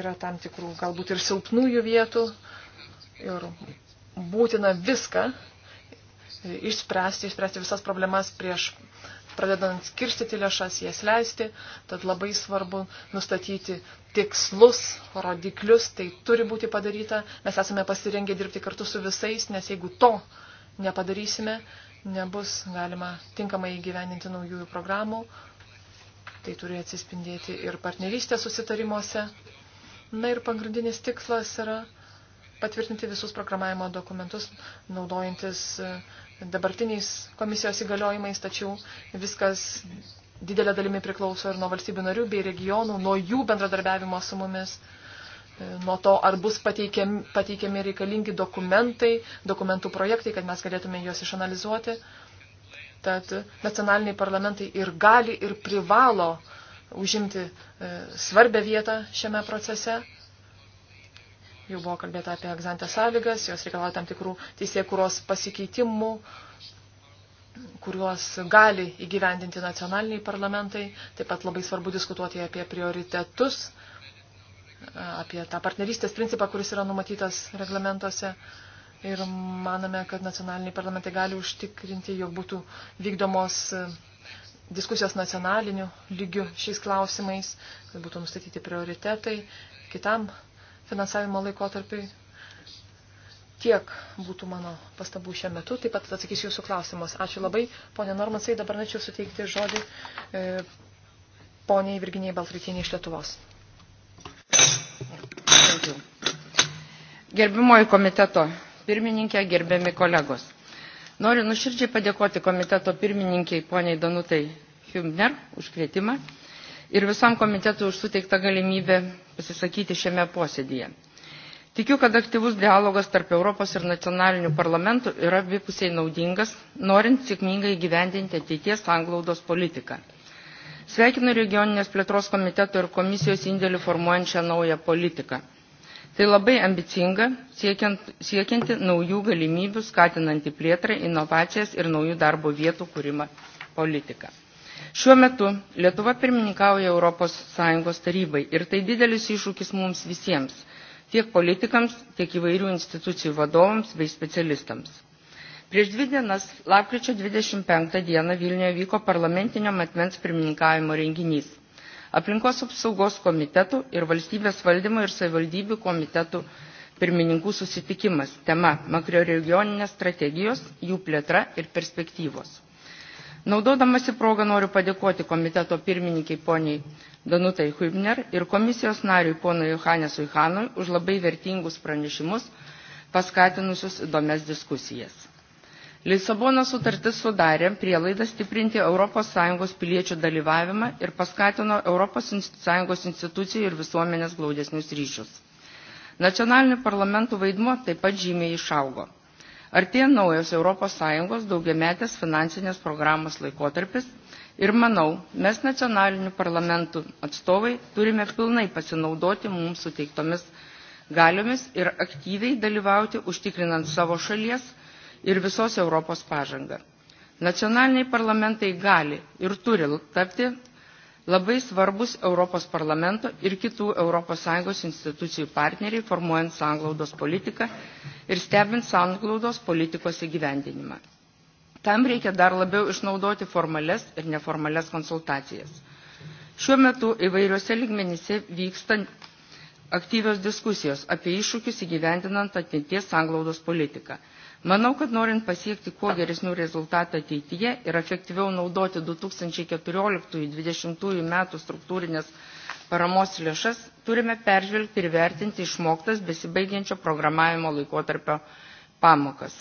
yra tam tikrų galbūt ir silpnųjų vietų ir būtina viską išspręsti, išspręsti visas problemas prieš pradedant skirstyti lėšas, jas leisti, tad labai svarbu nustatyti tikslus, rodiklius, tai turi būti padaryta. Mes esame pasirengę dirbti kartu su visais, nes jeigu to nepadarysime, nebus galima tinkamai įgyveninti naujųjų programų. Tai turi atsispindėti ir partnerystės susitarimuose. Na ir pagrindinis tikslas yra patvirtinti visus programavimo dokumentus, naudojantis e, dabartiniais komisijos įgaliojimais, tačiau viskas didelė dalimi priklauso ir nuo valstybių narių bei regionų, nuo jų bendradarbiavimo su mumis, e, nuo to, ar bus pateikiami, pateikiami reikalingi dokumentai, dokumentų projektai, kad mes galėtume juos išanalizuoti. Tad nacionaliniai parlamentai ir gali, ir privalo užimti e, svarbę vietą šiame procese. Jau buvo kalbėta apie egzantę sąlygas, jos reikalauja tam tikrų teisėkuros pasikeitimų, kuriuos gali įgyvendinti nacionaliniai parlamentai. Taip pat labai svarbu diskutuoti apie prioritetus, apie tą partnerystės principą, kuris yra numatytas reglamentuose. Ir manome, kad nacionaliniai parlamentai gali užtikrinti, jog būtų vykdomos e, diskusijos nacionaliniu lygiu šiais klausimais, kad būtų nustatyti prioritetai kitam finansavimo laikotarpiui. Tiek būtų mano pastabų šiuo metu. Taip pat atsakysiu jūsų klausimus. Ačiū labai. Pone Normansai, dabar norėčiau suteikti žodį e, poniai Virginiai Baltritiniai iš Lietuvos. Gerbimoji komiteto pirmininkė, gerbiami kolegos. Noriu nuširdžiai padėkoti komiteto pirmininkiai poniai Danutai Hübner už kvietimą ir visam komitetui už suteiktą galimybę pasisakyti šiame posėdyje. Tikiu, kad aktyvus dialogas tarp Europos ir nacionalinių parlamentų yra abipusiai naudingas, norint sėkmingai gyvendinti ateities anglaudos politiką. Sveikinu regioninės plėtros komiteto ir komisijos indėlių formuojančią naują politiką. Tai labai ambicinga, siekiant, siekianti naujų galimybių, skatinanti plėtrą, inovacijas ir naujų darbo vietų kūrimą politiką. Šiuo metu Lietuva pirmininkauja Europos Sąjungos tarybai ir tai didelis iššūkis mums visiems, tiek politikams, tiek įvairių institucijų vadovams bei specialistams. Prieš dvi dienas, lapkričio 25 dieną Vilniuje vyko parlamentinio matmens pirmininkavimo renginys. Aplinkos apsaugos komitetų ir valstybės valdymo ir savivaldybių komitetų pirmininkų susitikimas tema makroregioninės strategijos, jų plėtra ir perspektyvos. Naudodamasi progą noriu padėkoti komiteto pirmininkiai poniai Danutai Huibner ir komisijos nariui ponui Johannesui Hanui už labai vertingus pranešimus, paskatinusius įdomias diskusijas. Lisabono sutartis sudarė prielaidą stiprinti ES piliečių dalyvavimą ir paskatino ES institucijų ir visuomenės glaudesnius ryšius. Nacionalinių parlamentų vaidmuo taip pat žymiai išaugo. Artėja naujos ES daugiametės finansinės programos laikotarpis ir manau, mes nacionalinių parlamentų atstovai turime pilnai pasinaudoti mums suteiktomis galiomis ir aktyviai dalyvauti užtikrinant savo šalies ir visos Europos pažangą. Nacionaliniai parlamentai gali ir turi tapti labai svarbus Europos parlamento ir kitų ES institucijų partneriai formuojant sanglaudos politiką ir stebint sanglaudos politikos įgyvendinimą. Tam reikia dar labiau išnaudoti formales ir neformales konsultacijas. Šiuo metu įvairiuose lygmenyse vyksta aktyvios diskusijos apie iššūkius įgyvendinant atminties sanglaudos politiką – Manau, kad norint pasiekti kuo geresnių rezultatų ateityje ir efektyviau naudoti 2014-2020 metų struktūrinės paramos lėšas, turime peržvelgti ir vertinti išmoktas besibaigiančio programavimo laikotarpio pamokas.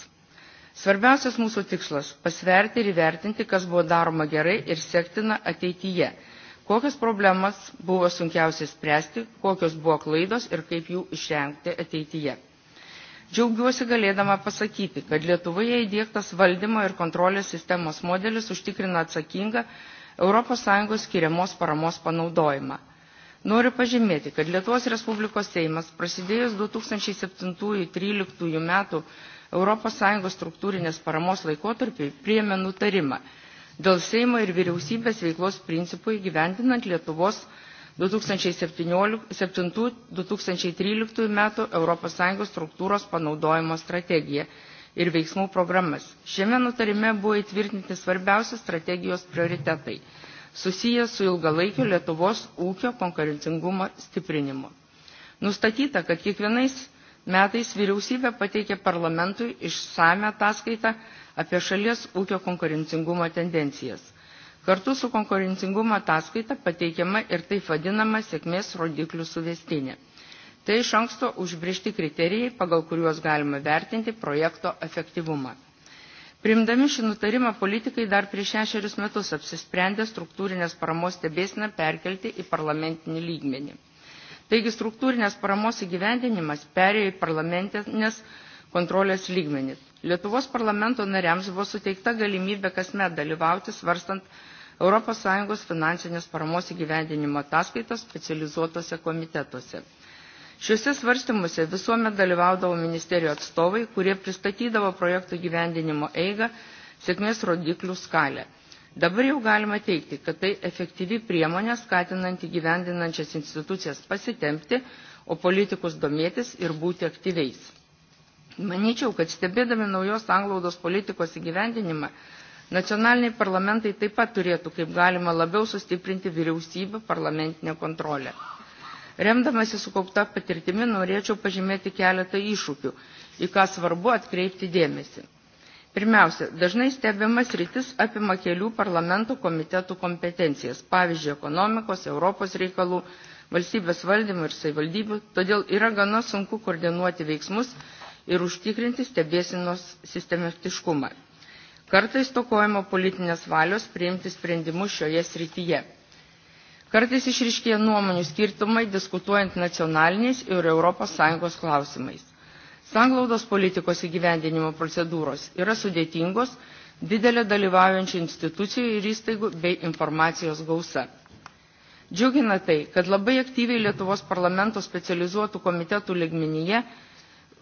Svarbiausias mūsų tikslas – pasverti ir vertinti, kas buvo daroma gerai ir sektina ateityje, kokias problemas buvo sunkiausiai spręsti, kokios buvo klaidos ir kaip jų išvengti ateityje. Džiaugiuosi galėdama pasakyti, kad Lietuvoje įdėktas valdymo ir kontrolės sistemos modelis užtikrina atsakingą ES skiriamos paramos panaudojimą. Noriu pažymėti, kad Lietuvos Respublikos Seimas prasidėjus 2007-2013 metų ES struktūrinės paramos laikotarpiai priėmė nutarimą dėl Seimo ir vyriausybės veiklos principų įgyvendinant Lietuvos 2007-2013 metų ES struktūros panaudojimo strategiją ir veiksmų programas. Šiame nutarime buvo įtvirtinti svarbiausi strategijos prioritetai susiję su ilgalaikiu Lietuvos ūkio konkurencingumo stiprinimu. Nustatyta, kad kiekvienais metais vyriausybė pateikė parlamentui išsame ataskaitą apie šalies ūkio konkurencingumo tendencijas – Kartu su konkurencingumo ataskaita pateikiama ir taip vadinama sėkmės rodiklių suvestinė. Tai iš anksto užbrišti kriterijai, pagal kuriuos galima vertinti projekto efektyvumą. Primdami šį nutarimą politikai dar prieš šešerius metus apsisprendė struktūrinės paramos stebėsiną perkelti į parlamentinį lygmenį. Taigi struktūrinės paramos įgyvendinimas perėjo į parlamentinės kontrolės lygmenį. Lietuvos parlamento nariams buvo suteikta galimybė kasmet dalyvauti svarstant ES finansinės paramos įgyvendinimo ataskaitas specializuotose komitetuose. Šiuose svarstymuose visuomet dalyvaudavo ministerijų atstovai, kurie pristatydavo projektų gyvendinimo eigą sėkmės rodiklių skalę. Dabar jau galima teikti, kad tai efektyvi priemonė skatinanti gyvendinančias institucijas pasitempti, o politikus domėtis ir būti aktyviais. Manyčiau, kad stebėdami naujos anglaudos politikos įgyvendinimą, nacionaliniai parlamentai taip pat turėtų kaip galima labiau sustiprinti vyriausybę parlamentinę kontrolę. Remdamasi sukaupta patirtimi, norėčiau pažymėti keletą iššūkių, į ką svarbu atkreipti dėmesį. Pirmiausia, dažnai stebimas rytis apima kelių parlamentų komitetų kompetencijas, pavyzdžiui, ekonomikos, Europos reikalų, valstybės valdymo ir savivaldybių, todėl yra gana sunku koordinuoti veiksmus ir užtikrinti stebėsinos sistematiškumą. Kartais tokojama politinės valios priimti sprendimus šioje srityje. Kartais išriškėja nuomonių skirtumai diskutuojant nacionaliniais ir ES klausimais. Sanglaudos politikos įgyvendinimo procedūros yra sudėtingos, didelė dalyvaujančių institucijų ir įstaigų bei informacijos gausa. Džiugina tai, kad labai aktyviai Lietuvos parlamento specializuotų komitetų ligminyje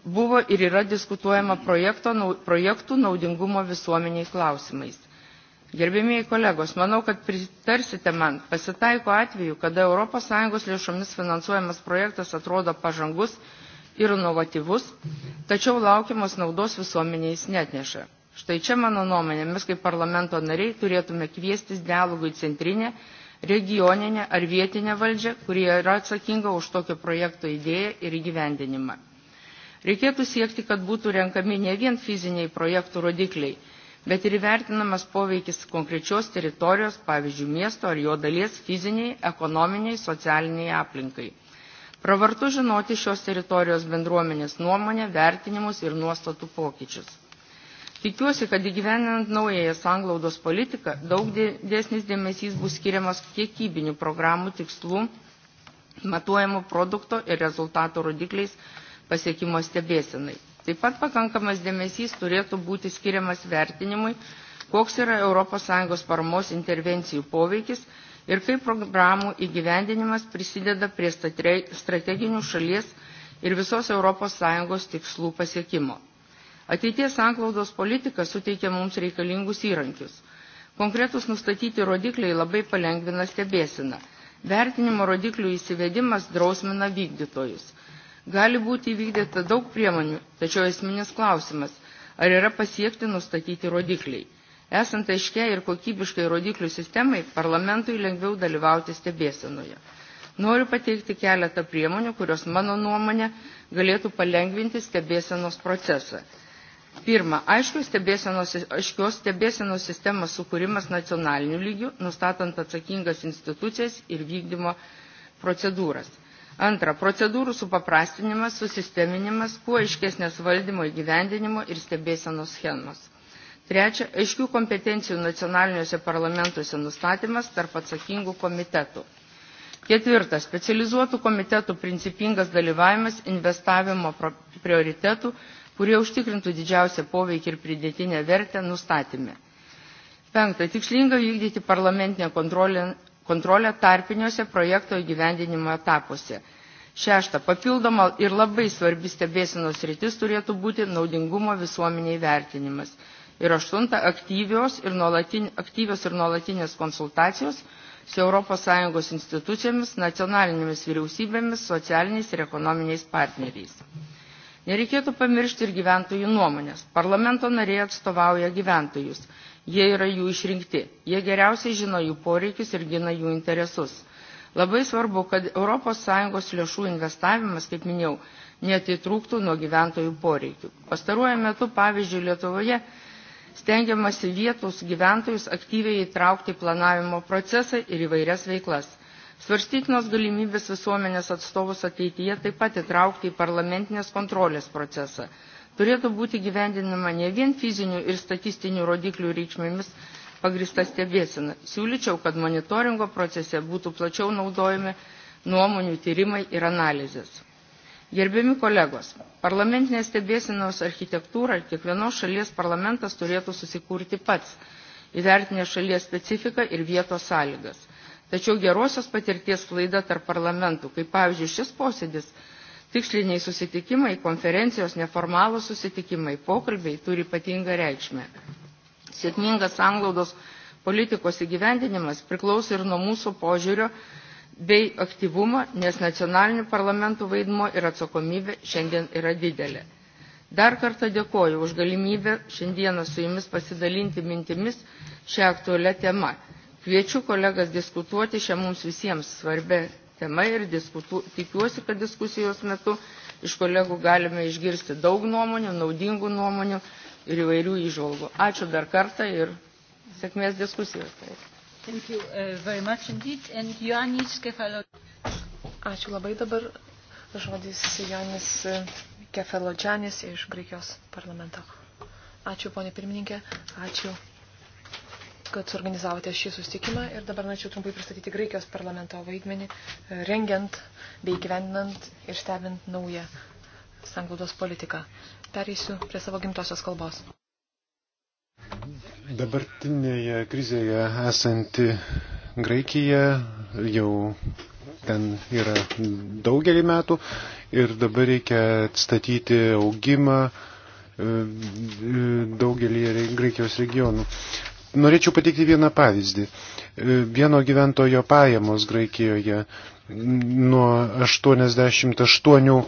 buvo ir yra diskutuojama projekto, projektų naudingumo visuomeniai klausimais. Gerbėmiai kolegos, manau, kad pritarsite man, pasitaiko atveju, kada ES lėšomis finansuojamas projektas atrodo pažangus ir inovatyvus, tačiau laukiamas naudos visuomeniai jis netneša. Štai čia mano nuomonė, mes kaip parlamento nariai turėtume kviestis dialogui centrinę, regioninę ar vietinę valdžią, kurie yra atsakinga už tokio projekto idėją ir įgyvendinimą. Reikėtų siekti, kad būtų renkami ne vien fiziniai projektų rodikliai, bet ir įvertinamas poveikis konkrečios teritorijos, pavyzdžiui, miesto ar jo dalies fiziniai, ekonominiai, socialiniai aplinkai. Pravartu žinoti šios teritorijos bendruomenės nuomonę, vertinimus ir nuostatų pokyčius. Tikiuosi, kad įgyveninant naująją sanglaudos politiką, daug dėsnis dėmesys bus skiriamas kiekybinių programų tikslų, matuojamų produkto ir rezultato rodikliais pasiekimo stebėsinai. Taip pat pakankamas dėmesys turėtų būti skiriamas vertinimui, koks yra ES paramos intervencijų poveikis ir kaip programų įgyvendinimas prisideda prie strateginių šalies ir visos ES tikslų pasiekimo. Ateities sanklaudos politika suteikia mums reikalingus įrankius. Konkretus nustatyti rodikliai labai palengvina stebėsiną. Vertinimo rodiklių įsivedimas drausmina vykdytojus. Gali būti įvykdyta daug priemonių, tačiau esminis klausimas, ar yra pasiekti nustatyti rodikliai. Esant aiškiai ir kokybiškai rodiklių sistemai, parlamentui lengviau dalyvauti stebėsenoje. Noriu pateikti keletą priemonių, kurios mano nuomonė galėtų palengvinti stebėsenos procesą. Pirma, aišku, stebėsenos, aiškios stebėsenos sistemos sukūrimas nacionaliniu lygiu, nustatant atsakingas institucijas ir vykdymo procedūras. Antra, procedūrų supaprastinimas, susisteminimas, kuo aiškesnės valdymo įgyvendinimo ir stebėsenos schemos. Trečia, aiškių kompetencijų nacionaliniuose parlamentuose nustatymas tarp atsakingų komitetų. Ketvirta, specializuotų komitetų principingas dalyvavimas investavimo prioritetų, kurie užtikrintų didžiausią poveikį ir pridėtinę vertę nustatymę. Penkta, tikslinga vykdyti parlamentinę kontrolę kontrolę tarpiniuose projekto įgyvendinimo etapuose. Šešta, papildoma ir labai svarbi stebėsinos rytis turėtų būti naudingumo visuomeniai vertinimas. Ir aštunta, aktyvios ir, nuolatin, aktyvios ir nuolatinės konsultacijos su ES institucijomis, nacionalinėmis vyriausybėmis, socialiniais ir ekonominiais partneriais. Nereikėtų pamiršti ir gyventojų nuomonės. Parlamento nariai atstovauja gyventojus jie yra jų išrinkti. Jie geriausiai žino jų poreikius ir gina jų interesus. Labai svarbu, kad ES lėšų investavimas, kaip minėjau, netitrūktų nuo gyventojų poreikių. Pastaruoju metu, pavyzdžiui, Lietuvoje stengiamasi vietos gyventojus aktyviai įtraukti planavimo procesą ir įvairias veiklas. Svarstytinos galimybės visuomenės atstovus ateityje taip pat įtraukti į parlamentinės kontrolės procesą – turėtų būti gyvendinama ne vien fizinių ir statistinių rodiklių reikšmėmis pagrįsta stebėsena. Siūlyčiau, kad monitoringo procese būtų plačiau naudojami nuomonių tyrimai ir analizės. Gerbiami kolegos, parlamentinės stebėsinos architektūrą kiekvienos šalies parlamentas turėtų susikurti pats, įvertinę šalies specifiką ir vietos sąlygas. Tačiau gerosios patirties klaida tarp parlamentų, kaip pavyzdžiui šis posėdis, Tiksliniai susitikimai, konferencijos, neformalų susitikimai, pokalbiai turi ypatingą reikšmę. Sėkmingas anglaudos politikos įgyvendinimas priklauso ir nuo mūsų požiūrio bei aktyvumo, nes nacionalinių parlamentų vaidmo ir atsakomybė šiandien yra didelė. Dar kartą dėkoju už galimybę šiandieną su jumis pasidalinti mintimis šią aktualią temą. Kviečiu kolegas diskutuoti šią mums visiems svarbę tema ir diskutu, tikiuosi, kad diskusijos metu iš kolegų galime išgirsti daug nuomonių, naudingų nuomonių ir įvairių įžvalgų. Ačiū dar kartą ir sėkmės diskusijos. Thank you uh, very much indeed. And Ioannis Kefalo... Ačiū labai dabar. Žodis Janis uh, Kefalodžianis iš Graikijos parlamento. Ačiū, ponė pirmininkė. Ačiū kad suorganizavote šį sustikimą ir dabar norėčiau trumpai pristatyti Graikijos parlamento vaidmenį, e, rengiant bei gyvendinant ir stebint naują sanglaudos politiką. Pereisiu prie savo gimtosios kalbos. Dabartinėje krizėje esanti Graikija jau ten yra daugelį metų ir dabar reikia atstatyti augimą e, e, daugelį Graikijos regionų. Norėčiau pateikti vieną pavyzdį. E, vieno gyventojo pajamos Graikijoje nuo 88 2009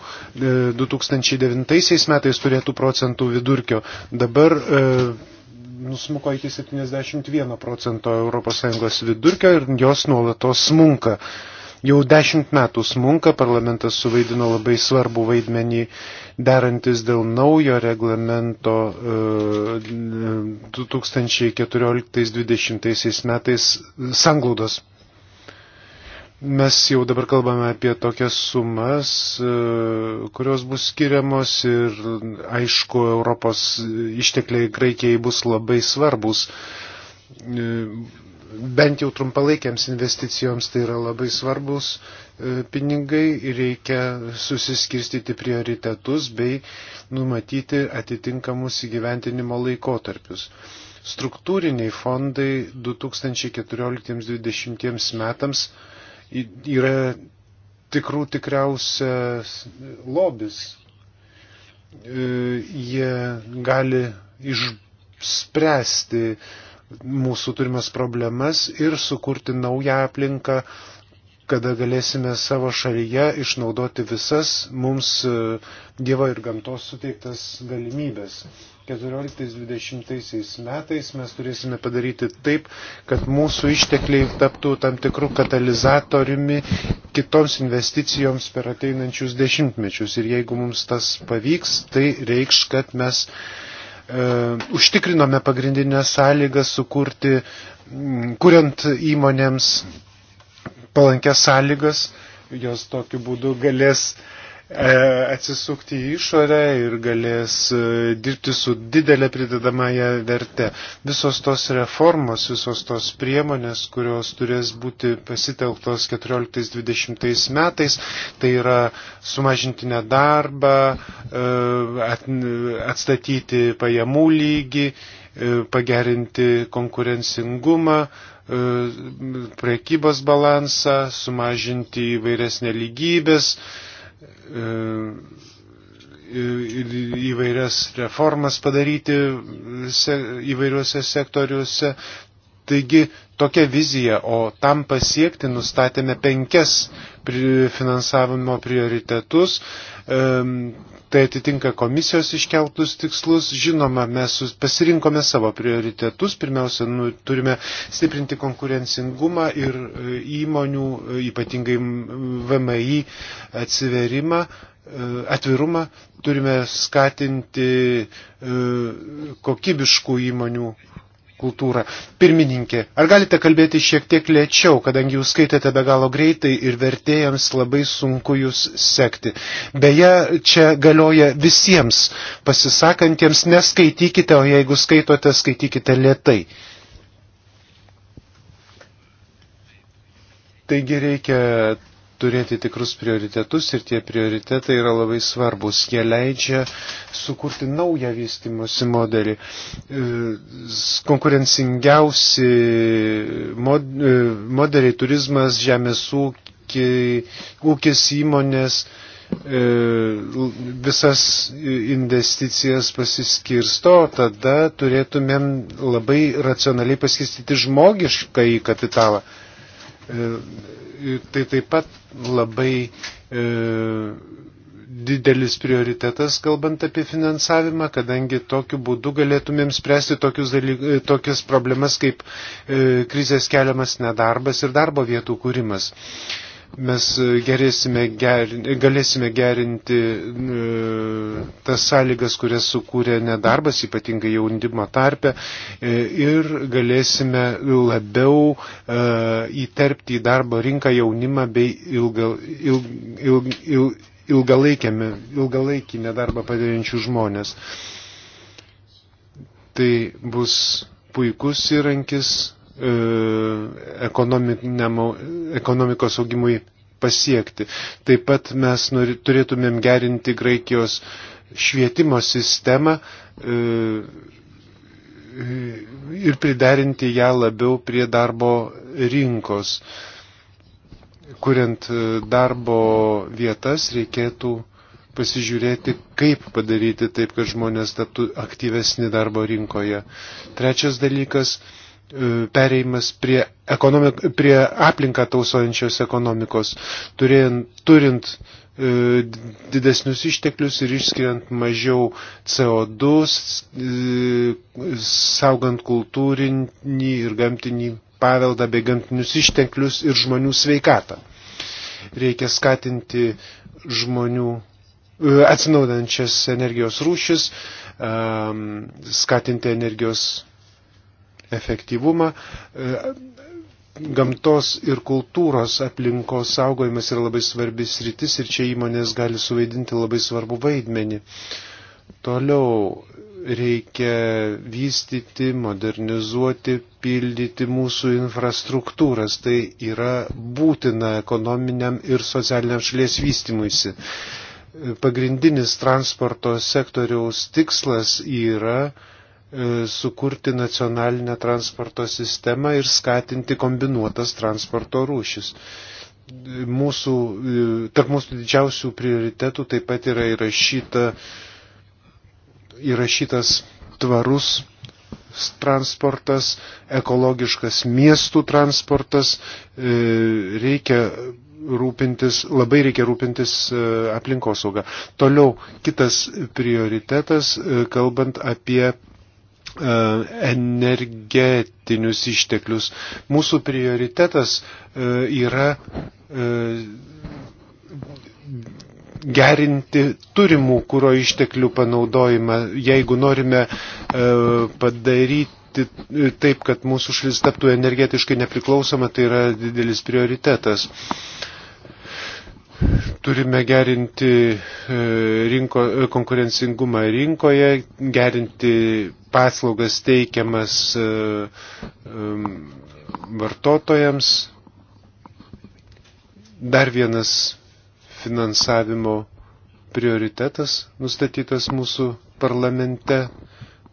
e, metais turėtų procentų vidurkio. Dabar e, nusmuko iki 71 procento ES vidurkio ir jos nuolatos smunka. E, Jau dešimt metų smunka, parlamentas suvaidino labai svarbu vaidmenį derantis dėl naujo reglamento 2014-2020 e, metais sanglaudos. Mes jau dabar kalbame apie tokias sumas, e, kurios bus skiriamos ir aišku, Europos ištekliai Graikijai bus labai svarbus e, bent jau trumpalaikiams investicijoms tai yra labai svarbus e, pinigai ir reikia susiskirstyti prioritetus bei numatyti atitinkamus įgyventinimo laikotarpius. Struktūriniai fondai 2014-2020 metams yra tikrų tikriausias lobis. E, jie gali išspręsti mūsų turimas problemas ir sukurti naują aplinką, kada galėsime savo šalyje išnaudoti visas mums Dievo ir gamtos suteiktas galimybės. 14-20 metais mes turėsime padaryti taip, kad mūsų ištekliai taptų tam tikrų katalizatoriumi kitoms investicijoms per ateinančius dešimtmečius. Ir jeigu mums tas pavyks, tai reikš, kad mes E, užtikrinome pagrindinę sąlygą sukurti, kuriant įmonėms palankias sąlygas, jos tokiu būdu galės uh, E, atsisukti į išorę ir galės e, dirbti su didelė pridedamąją vertę. Visos tos reformos, visos tos priemonės, kurios turės būti pasitelktos 14-20 metais, tai yra sumažinti nedarbą, e, atstatyti pajamų lygį, pagerinti konkurencingumą, priekybos balansą, sumažinti įvairias neligybės, E, įvairias reformas padaryti įvairiuose sektoriuose. Taigi tokia vizija, o tam pasiekti nustatėme penkias finansavimo prioritetus, tai atitinka komisijos iškeltus tikslus. Žinoma, mes pasirinkome savo prioritetus. Pirmiausia, nu, turime stiprinti konkurencingumą ir e, įmonių, e, ypatingai VMI atsiverimą e, atvirumą, turime skatinti kokybiškų įmonių kultūrą. Pirmininkė, ar galite kalbėti šiek tiek lėčiau, kadangi jūs skaitėte be galo greitai ir vertėjams labai sunku jūs sekti. Beje, čia galioja visiems pasisakantiems, neskaitykite, o jeigu skaitote, skaitykite lėtai. Taigi reikia turėti tikrus prioritetus ir tie prioritetai yra labai svarbus. Jie leidžia sukurti naują vystimosi modelį. E, konkurencingiausi mod, e, modeliai turizmas, žemės ūkiai, ūkis įmonės e, visas investicijas pasiskirsto, tada turėtumėm labai racionaliai paskirstyti žmogišką į kapitalą tai taip pat labai e, didelis prioritetas, kalbant apie finansavimą, kadangi tokiu būdu galėtumėm spręsti dalyk, e, tokias problemas kaip e, krizės keliamas nedarbas ir darbo vietų kūrimas. E, mes e, gerėsime, gerin, galėsime gerinti e, tas sąlygas, kurias sukūrė nedarbas, ypatingai jaunimo tarpe, e, ir galėsime labiau e, įterpti į darbo rinką jaunimą bei ilga, il, il, il, ilgalaikį nedarbą padarinčių žmonės. Tai bus puikus įrankis E, ekonomikos augimui pasiekti. Taip pat mes turėtumėm gerinti Graikijos švietimo sistemą e, ir priderinti ją labiau prie darbo rinkos. Kuriant e, darbo vietas reikėtų pasižiūrėti, kaip padaryti taip, kad žmonės taptų aktyvesni darbo rinkoje. Trečias dalykas E, pereimas prie, ekonomik, prie aplinką tausojančios ekonomikos, turint, turint e, didesnius išteklius ir išskiriant mažiau CO2, e, saugant kultūrinį ir gamtinį paveldą bei gamtinius išteklius ir žmonių sveikatą. Reikia skatinti žmonių e, atsinaudančias energijos rūšis, skatinti energijos efektyvumą. E, gamtos ir kultūros aplinkos saugojimas yra labai svarbis rytis ir čia įmonės gali suvaidinti labai svarbu vaidmenį. Toliau reikia vystyti, modernizuoti, pildyti mūsų infrastruktūras. Tai yra būtina ekonominiam ir socialiniam šalies vystimuisi. Pagrindinis transporto sektoriaus tikslas yra E, sukurti nacionalinę transporto sistemą ir skatinti kombinuotas transporto rūšis. Mūsų, e, tarp mūsų didžiausių prioritetų taip pat yra įrašyta, įrašytas tvarus transportas, ekologiškas miestų transportas, e, reikia rūpintis, labai reikia rūpintis aplinkosauga. Toliau kitas prioritetas, kalbant apie E, energetinius išteklius. Mūsų prioritetas e, yra e, gerinti turimų kūro išteklių panaudojimą, jeigu norime padaryti taip, kad mūsų šalis taptų energetiškai nepriklausoma, tai yra didelis prioritetas. Uh, turime gerinti e, rinko, e, konkurencingumą rinkoje, gerinti paslaugas teikiamas e, vartotojams. Dar vienas finansavimo prioritetas nustatytas mūsų parlamente,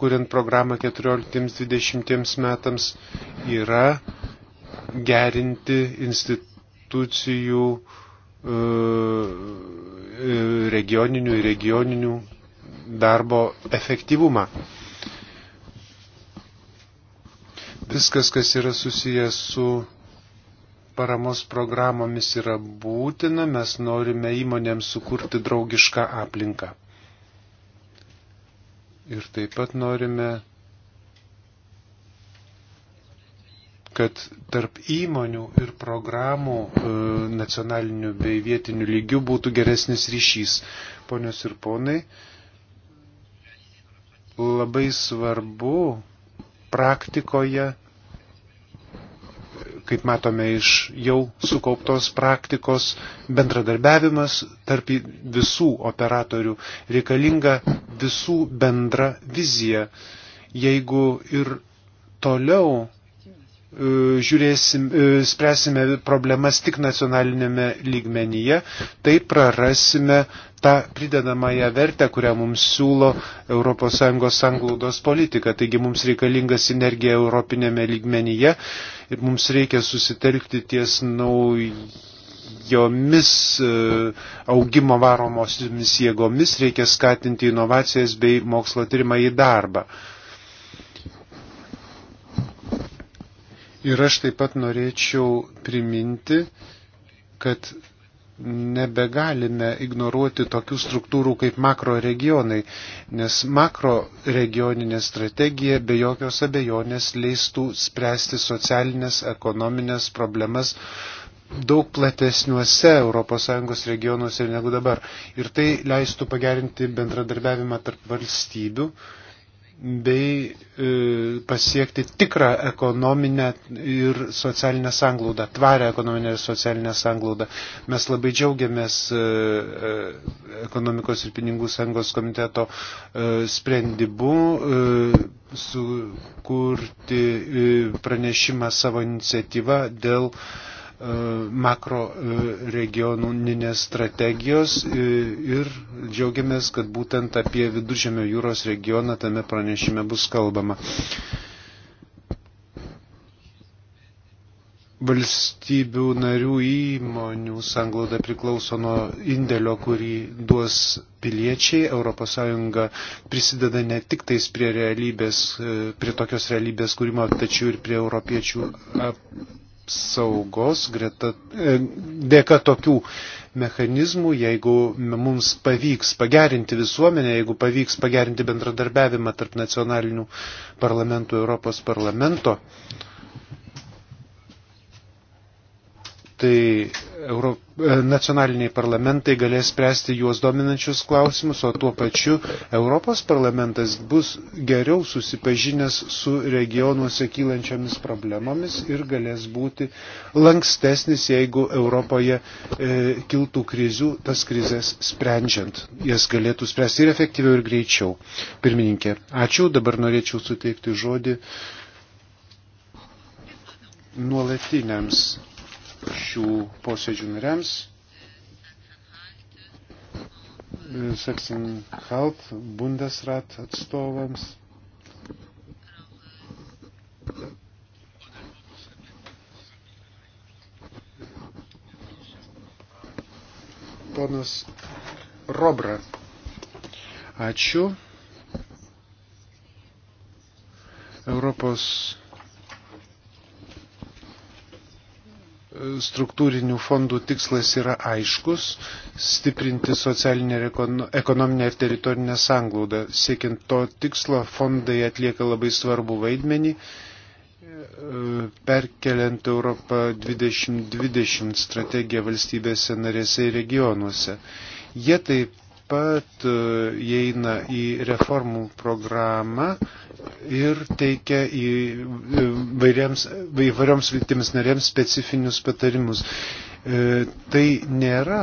kuriant programą 14-20 metams, yra gerinti institucijų uh, E, regioninių ir regioninių darbo efektyvumą. Viskas, kas yra susijęs su paramos programomis yra būtina, mes norime įmonėms sukurti draugišką aplinką. Ir taip pat norime kad tarp įmonių ir programų e, nacionalinių bei vietinių lygių būtų geresnis ryšys. Ponios ir ponai, labai svarbu praktikoje, kaip matome iš jau sukauptos praktikos, bendradarbiavimas tarp visų operatorių reikalinga visų bendra vizija. Jeigu ir toliau žiūrėsim, e, spręsime problemas tik nacionalinėme lygmenyje, tai prarasime tą pridedamąją vertę, kurią mums siūlo ES sanglaudos politika. Taigi mums reikalinga sinergija europinėme lygmenyje ir mums reikia susitelkti ties naujomis e, augimo varomosiomis jėgomis, reikia skatinti inovacijas bei mokslo tyrimą į darbą. Ir aš taip pat norėčiau priminti, kad nebegalime ignoruoti tokių struktūrų kaip makro regionai, nes makro regioninė strategija be jokios abejonės leistų spręsti socialinės, ekonominės problemas daug platesniuose ES regionuose negu dabar. Ir tai leistų pagerinti bendradarbiavimą tarp valstybių, bei e, pasiekti tikrą ekonominę ir socialinę sanglaudą, tvarę ekonominę ir socialinę sanglaudą. Mes labai džiaugiamės e, e, ekonomikos ir pinigų sąjungos komiteto sprendimu sukurti pranešimą savo iniciatyvą dėl E, makro e, regioninės strategijos e, ir džiaugiamės, kad būtent apie Viduržėmio jūros regioną tame pranešime bus kalbama. Valstybių narių įmonių sanglauda priklauso nuo indėlio, kurį duos piliečiai. ES prisideda ne tik tais prie realybės, prie tokios realybės kūrimo, tačiau ir prie europiečių apsaugos, greta, e, dėka tokių mechanizmų, jeigu mums pavyks pagerinti visuomenę, jeigu pavyks pagerinti bendradarbiavimą tarp nacionalinių parlamentų Europos parlamento, tai Euro, e, nacionaliniai parlamentai galės spręsti juos dominančius klausimus, o tuo pačiu Europos parlamentas bus geriau susipažinęs su regionuose kylančiamis problemomis ir galės būti lankstesnis, jeigu Europoje e, kiltų krizių, tas krizės sprendžiant. Jas galėtų spręsti ir efektyviau, ir greičiau. Pirmininkė, ačiū, dabar norėčiau suteikti žodį nuolatiniams šių posėdžių nariams. Sachsen-Halt Bundesrat atstovams. Ponas Robra. Ačiū. Europos struktūrinių fondų tikslas yra aiškus - stiprinti socialinę, ekonominę ir teritorinę sanglaudą. Siekiant to tikslo, fondai atlieka labai svarbų vaidmenį, e, perkeliant Europą 2020 strategiją valstybėse narėse ir regionuose. Jie taip pat e, įeina į reformų programą ir teikia e, įvairioms viltims narėms specifinius patarimus. E, tai nėra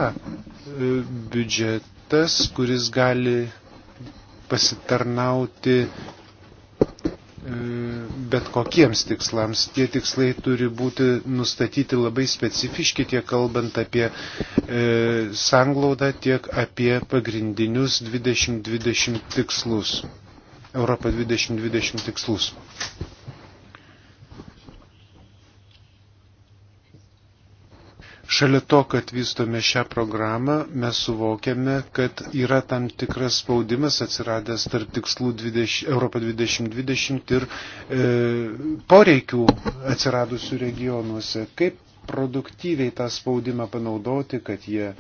biudžetas, kuris gali pasitarnauti bet kokiems tikslams. Tie tikslai turi būti nustatyti labai specifiški tiek kalbant apie e, sanglaudą, tiek apie pagrindinius 2020 tikslus. Europą 2020 tikslus. Šalia to, kad vystome šią programą, mes suvokiame, kad yra tam tikras spaudimas atsiradęs tarp tikslų 20, Europą 2020 ir e, poreikių atsiradusių regionuose. Kaip produktyviai tą spaudimą panaudoti, kad, jie,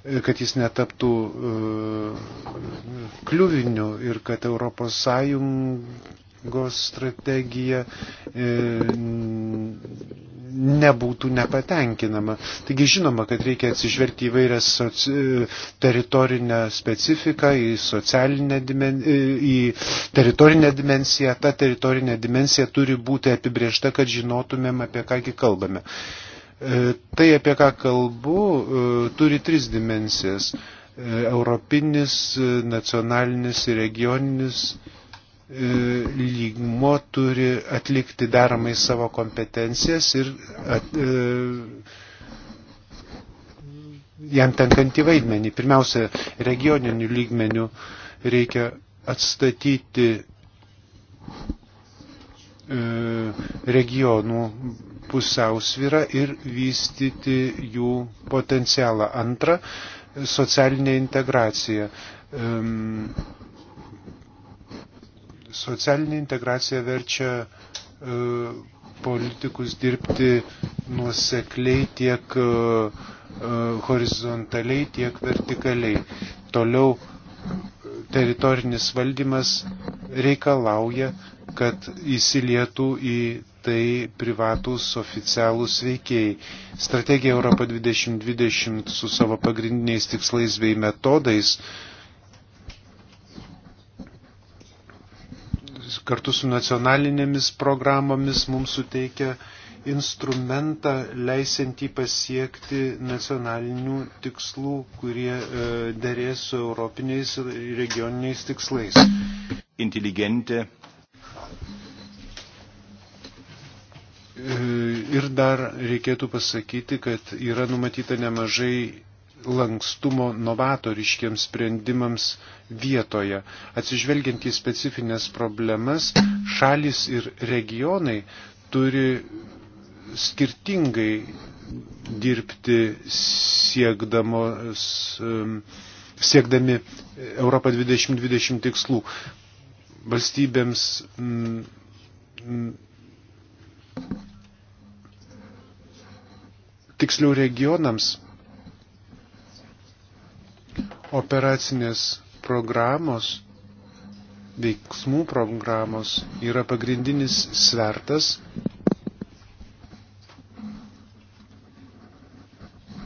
e, kad jis netaptų e, kliuviniu ir kad Europos Sąjungos strategija e, nebūtų nepatenkinama. Taigi žinoma, kad reikia atsižvelgti į vairią soci... teritorinę specifiką, į, socialinę dimen... į teritorinę dimensiją. Ta teritorinė dimensija turi būti apibriešta, kad žinotumėm, apie kągi kalbame. E, tai, apie ką kalbu, e, turi tris dimensijas. E, europinis, nacionalinis ir regioninis E, lygmo turi atlikti deramai savo kompetencijas ir at, e, jam tenkantį vaidmenį. Pirmiausia, regioninių lygmenių reikia atstatyti e, regionų pusiausvyrą ir vystyti jų potencialą. Antra, socialinė integracija. Socialinė integracija verčia e, politikus dirbti nuosekliai tiek e, e, horizontaliai, tiek vertikaliai. Toliau teritorinis valdymas reikalauja, kad įsilietų į tai privatus oficialūs veikėjai. Strategija Europa 2020 su savo pagrindiniais tikslais bei metodais uh, kartu su nacionalinėmis programomis mums suteikia instrumentą leisinti pasiekti nacionalinių tikslų, kurie e, dėrės su europiniais ir regioniniais tikslais. Inteligentė. E, ir dar reikėtų pasakyti, kad yra numatyta nemažai lankstumo novatoriškiams sprendimams vietoje. Atsižvelgiant į specifines problemas, šalis ir regionai turi skirtingai dirbti siekdamos, siekdami Europą 2020 tikslų. Valstybėms tiksliau regionams operacinės programos, veiksmų programos yra pagrindinis svertas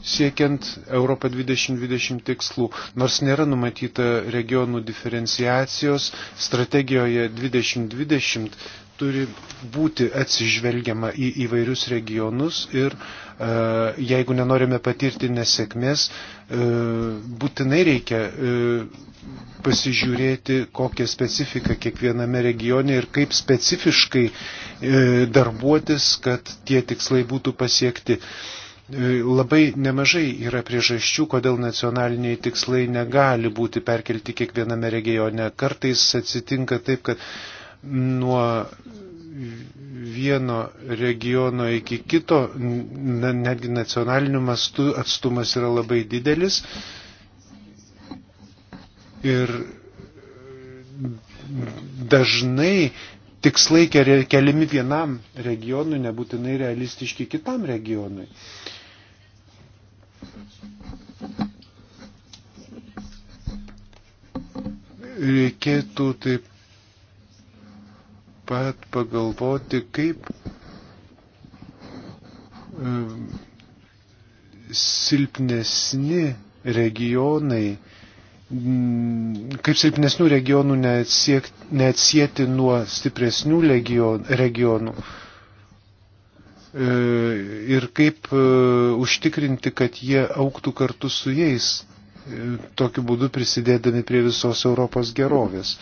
siekiant Europą 2020 tikslų. Nors nėra numatyta regionų diferenciacijos, strategijoje 2020 turi būti atsižvelgiama į įvairius regionus ir E, jeigu nenorime patirti nesėkmės, e, būtinai reikia e, pasižiūrėti, kokią specifiką kiekviename regione ir kaip specifiškai darbuotis, kad tie tikslai būtų pasiekti. Labai nemažai yra priežasčių, kodėl nacionaliniai tikslai negali būti perkelti kiekviename regione. Kartais atsitinka taip, kad nuo vieno regiono iki kito, netgi nacionaliniu mastu atstumas yra labai didelis. Ir dažnai tikslai keliami vienam regionui nebūtinai realistiški kitam regionui. Reikėtų taip pat pagalvoti, kaip e, silpnesni regionai, kaip silpnesnių regionų neatsieti nuo stipresnių regionų e, ir kaip e, užtikrinti, kad jie auktų kartu su jais, tokiu būdu prisidėdami prie visos Europos gerovės.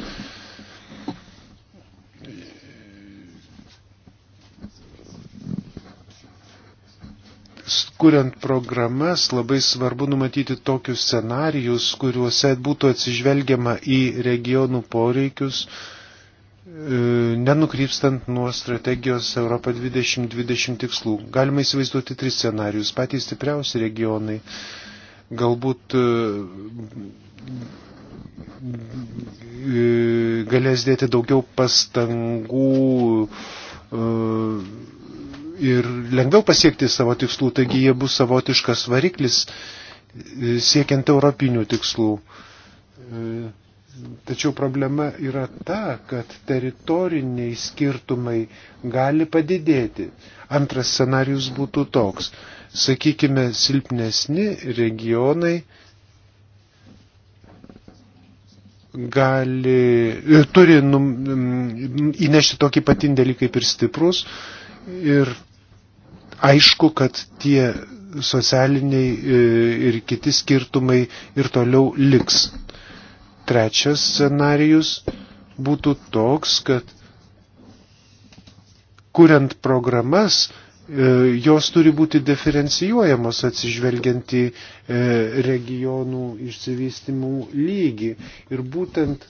kuriant programas, labai svarbu numatyti tokius scenarijus, kuriuose būtų atsižvelgiama į regionų poreikius, e, nenukrypstant nuo strategijos Europa 2020 tikslų. Galima įsivaizduoti tris scenarius. Patys stipriausi regionai galbūt e, e, galės dėti daugiau pastangų ir lengviau pasiekti savo tikslų, taigi jie bus savotiškas variklis e, siekiant europinių tikslų. E, tačiau problema yra ta, kad teritoriniai skirtumai gali padidėti. Antras scenarius būtų toks. Sakykime, silpnesni regionai gali, e, turi num, įnešti tokį patindėlį kaip ir stiprus ir aišku, kad tie socialiniai e, ir kiti skirtumai ir toliau liks. Trečias scenarijus būtų toks, kad kuriant programas, e, jos turi būti diferencijuojamos atsižvelgiant į e, regionų išsivystimų lygį. Ir būtent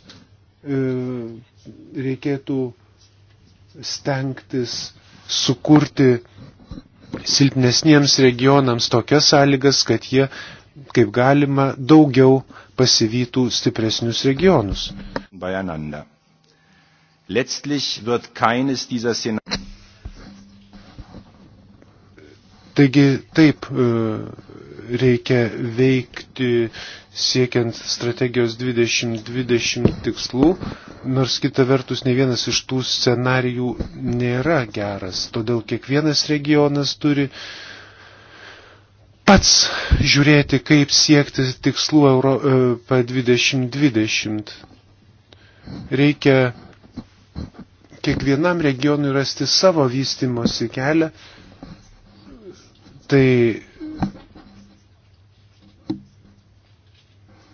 reikėtų stengtis sukurti silpnesniems regionams tokias sąlygas, kad jie kaip galima daugiau pasivytų stipresnius regionus. Taigi taip, e, reikia veikti siekiant strategijos 2020 tikslų, nors kita vertus ne vienas iš tų scenarijų nėra geras. Todėl kiekvienas regionas turi pats žiūrėti, kaip siekti tikslų Europa e, 2020. Reikia kiekvienam regionui rasti savo vystimosi kelią. Tai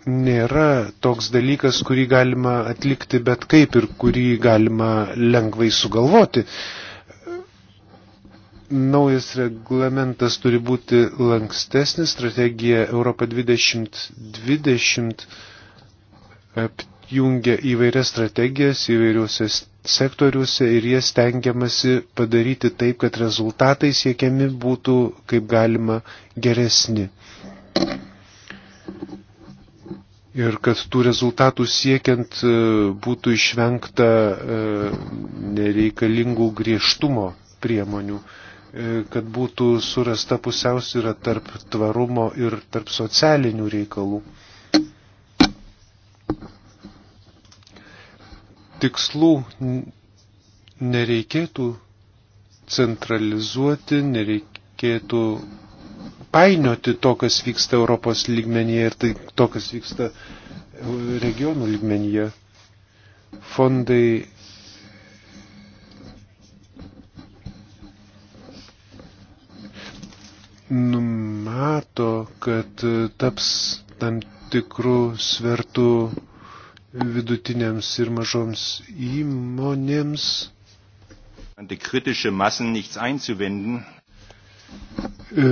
nėra toks dalykas, kurį galima atlikti bet kaip ir kurį galima lengvai sugalvoti. Naujas reglamentas turi būti lankstesnis, strategija Europa 2020 apjungia įvairias strategijas įvairiuose sektoriuose ir jas tengiamasi padaryti taip, kad rezultatai siekiami būtų kaip galima geresni. ir kad tų rezultatų siekiant e, būtų išvengta e, nereikalingų griežtumo priemonių, e, kad būtų surasta pusiausvyrą tarp tvarumo ir tarp socialinių reikalų. Tikslų nereikėtų centralizuoti, nereikėtų painioti to, kas vyksta Europos lygmenyje ir tai, to, kas vyksta regionų lygmenyje. Fondai numato, kad taps tam tikrų svertų vidutinėms ir mažoms įmonėms. Antikritische Massen nichts einzuwenden, E,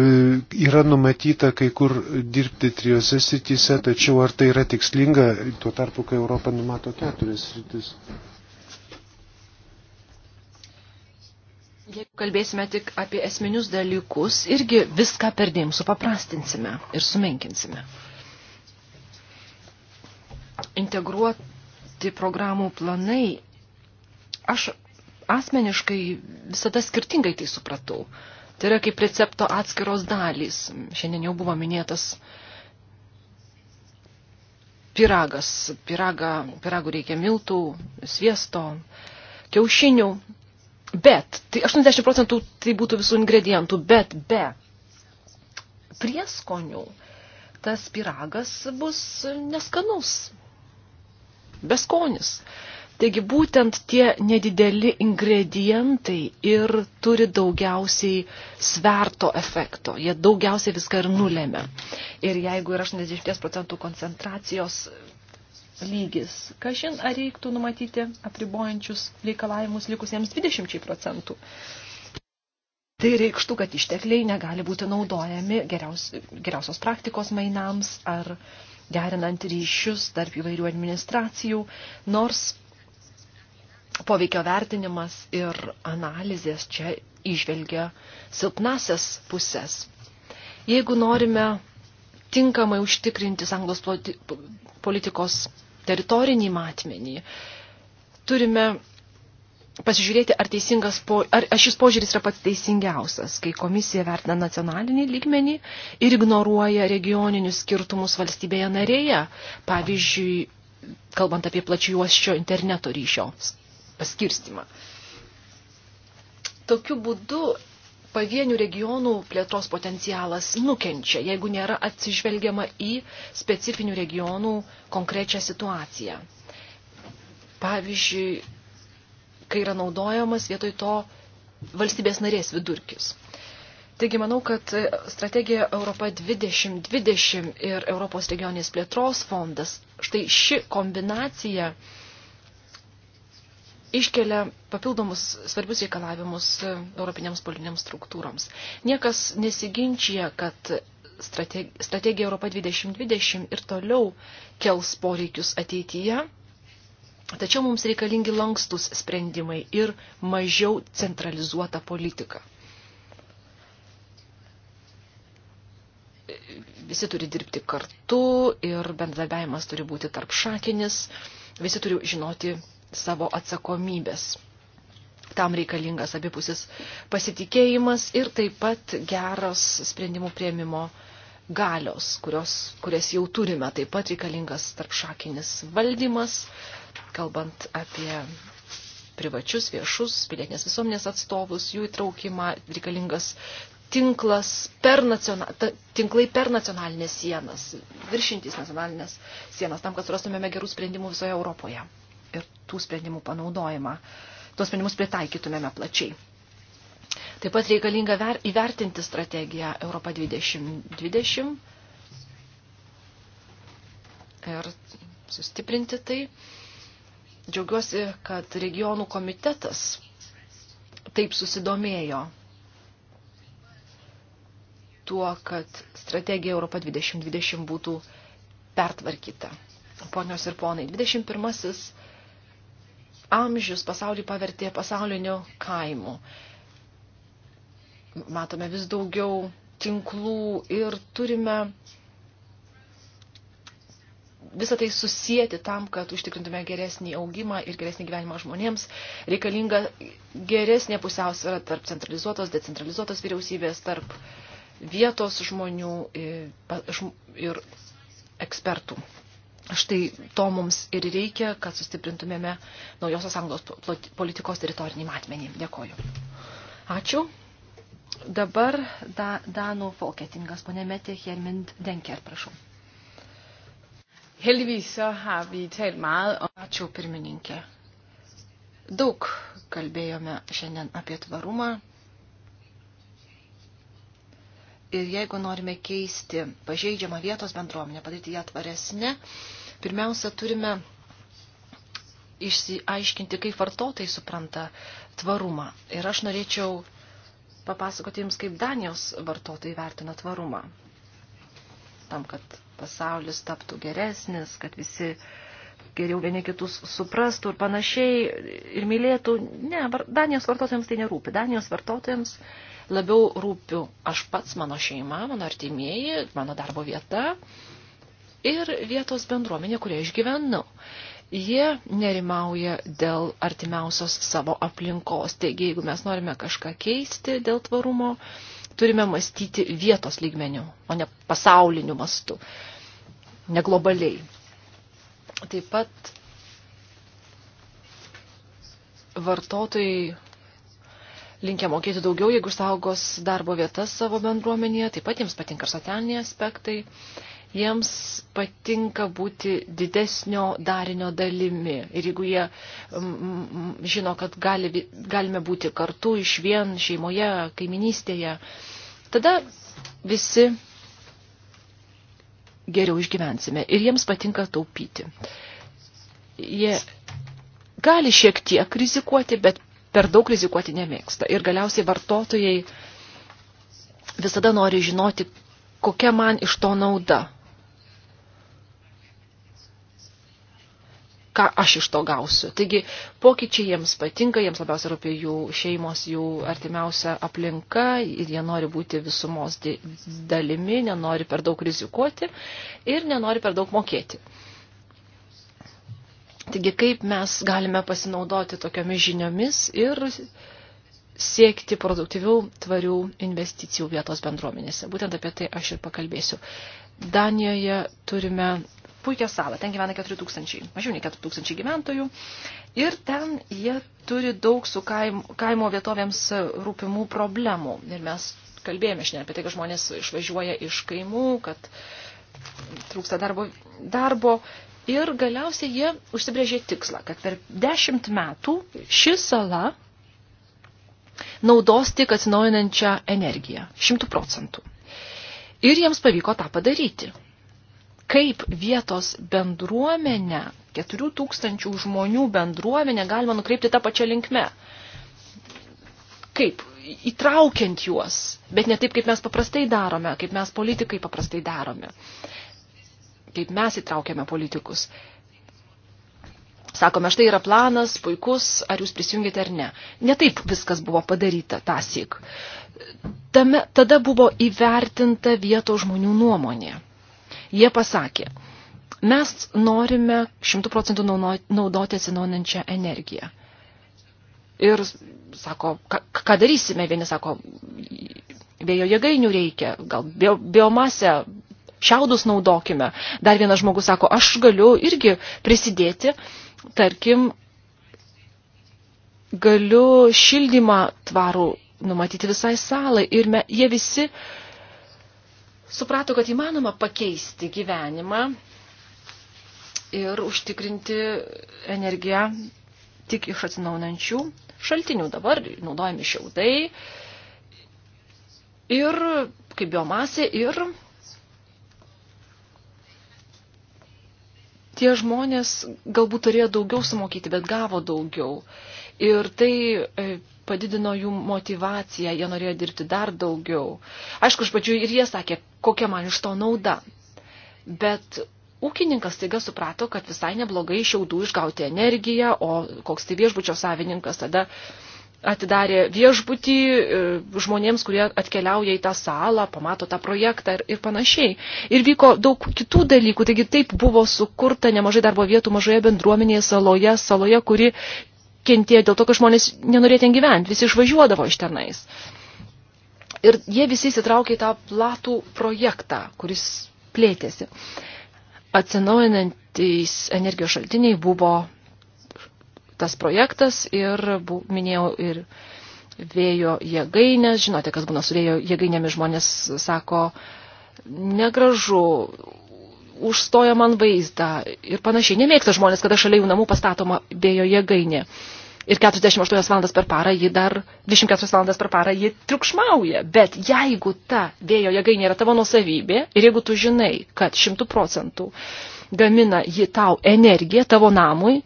yra numatyta kai kur dirbti trijose srityse, tačiau ar tai yra tikslinga, tuo tarpu, kai Europa numato keturias sritis? Jeigu kalbėsime tik apie esminius dalykus, irgi viską perdėm supaprastinsime ir sumenkinsime. Integruoti programų planai, aš asmeniškai visada skirtingai tai supratau. Tai yra kaip recepto atskiros dalys. Šiandien jau buvo minėtas piragas. Piraga, piragų reikia miltų, sviesto, kiaušinių. Bet, tai 80 procentų tai būtų visų ingredientų, bet be prieskonių tas piragas bus neskanus, beskonis. Taigi būtent tie nedideli ingredientai ir turi daugiausiai sverto efekto, jie daugiausiai viską ir nulėmė. Ir jeigu yra 80 procentų koncentracijos lygis, kažin ar reiktų numatyti apribojančius reikalavimus likusiems 20 procentų. Tai reikštų, kad ištekliai negali būti naudojami geriaus, geriausios praktikos mainams ar gerinant ryšius tarp įvairių administracijų, nors poveikio vertinimas ir analizės čia išvelgia silpnasias pusės. Jeigu norime tinkamai užtikrinti sanglos politikos teritorinį matmenį, turime pasižiūrėti, ar, po, ar, ar šis požiūris yra pats teisingiausias, kai komisija vertina nacionalinį lygmenį ir ignoruoja regioninius skirtumus valstybėje narėje, pavyzdžiui, kalbant apie plačiuosčio interneto ryšio paskirstimą. Tokiu būdu pavienių regionų plėtros potencialas nukenčia, jeigu nėra atsižvelgiama į specifinių regionų konkrečią situaciją. Pavyzdžiui, kai yra naudojamas vietoj to valstybės narės vidurkis. Taigi manau, kad strategija Europa 2020 ir Europos regionės plėtros fondas, štai ši kombinacija iškelia papildomus svarbius reikalavimus europinėms politinėms struktūroms. Niekas nesiginčia, kad strategija Europa 2020 ir toliau kels poreikius ateityje, tačiau mums reikalingi lankstus sprendimai ir mažiau centralizuota politika. Visi turi dirbti kartu ir bendradarbiavimas turi būti tarp šakinis, visi turi žinoti savo atsakomybės. Tam reikalingas abipusis pasitikėjimas ir taip pat geras sprendimų prieimimo galios, kurios, kurias jau turime. Taip pat reikalingas tarpšakinis valdymas, kalbant apie privačius, viešus, pilietinės visuomenės atstovus, jų įtraukimą, reikalingas tinklas per nacional, tinklai per nacionalinės sienas, viršintys nacionalinės sienas, tam, kad surastumėme gerų sprendimų visoje Europoje ir tų sprendimų panaudojimą, tuos sprendimus pritaikytumėme plačiai. Taip pat reikalinga ver, įvertinti strategiją Europa 2020 ir sustiprinti tai. Džiaugiuosi, kad regionų komitetas taip susidomėjo tuo, kad strategija Europa 2020 būtų pertvarkyta. Ponios ir ponai, 21 amžius pasaulį pavertė pasauliniu kaimu. Matome vis daugiau tinklų ir turime visą tai susijęti tam, kad užtikrintume geresnį augimą ir geresnį gyvenimą žmonėms, reikalinga geresnė pusiausvėra tarp centralizuotos, decentralizuotos vyriausybės, tarp vietos žmonių ir ekspertų. Štai to mums ir reikia, kad sustiprintumėme naujosios anglos politikos teritorinį matmenį. Dėkoju. Ačiū. Dabar da, Danų folketingas, ponė Mette Hermind Denker, prašau. Heldigvis så har vi talt meget om... Ačiū pirmininkė. Daug kalbėjome šiandien apie tvarumą, Ir jeigu norime keisti pažeidžiamą vietos bendruomenę, padaryti ją tvaresnę, pirmiausia, turime išsiaiškinti, kaip vartotojai supranta tvarumą. Ir aš norėčiau papasakoti jums, kaip Danijos vartotojai vertina tvarumą. Tam, kad pasaulis taptų geresnis, kad visi geriau vieni kitus suprastų ir panašiai ir mylėtų. Ne, Danijos vartotojams tai nerūpi. Danijos vartotojams uh, labiau rūpiu aš pats, mano šeima, mano artimieji, mano darbo vieta ir vietos bendruomenė, kurioje išgyvenu. Jie nerimauja dėl artimiausios savo aplinkos. Taigi, jeigu mes norime kažką keisti dėl tvarumo, turime mąstyti vietos lygmenių, o ne pasauliniu mastu, ne globaliai. Taip pat vartotojai linkę mokėti daugiau, jeigu saugos darbo vietas savo bendruomenėje, taip pat jiems patinka socialiniai aspektai, jiems patinka būti didesnio darinio dalimi. Ir jeigu jie mm, žino, kad gali, galime būti kartu iš vien šeimoje, kaiminystėje, tada visi geriau išgyvensime. Ir jiems patinka taupyti. Jie gali šiek tiek rizikuoti, bet per daug rizikuoti nemėgsta. Ir galiausiai vartotojai visada nori žinoti, kokia man iš to nauda. Ką aš iš to gausiu. Taigi pokyčiai jiems patinka, jiems labiausiai rūpi jų šeimos, jų artimiausia aplinka ir jie nori būti visumos dalimi, nenori per daug rizikuoti ir nenori per daug mokėti. Taigi kaip mes galime pasinaudoti tokiomis žiniomis ir siekti produktyvių, tvarių investicijų vietos bendruomenėse. Būtent apie tai aš ir pakalbėsiu. Danijoje turime puikią salą, ten gyvena 4 tūkstančiai, mažiau nei 4 tūkstančiai gyventojų. Ir ten jie turi daug su kaimo, kaimo vietovėms rūpimų problemų. Ir mes kalbėjome šiandien apie tai, kad žmonės išvažiuoja iš kaimų, kad trūksta darbo, darbo Ir galiausiai jie užsibrėžė tikslą, kad per dešimt metų ši sala naudos tik atsinaujinančią energiją, šimtų procentų. Ir jiems pavyko tą padaryti. Kaip vietos bendruomenę, 4000 žmonių bendruomenę galima nukreipti tą pačią linkmę? Kaip? Įtraukiant juos, bet ne taip, kaip mes paprastai darome, kaip mes politikai paprastai darome kaip mes įtraukiame politikus. Sakome, štai yra planas, puikus, ar jūs prisijungite ar ne. Netaip viskas buvo padaryta tąsyk. Tame, tada buvo įvertinta vietos žmonių nuomonė. Jie pasakė, mes norime 100 procentų naudoti atsinaujančią energiją. Ir sako, ką, ką darysime, vieni sako, vėjo jėgainių reikia, gal biomasę šiaudus naudokime. Dar vienas žmogus sako, aš galiu irgi prisidėti, tarkim, galiu šildymą tvarų numatyti visai salai ir me, jie visi suprato, kad įmanoma pakeisti gyvenimą ir užtikrinti energiją tik iš atsinaunančių šaltinių. Dabar naudojami šiaudai ir kaip biomasė ir tie žmonės galbūt turėjo daugiau sumokyti, bet gavo daugiau. Ir tai e, padidino jų motivaciją, jie norėjo dirbti dar daugiau. Aišku, iš pačių ir jie sakė, kokia man iš to nauda. Bet ūkininkas taiga suprato, kad visai neblogai iš jaudų išgauti energiją, o koks tai viešbučio savininkas tada uh, atidarė viešbutį e, žmonėms, kurie atkeliauja į tą salą, pamato tą projektą ir, ir panašiai. Ir vyko daug kitų dalykų, taigi taip buvo sukurta nemažai darbo vietų mažoje bendruomenėje saloje, saloje, kuri kentėjo dėl to, kad žmonės nenorėjo ten gyventi, visi išvažiuodavo iš tenais. Ir jie visi įsitraukė į tą platų projektą, kuris plėtėsi. Atsinaujinantys energijos šaltiniai buvo tas projektas ir bu, minėjau ir vėjo jėgainės. Žinote, kas būna su vėjo jėgainėmis žmonės sako, negražu, užstoja man vaizdą ir panašiai. Nemėgsta žmonės, kada šalia jų namų pastatoma vėjo jėgainė. Ir 48 valandas per parą ji dar, 24 valandas per parą ji triukšmauja. Bet jeigu ta vėjo jėgainė yra tavo nusavybė ir jeigu tu žinai, kad 100 procentų gamina ji tau energiją tavo namui,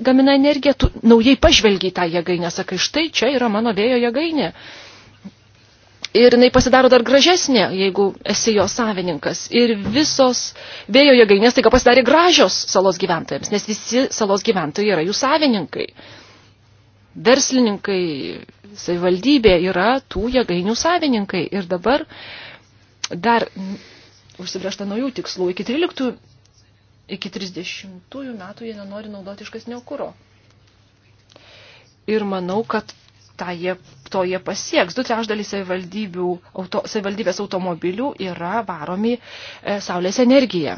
gamina energiją, tu naujai pažvelgi į tą jėgainę, sakai, štai čia yra mano vėjo jėgainė. Ir jinai pasidaro dar gražesnė, jeigu esi jo savininkas. Ir visos vėjo jėgainės taiga pasidarė gražios salos gyventojams, nes visi salos gyventojai yra jų savininkai. Verslininkai, savivaldybė yra tų jėgainių savininkai. Ir dabar dar užsibrėžta naujų tikslų. Iki 13 iki 30 metų jie nenori naudoti iškasnio kūro. Ir manau, kad tą jie, to jie pasieks. Du trešdalį auto, savivaldybės automobilių yra varomi e, saulės energija.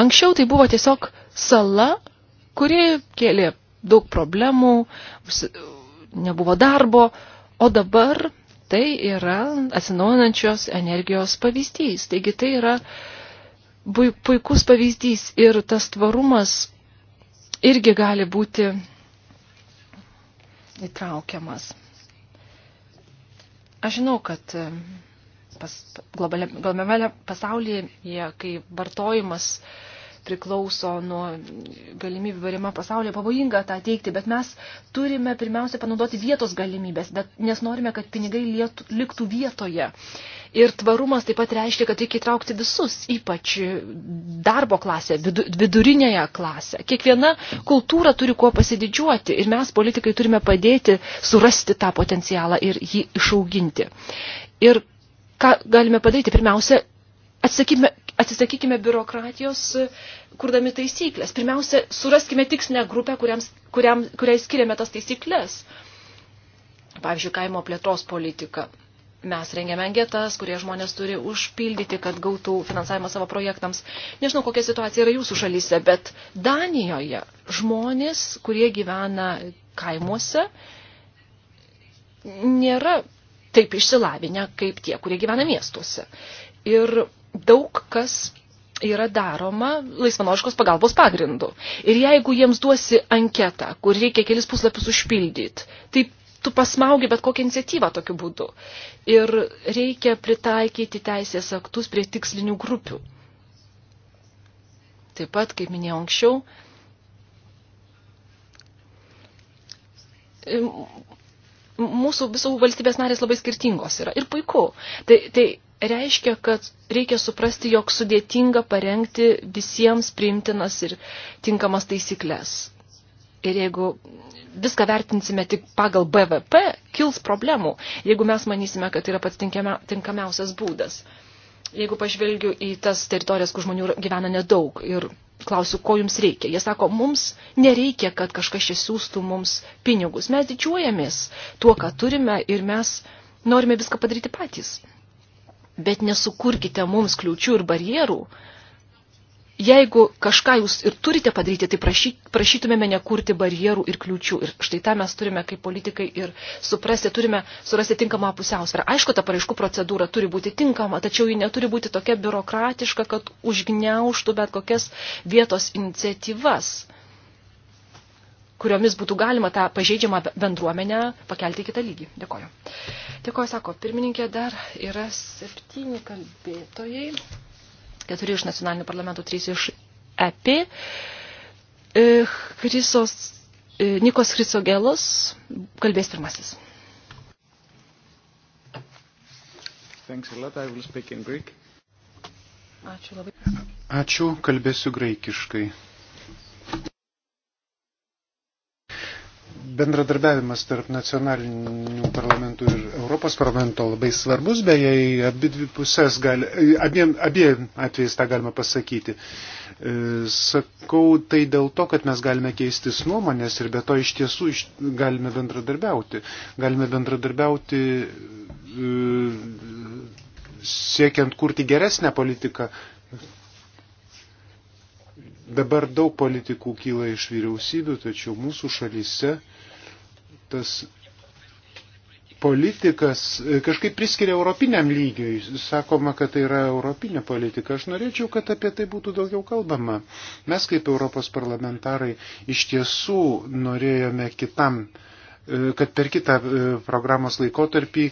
Anksčiau tai buvo tiesiog sala, kuri kėlė daug problemų, nebuvo darbo, o dabar tai yra atsinaujančios energijos pavyzdys. Taigi tai yra e, puikus pavyzdys ir tas tvarumas irgi gali būti įtraukiamas. Aš žinau, kad e, pas, globaliame pasaulyje, kai vartojimas uh, priklauso nuo galimybių varima pasaulyje, pavojinga tą teikti, bet mes turime pirmiausia panaudoti vietos galimybės, bet, nes norime, kad pinigai lietų, liktų vietoje. Ir tvarumas taip pat reiškia, kad reikia įtraukti visus, ypač darbo klasę, vidurinėje klasę. Kiekviena kultūra turi kuo pasididžiuoti ir mes, politikai, turime padėti surasti tą potencialą ir jį išauginti. Ir ką galime padaryti? Pirmiausia, atsakykime atsisakykime biurokratijos, e, kurdami taisyklės. Pirmiausia, suraskime tikslinę grupę, kuriams, kuriam, kuriai skiriame tas taisyklės. Pavyzdžiui, kaimo plėtros politika. Mes rengiame angetas, kurie žmonės turi užpildyti, kad gautų finansavimą savo projektams. Nežinau, kokia situacija yra jūsų šalyse, bet Danijoje žmonės, kurie gyvena kaimuose, nėra taip išsilavinę kaip tie, kurie gyvena miestuose. Ir daug kas yra daroma laisvanoriškos pagalbos pagrindu. Ir jeigu jiems duosi anketą, kur reikia kelis puslapius užpildyti, tai tu pasmaugi bet kokią iniciatyvą tokiu būdu. Ir reikia pritaikyti teisės aktus prie tikslinių grupių. Taip pat, kaip minėjau anksčiau, mūsų visų valstybės narės labai skirtingos yra. Ir puiku. Tai, tai reiškia, kad reikia suprasti, jog sudėtinga parengti visiems priimtinas ir tinkamas taisyklės. Ir jeigu viską vertinsime tik pagal BVP, kils problemų, jeigu mes manysime, kad tai yra pats tinkamiausias būdas. Jeigu pažvelgiu į tas teritorijas, kur žmonių gyvena nedaug ir klausiu, ko jums reikia. Jie sako, mums nereikia, kad kažkas čia siūstų mums pinigus. Mes didžiuojamės tuo, ką turime ir mes norime viską padaryti patys bet nesukurkite mums kliūčių ir barjerų. Jeigu kažką jūs ir turite padaryti, tai prašy, prašytumėme nekurti barjerų ir kliūčių. Ir štai tą mes turime kaip politikai ir suprasti, turime surasti tinkamą pusiausvyrą. Aišku, ta paraiškų procedūra turi būti tinkama, tačiau ji neturi būti tokia biurokratiška, kad užgneuštų bet kokias vietos iniciatyvas kuriomis būtų galima tą pažeidžiamą bendruomenę pakelti į kitą lygį. Dėkoju. Dėkoju, sako pirmininkė, dar yra septyni kalbėtojai, keturi iš nacionalinių parlamentų, trys iš EP. E, Chrisos, e, Nikos Chrisogelos kalbės pirmasis. Thanks a lot. I will speak in Greek. Ačiū labai. Ačiū, kalbėsiu graikiškai. bendradarbiavimas tarp nacionalinių parlamentų ir Europos parlamento labai svarbus, beje, abi dvi pusės gali, abiem, abiem atvejais tą galima pasakyti. E, sakau tai dėl to, kad mes galime keistis nuomonės ir be to iš tiesų iš, galime bendradarbiauti. Galime bendradarbiauti e, siekiant kurti geresnę politiką Dabar daug politikų kyla iš vyriausybių, tačiau mūsų šalyse tas politikas kažkaip priskiria europiniam lygiui. Sakoma, kad tai yra europinė politika. Aš norėčiau, kad apie tai būtų daugiau kalbama. Mes kaip Europos parlamentarai iš tiesų norėjome kitam kad per kitą e, programos laikotarpį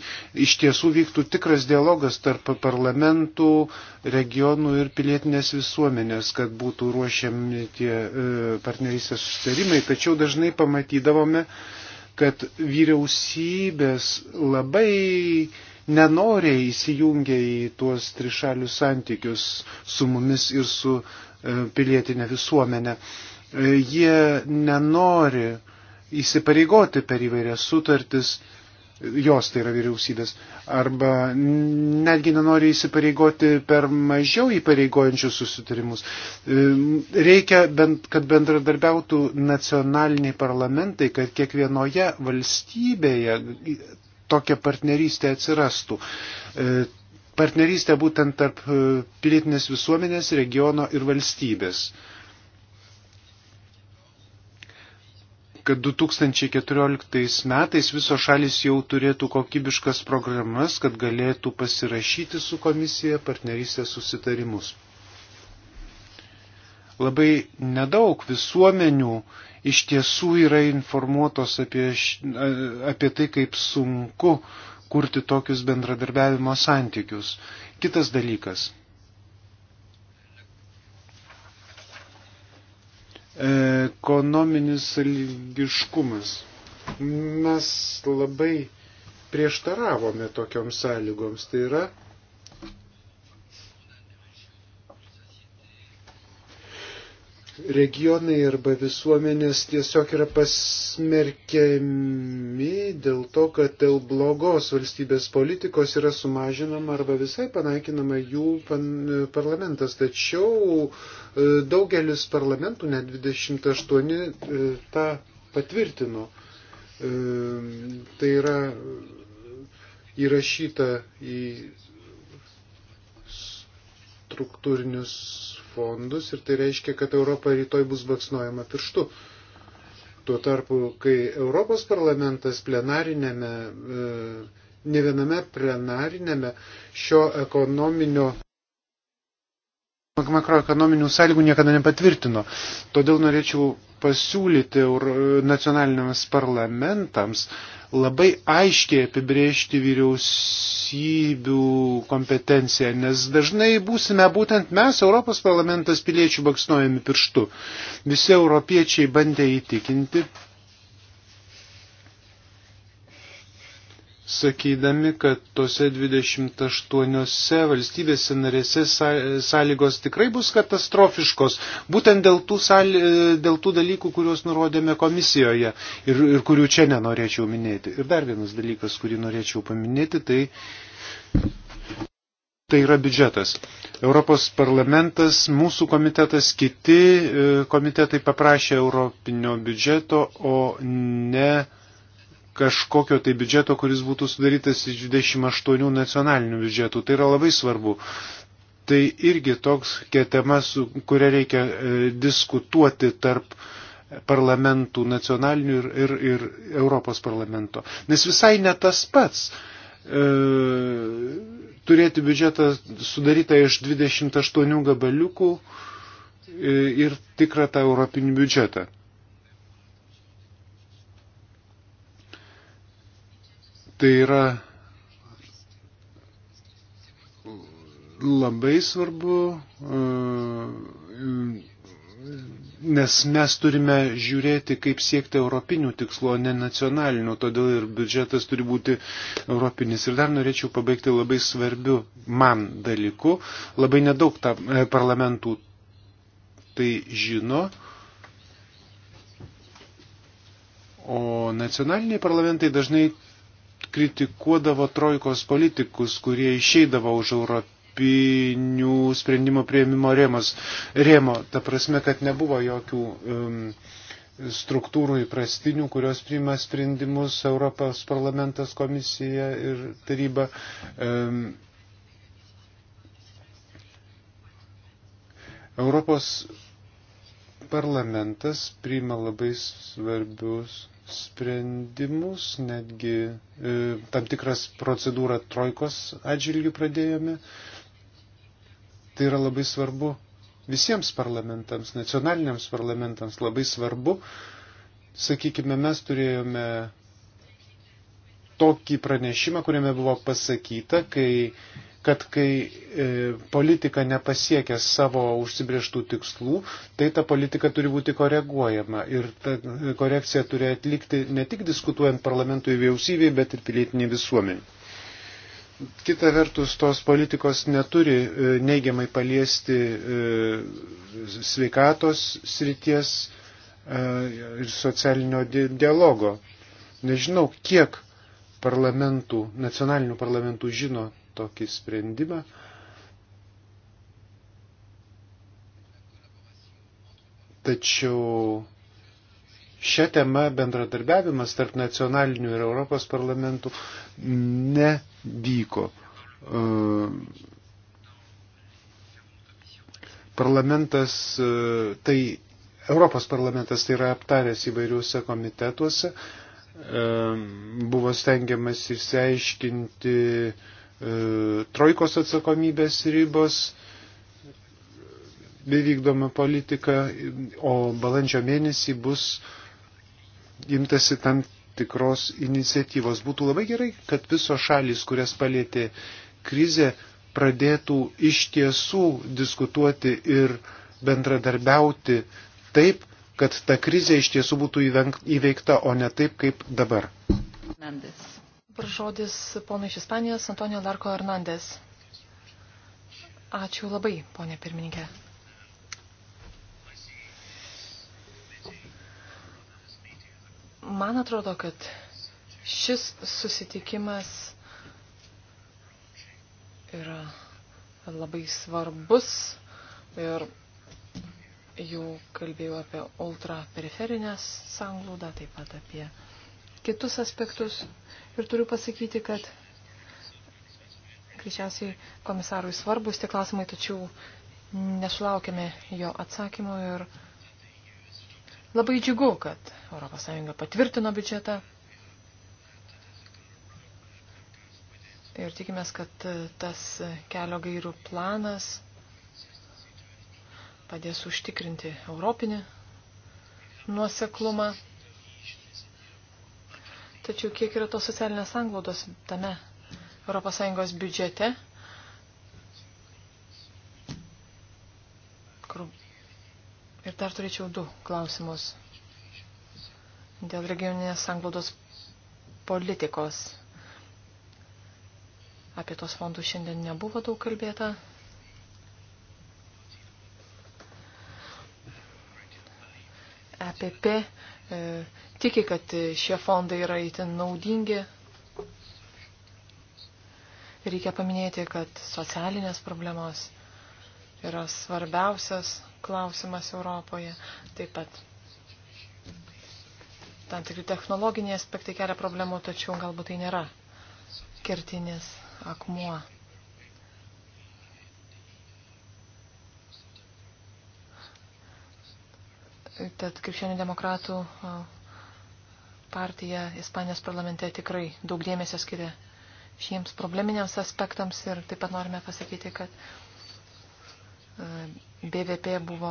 iš tiesų vyktų tikras dialogas tarp parlamentų, regionų ir pilietinės visuomenės, kad būtų ruošiami tie e, partnerystės sustarimai. Tačiau dažnai pamatydavome, kad vyriausybės labai nenoriai įsijungia į tuos trišalius santykius su mumis ir su e, pilietinė visuomenė. E, jie nenori įsipareigoti per įvairias sutartis, jos tai yra vyriausybės, arba netgi nenori įsipareigoti per mažiau įpareigojančius susitarimus. E, reikia, bent, kad bendradarbiautų nacionaliniai parlamentai, kad kiekvienoje valstybėje tokia partnerystė atsirastų. E, partnerystė būtent tarp e, pilietinės visuomenės, regiono ir valstybės. kad 2014 metais visos šalis jau turėtų kokybiškas programas, kad galėtų pasirašyti su komisija partnerystės susitarimus. Labai nedaug visuomenių iš tiesų yra informuotos apie, apie tai, kaip sunku kurti tokius bendradarbiavimo santykius. Kitas dalykas Ekonominis sąlygiškumas. Mes labai prieštaravome tokioms sąlygoms. Tai yra regionai arba visuomenės tiesiog yra pasmerkiami dėl to, kad dėl blogos valstybės politikos yra sumažinama arba visai panaikinama jų pan, parlamentas. Tačiau e, daugelis parlamentų, net 28, e, tą patvirtino. E, tai yra įrašyta į struktūrinius fondus ir tai reiškia, kad Europa rytoj bus baksnojama pirštu. Tuo tarpu, kai Europos parlamentas plenarinėme, e, ne viename plenarinėme šio ekonominio makroekonominių sąlygų niekada nepatvirtino. Todėl norėčiau pasiūlyti nacionaliniams parlamentams labai aiškiai apibriežti vyriausybių kompetenciją, nes dažnai būsime būtent mes, Europos parlamentas, piliečių baksnojami pirštu. Visi europiečiai bandė įtikinti sakydami, kad tose 28 valstybėse narėse sąlygos tikrai bus katastrofiškos, būtent dėl tų, sąly, dėl tų dalykų, kuriuos nurodėme komisijoje ir, ir kurių čia nenorėčiau minėti. Ir dar vienas dalykas, kurį norėčiau paminėti, tai tai yra biudžetas. Europos parlamentas, mūsų komitetas, kiti e, komitetai paprašė europinio biudžeto, o ne kažkokio tai biudžeto, kuris būtų sudarytas iš 28 nacionalinių biudžetų. Tai yra labai svarbu. Tai irgi toks tema, su kuria reikia e, diskutuoti tarp parlamentų nacionalinių ir, ir, ir Europos parlamento. Nes visai ne tas pats e, turėti biudžetą sudarytą iš 28 gabaliukų e, ir tikrą tą europinį biudžetą. Tai yra labai svarbu, e, nes mes turime žiūrėti, kaip siekti europinių tikslų, o ne nacionalinių, todėl ir biudžetas turi būti europinis. Ir dar norėčiau pabaigti labai svarbiu man dalyku. Labai nedaug ta, e, parlamentų tai žino. O nacionaliniai parlamentai dažnai kritikuodavo trojkos politikus, kurie išeidavo už europinių sprendimų prieimimo rėmos, rėmo. Ta prasme, kad nebuvo jokių um, struktūrų įprastinių, kurios priima sprendimus Europos parlamentas, komisija ir taryba. Um, Europos parlamentas priima labai svarbius sprendimus, netgi e, tam tikras procedūrą trojkos atžvilgių pradėjome. Tai yra labai svarbu visiems parlamentams, nacionaliniams parlamentams labai svarbu. Sakykime, mes turėjome tokį pranešimą, kuriame buvo pasakyta, kai, kad kai e, politika nepasiekia savo užsibrieštų tikslų, tai ta politika turi būti koreguojama. Ir ta korekcija turi atlikti ne tik diskutuojant parlamentui vyriausybei, bet ir pilietiniai visuomeniai. Kita vertus, tos politikos neturi e, neigiamai paliesti e, sveikatos srities e, ir socialinio di dialogo. Nežinau, kiek parlamentų, nacionalinių parlamentų žino tokį sprendimą. Tačiau šią temą bendradarbiavimas tarp nacionalinių ir Europos parlamentų nevyko. E, parlamentas, e, tai Europos parlamentas tai yra aptaręs įvairiuose komitetuose, E, buvo stengiamas išsiaiškinti e, trojkos atsakomybės ribos bevykdoma politika, o balandžio mėnesį bus imtasi tam tikros iniciatyvos. Būtų labai gerai, kad visos šalis, kurias palėtė krizė, pradėtų iš tiesų diskutuoti ir bendradarbiauti taip, kad ta krizė iš tiesų būtų įveikta, o ne taip kaip dabar. Hernandez. Žodis ponai iš Ispanijos, Antonio Larko Hernandez. Ačiū labai, ponė pirmininkė. Man atrodo, kad šis susitikimas yra labai svarbus ir Jau kalbėjau apie ultraperiferinės sanglaudą, taip pat apie kitus aspektus. Ir turiu pasakyti, kad greičiausiai komisarui svarbus tie klausimai, tačiau nesulaukėme jo atsakymo ir labai džiugu, kad ES patvirtino biudžetą. Ir tikimės, kad tas kelio gairių planas padės užtikrinti europinį nuoseklumą. Tačiau kiek yra tos socialinės anglodos tame ES biudžete, kur... ir dar turėčiau du klausimus dėl regioninės anglodos politikos. Apie tos fondus šiandien nebuvo daug kalbėta. EPP e, tiki, kad šie fondai yra įtin naudingi. Reikia paminėti, kad socialinės problemos yra svarbiausias klausimas Europoje. Taip pat tam tikri technologiniai aspektai kelia problemų, tačiau galbūt tai nėra kertinis akmuo. Tad krikščionių demokratų partija Ispanijos parlamente tikrai daug dėmesio skiria šiems probleminiams aspektams ir taip pat norime pasakyti, kad BVP buvo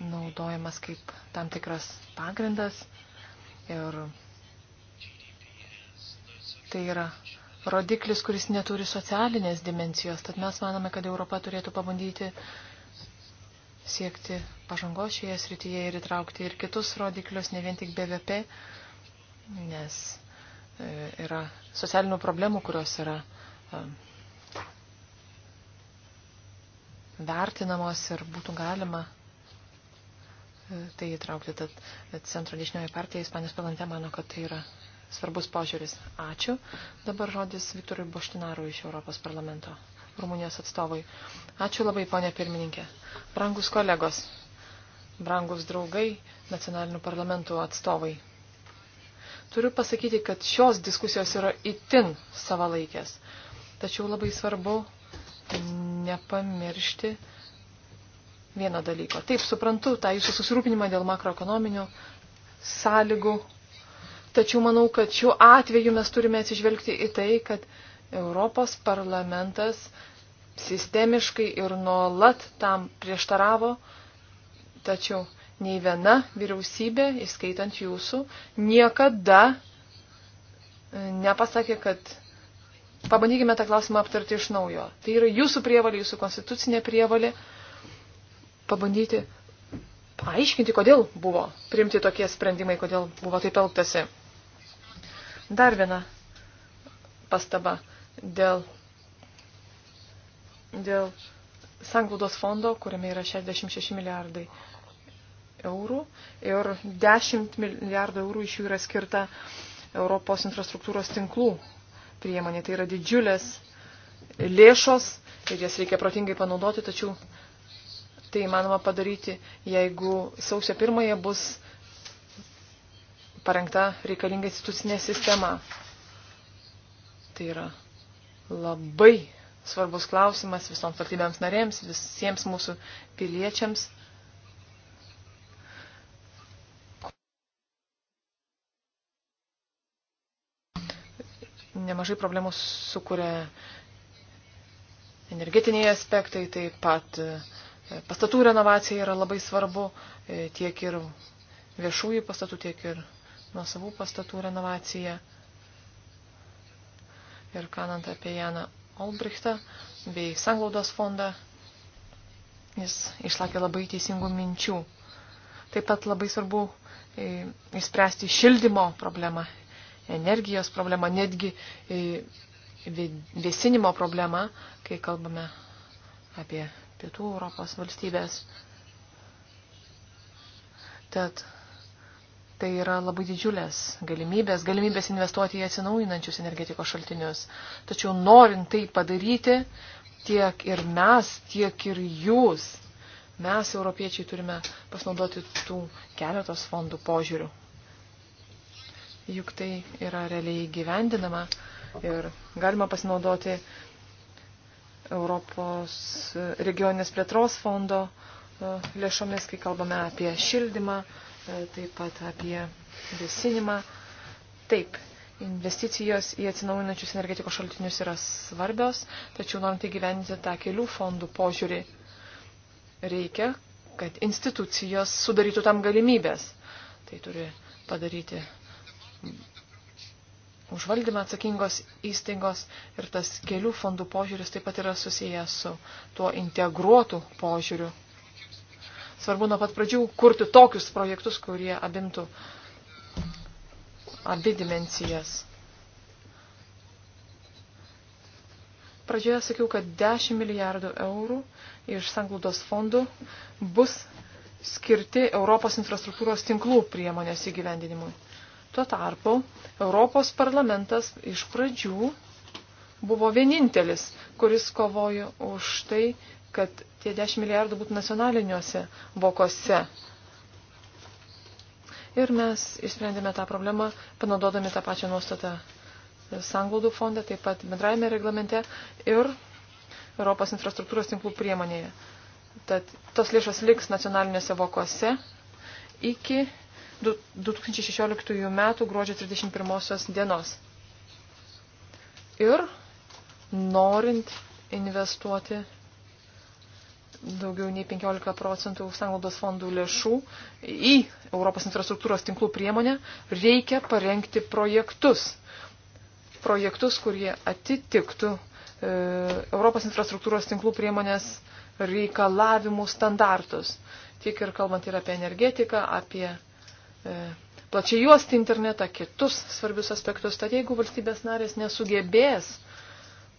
naudojamas kaip tam tikras pagrindas ir tai yra rodiklis, kuris neturi socialinės dimensijos, tad mes manome, kad Europa turėtų pabandyti uh, siekti pažangos šioje srityje ir įtraukti ir kitus rodiklius, ne vien tik BVP, nes e, yra socialinių problemų, kurios yra e, vertinamos ir būtų galima e, tai įtraukti. Tad centro dešinioji partija Ispanijos parlamente mano, kad tai yra svarbus požiūris. Ačiū. Dabar žodis Viktorui Boštinarui iš Europos parlamento. Rumunijos atstovui. Ačiū labai, ponė pirmininkė. Brangus kolegos, brangus draugai, nacionalinių parlamentų atstovai. Turiu pasakyti, kad šios diskusijos yra itin savalaikės. Tačiau labai svarbu nepamiršti vieno dalyko. Taip, suprantu tą jūsų susirūpinimą dėl makroekonominių sąlygų. Tačiau manau, kad šiuo atveju mes turime atsižvelgti į tai, kad Europos parlamentas sistemiškai ir nuolat tam prieštaravo, tačiau nei viena vyriausybė, įskaitant jūsų, niekada e, nepasakė, kad pabandykime tą klausimą aptarti iš naujo. Tai yra jūsų prievalė, jūsų konstitucinė prievalė pabandyti paaiškinti, kodėl buvo priimti tokie sprendimai, kodėl buvo taip elgtasi. Dar viena pastaba dėl, dėl sanglaudos fondo, kuriame yra 66 milijardai eurų ir 10 milijardų eurų iš jų yra skirta Europos infrastruktūros tinklų priemonė. Tai yra didžiulės lėšos ir jas reikia protingai panaudoti, tačiau tai įmanoma padaryti, jeigu sausio pirmąją bus parengta reikalinga institucinė sistema. Tai yra labai svarbus klausimas visoms valstybėms narėms, visiems mūsų piliečiams. Nemažai problemų sukuria energetiniai aspektai, taip pat e, pastatų renovacija yra labai svarbu, e, tiek ir viešųjų pastatų, tiek ir nuo savų pastatų renovacija ir kalbant apie Janą Olbrichtą bei Sanglaudos fondą, jis išsakė labai teisingų minčių. Taip pat labai svarbu e, išspręsti šildymo problemą, energijos problemą, netgi e, vėsinimo problemą, kai kalbame apie pietų Europos valstybės. Tad Tai yra labai didžiulės galimybės, galimybės investuoti į atsinaujinančius energetikos šaltinius. Tačiau norint tai padaryti, tiek ir mes, tiek ir jūs, mes, europiečiai, turime pasinaudoti tų keletos fondų požiūrių. Juk tai yra realiai gyvendinama ir galima pasinaudoti Europos regioninės plėtros fondo e, lėšomis, kai kalbame apie šildymą, E, taip pat apie vėsinimą. Taip, investicijos į atsinaujinančius energetikos šaltinius yra svarbios, tačiau norint įgyveninti tą kelių fondų požiūrį, reikia, kad institucijos sudarytų tam galimybės. Tai turi padaryti užvaldymą atsakingos įstaigos ir tas kelių fondų požiūris taip pat yra susijęs su tuo integruotų požiūriu svarbu nuo pat pradžių kurti tokius projektus, kurie abimtų abi dimencijas. Pradžioje sakiau, kad 10 milijardų eurų iš sanglaudos fondų bus skirti Europos infrastruktūros tinklų priemonės įgyvendinimui. Tuo tarpu Europos parlamentas iš pradžių buvo vienintelis, kuris kovojo už tai, kad tie 10 milijardų būtų nacionaliniuose vokose. Ir mes išsprendėme tą problemą, panaudodami tą pačią nuostatą sanglaudų fondą, taip pat bendrajame reglamente ir Europos infrastruktūros tinklų priemonėje. Tad tos lėšos liks nacionalinėse vokose iki 2016 metų gruodžio 31 dienos. Ir norint investuoti daugiau nei 15 procentų sąnaudos fondų lėšų į Europos infrastruktūros tinklų priemonę, reikia parengti projektus. Projektus, kurie atitiktų e, Europos infrastruktūros tinklų priemonės reikalavimų standartus. Tiek ir kalbant ir apie energetiką, apie e, plačiai juosti internetą, kitus svarbius aspektus. Tad jeigu valstybės narės nesugebės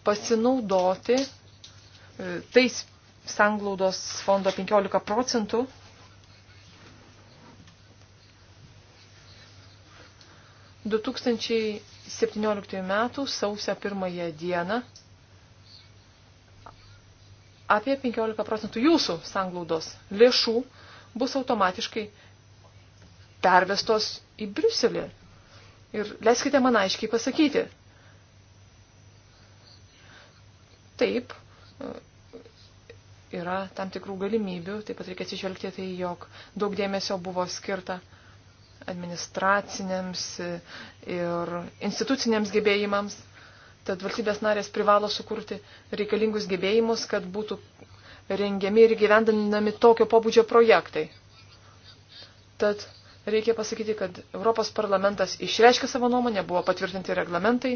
pasinaudoti e, tais sanglaudos fondo 15 procentų. Du 2017 metų sausio pirmąją dieną apie 15 procentų jūsų sanglaudos lėšų bus automatiškai pervestos į Briuselį. Ir leiskite man aiškiai pasakyti. Taip, yra tam tikrų galimybių, taip pat reikia atsižvelgti tai, jog daug dėmesio buvo skirta administraciniams ir instituciniams gebėjimams. Tad valstybės narės privalo sukurti reikalingus gebėjimus, kad būtų rengiami ir gyvendinami tokio pobūdžio projektai. Tad reikia pasakyti, kad Europos parlamentas išreiškė savo nuomonę, buvo patvirtinti reglamentai,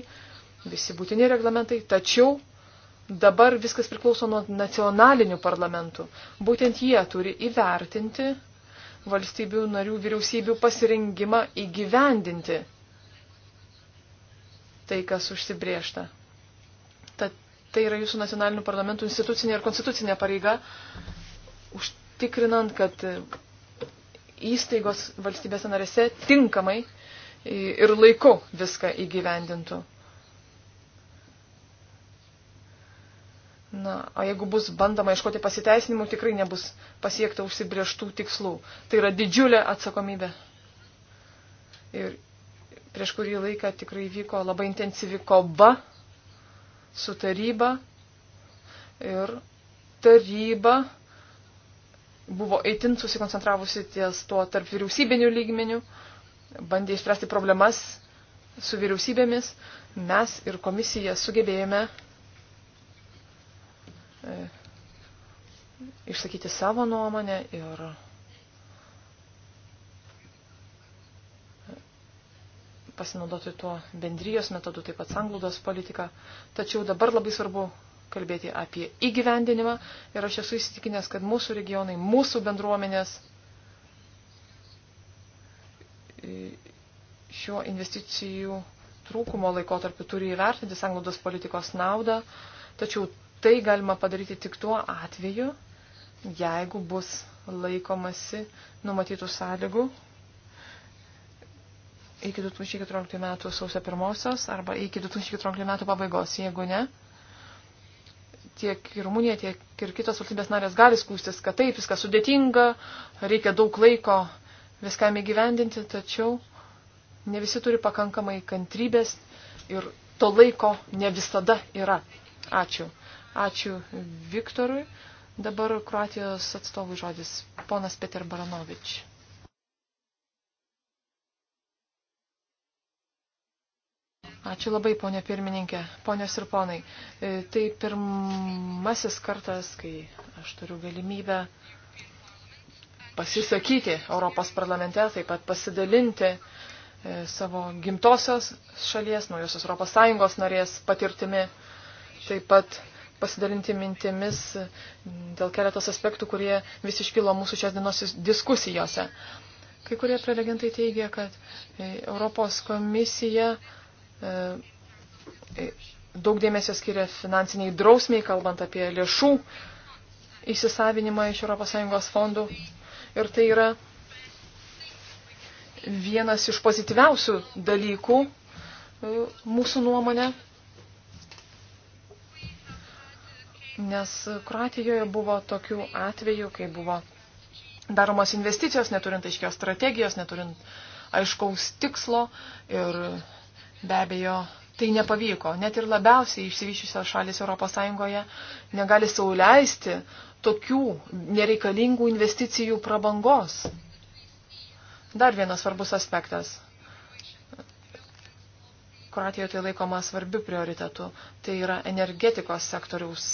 visi būtini reglamentai, tačiau Dabar viskas priklauso nuo nacionalinių parlamentų. Būtent jie turi įvertinti valstybių narių vyriausybių pasirengimą įgyvendinti tai, kas užsibriešta. Tad tai yra jūsų nacionalinių parlamentų institucinė ir konstitucinė pareiga, užtikrinant, kad įstaigos valstybėse narėse tinkamai ir laiku viską įgyvendintų. Na, o jeigu bus bandoma iškoti pasiteisinimų, tikrai nebus pasiekta užsibrieštų tikslų. Tai yra didžiulė atsakomybė. Ir prieš kurį laiką tikrai vyko labai intensyvi kova su taryba. Ir taryba buvo eitin susikoncentravusi ties tuo tarp vyriausybinių lygmenių, bandė išspręsti problemas su vyriausybėmis. Mes ir komisija sugebėjome E, išsakyti savo nuomonę ir e, pasinaudoti tuo bendrijos metodu, taip pat sanglaudos politika. Tačiau dabar labai svarbu kalbėti apie įgyvendinimą ir aš esu įsitikinęs, kad mūsų regionai, mūsų bendruomenės e, šiuo investicijų trūkumo laikotarpiu turi įvertinti sanglaudos politikos naudą, tačiau tai galima padaryti tik tuo atveju, jeigu bus laikomasi numatytų sąlygų iki 2014 metų sausio pirmosios arba iki 2014 metų pabaigos. Jeigu ne, tiek ir Rumunija, tiek ir kitos valstybės narės gali skūstis, kad taip, viskas sudėtinga, reikia daug laiko viskam įgyvendinti, tačiau ne visi turi pakankamai kantrybės ir to laiko ne visada yra. Ačiū. Ačiū Viktorui. Dabar Kroatijos atstovų žodis ponas Peter Baranovič. Ačiū labai, ponė pirmininkė, ponios ir ponai. E, tai pirmasis kartas, kai aš turiu galimybę pasisakyti Europos parlamente, taip pat pasidalinti e, savo gimtosios šalies, naujosios Europos Sąjungos narės patirtimi, taip pat pasidalinti mintimis dėl keletos aspektų, kurie vis iškilo mūsų šios dienos diskusijose. Kai kurie prelegentai teigia, kad e, Europos komisija e, e, daug dėmesio skiria finansiniai drausmiai, kalbant apie lėšų įsisavinimą iš ES fondų. Ir tai yra vienas iš pozityviausių dalykų mūsų nuomonė. Nes Kroatijoje buvo tokių atvejų, kai buvo daromos investicijos, neturint aiškios strategijos, neturint aiškaus tikslo ir be abejo tai nepavyko. Net ir labiausiai išsivyščiusios šalis ES negali sauliaisti tokių nereikalingų investicijų prabangos. Dar vienas svarbus aspektas. Kroatijoje tai laikoma svarbiu prioritetu. Tai yra energetikos sektoriaus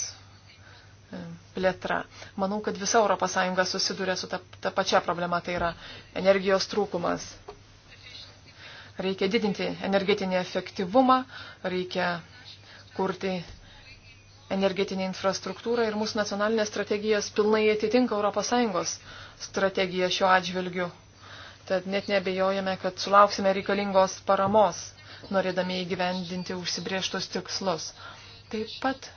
plėtra. Manau, kad visa ES susiduria su ta, ta pačia problema, tai yra energijos trūkumas. Reikia didinti energetinį efektyvumą, reikia kurti energetinę infrastruktūrą ir mūsų nacionalinės strategijas pilnai atitinka ES strategiją šiuo atžvilgiu. Tad net nebejojame, kad sulauksime reikalingos paramos, norėdami įgyvendinti užsibrieštus tikslus. Taip pat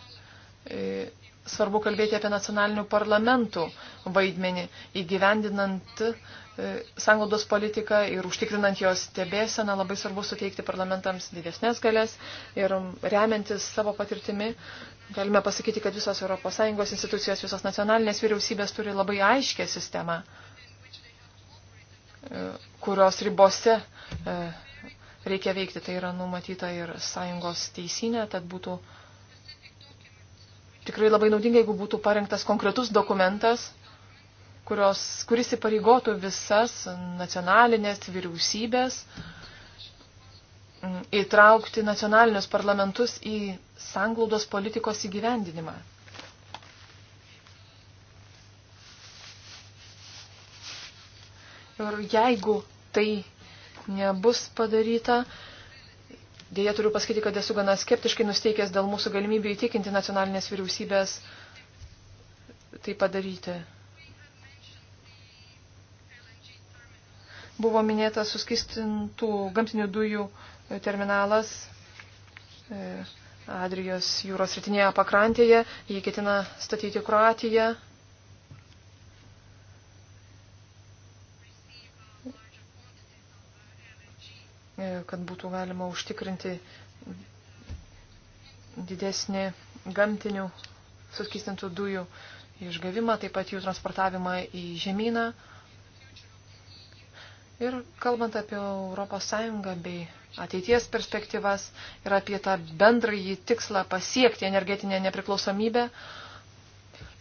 e, svarbu kalbėti apie nacionalinių parlamentų vaidmenį įgyvendinant e, sanglaudos politiką ir užtikrinant jos stebėseną, labai svarbu suteikti parlamentams didesnės galės ir remiantis savo patirtimi, galime pasakyti, kad visos ES institucijos, visos nacionalinės vyriausybės turi labai aiškę sistemą, e, kurios ribose e, reikia veikti. Tai yra numatyta ir sąjungos teisinė, tad būtų tikrai labai naudinga, jeigu būtų parengtas konkretus dokumentas, kurios, kuris įpareigotų visas nacionalinės vyriausybės mm, įtraukti nacionalinius parlamentus į sanglaudos politikos įgyvendinimą. Ir jeigu tai nebus padaryta, Dėja turiu pasakyti, kad esu gana skeptiškai nusteikęs dėl mūsų galimybių įtikinti nacionalinės vyriausybės tai padaryti. Buvo minėtas suskistintų gamtinių dujų terminalas e, Adrijos jūros rytinėje pakrantėje. Jį ketina statyti Kroatiją. E, kad būtų galima užtikrinti didesnį gamtinių suskistintų dujų išgavimą, taip pat jų transportavimą į žemyną. Ir kalbant apie ES bei ateities perspektyvas ir apie tą bendrąjį tikslą pasiekti energetinę nepriklausomybę,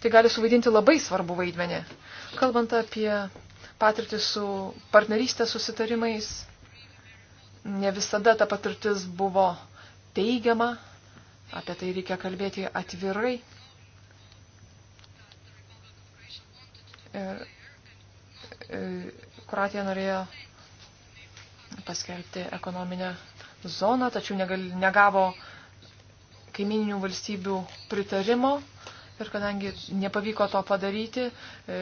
tai gali suvaidinti labai svarbu vaidmenį. Kalbant apie patirtį su partnerystės susitarimais, ne visada ta patirtis buvo teigiama, apie tai reikia kalbėti atvirai. Ir, ir e, Kroatija norėjo paskelbti ekonominę zoną, tačiau negal, negavo kaimininių valstybių pritarimo ir kadangi nepavyko to padaryti, e,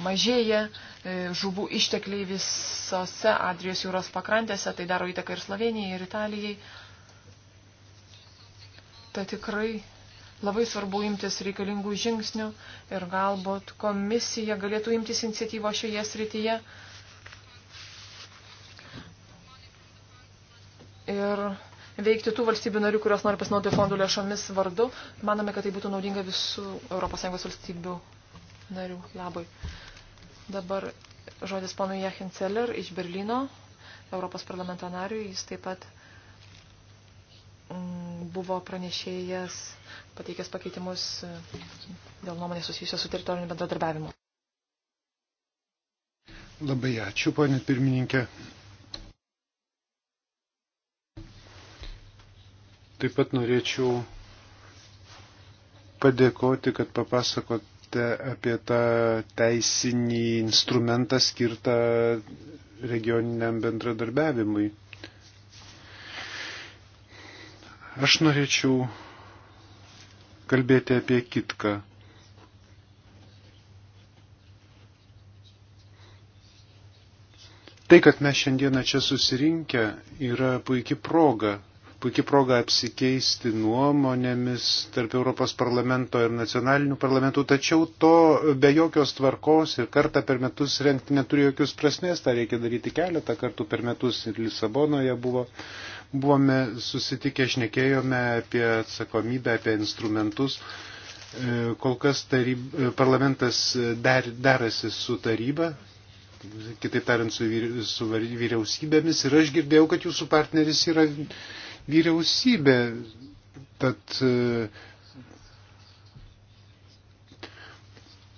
mažėja, e, žuvų ištekliai visose Adrijos jūros pakrantėse, tai daro įtaką ir Slovenijai, ir Italijai. Tai tikrai labai svarbu imtis reikalingų žingsnių ir galbūt komisija galėtų imtis iniciatyvo šioje srityje. Ir veikti tų valstybių narių, kurios nori pasinaudoti fondų lėšomis vardu, manome, kad tai būtų naudinga visų ES valstybių narių labui. Dabar žodis ponui Jachinceller iš Berlyno, Europos parlamento nariui, jis taip pat mm, buvo pranešėjas, pateikęs pakeitimus mm, dėl nuomonės susijusios su teritoriniu bendradarbiavimu. Labai ačiū, ponė pirmininkė. Taip pat norėčiau padėkoti, kad papasakot kalbėjote apie tą teisinį instrumentą skirtą regioniniam bendradarbiavimui. Aš norėčiau kalbėti apie kitką. Tai, kad mes šiandieną čia susirinkę, yra puikia proga puikia proga apsikeisti nuomonėmis tarp Europos parlamento ir nacionalinių parlamentų, tačiau to be jokios tvarkos ir kartą per metus renkti neturi jokios prasmės, tą reikia daryti keletą kartų per metus ir Lisabonoje buvo, buvome susitikę, šnekėjome apie atsakomybę, apie instrumentus. E, kol kas taryb, e, parlamentas dar, derasi su taryba, kitaip tariant, su, vyri, su vyriausybėmis. Ir aš girdėjau, kad jūsų partneris yra vyriausybė. Tad e,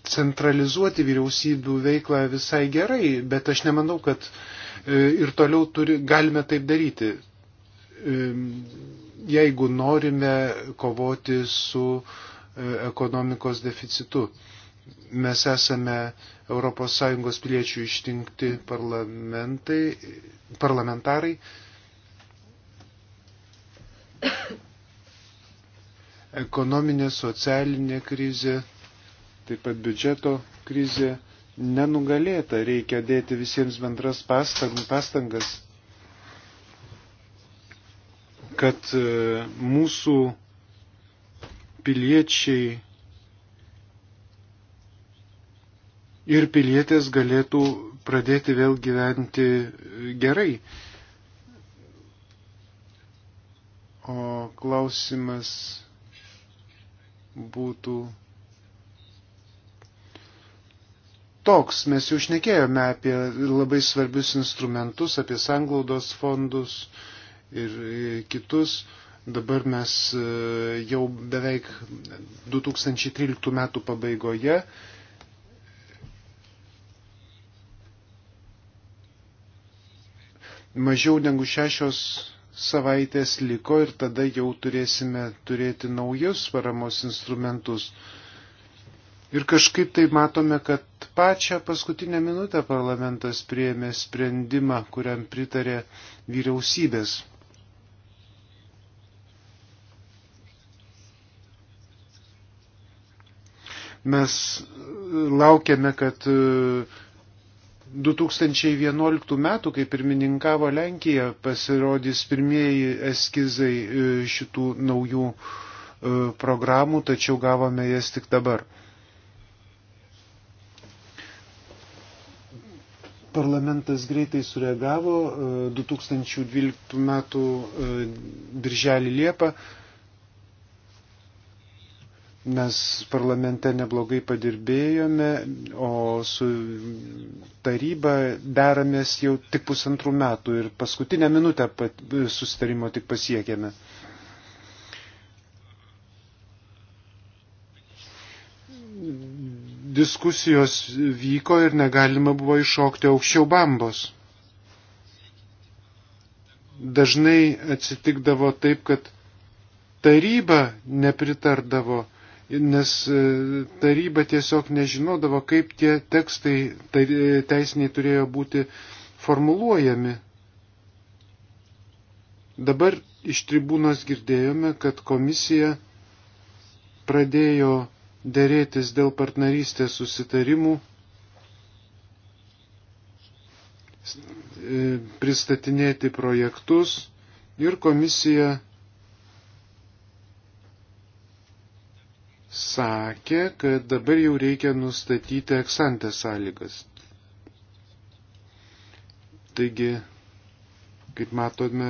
centralizuoti vyriausybių veiklą visai gerai, bet aš nemanau, kad e, ir toliau turi, galime taip daryti. E, jeigu norime kovoti su ekonomikos deficitu mes esame ES piliečių išrinkti parlamentarai Ekonominė, socialinė krizė, taip pat biudžeto krizė nenugalėta, reikia dėti visiems bendras pastangas, kad e, mūsų piliečiai ir pilietės galėtų pradėti vėl gyventi gerai. O klausimas būtų toks. Mes jau šnekėjome apie labai svarbius instrumentus, apie sanglaudos fondus ir e, kitus. Dabar mes e, jau beveik 2013 metų pabaigoje mažiau negu šešios savaitės liko ir tada jau turėsime turėti naujus paramos instrumentus. Ir kažkaip tai matome, kad pačią paskutinę minutę parlamentas prieėmė sprendimą, kuriam pritarė vyriausybės. Mes laukiame, kad uh, 2011 metų, kai pirmininkavo Lenkija, pasirodys pirmieji eskizai e, šitų naujų e, programų, tačiau gavome jas tik dabar. Parlamentas greitai sureagavo 2012 e, metų birželį Liepą Mes parlamente neblogai padirbėjome, o su taryba deramės jau tik pusantrų metų ir paskutinę minutę susitarimo tik pasiekėme. Diskusijos vyko ir negalima buvo iššokti aukščiau bambos dažnai atsitikdavo taip, kad taryba nepritardavo nes e, taryba tiesiog nežinodavo, kaip tie tekstai tai, e, teisiniai turėjo būti formuluojami. Dabar iš tribūnos girdėjome, kad komisija pradėjo dėrėtis dėl partnerystės susitarimų, e, pristatinėti projektus ir komisija sakė, kad dabar jau reikia nustatyti eksantę sąlygas. Taigi, kaip matome,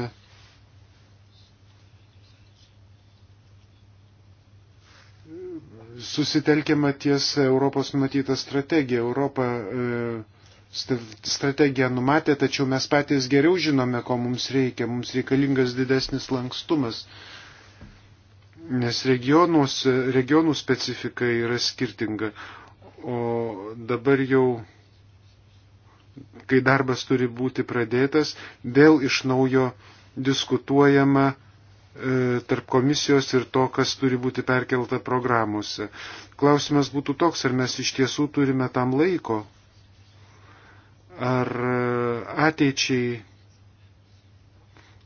susitelkiama ties Europos numatytą strategiją. Europą e, strategiją numatė, tačiau mes patys geriau žinome, ko mums reikia. Mums reikalingas didesnis lankstumas. E, Nes regionus, regionų specifika yra skirtinga. O dabar jau, kai darbas turi būti pradėtas, vėl iš naujo diskutuojama e, tarp komisijos ir to, kas turi būti perkelta programuose. Klausimas būtų toks, ar mes iš tiesų turime tam laiko, ar e, ateičiai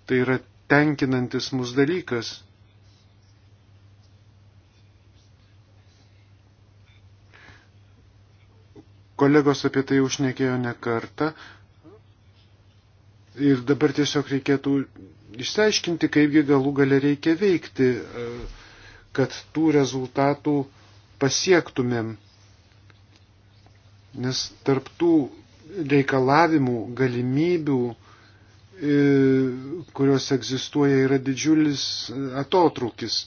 tai yra tenkinantis mūsų dalykas. Kolegos apie tai užnekėjo ne kartą. Ir dabar tiesiog reikėtų išsiaiškinti, kaipgi galų gale reikia veikti, e, kad tų rezultatų pasiektumėm. Nes tarptų reikalavimų, galimybių, e, kurios egzistuoja, yra didžiulis atotrukis.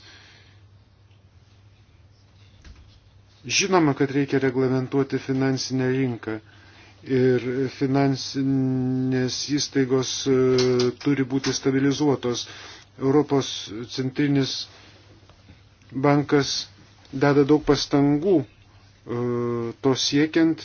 Žinoma, kad reikia reglamentuoti finansinę rinką ir finansinės įstaigos e, turi būti stabilizuotos. Europos centrinis bankas deda daug pastangų e, to siekiant.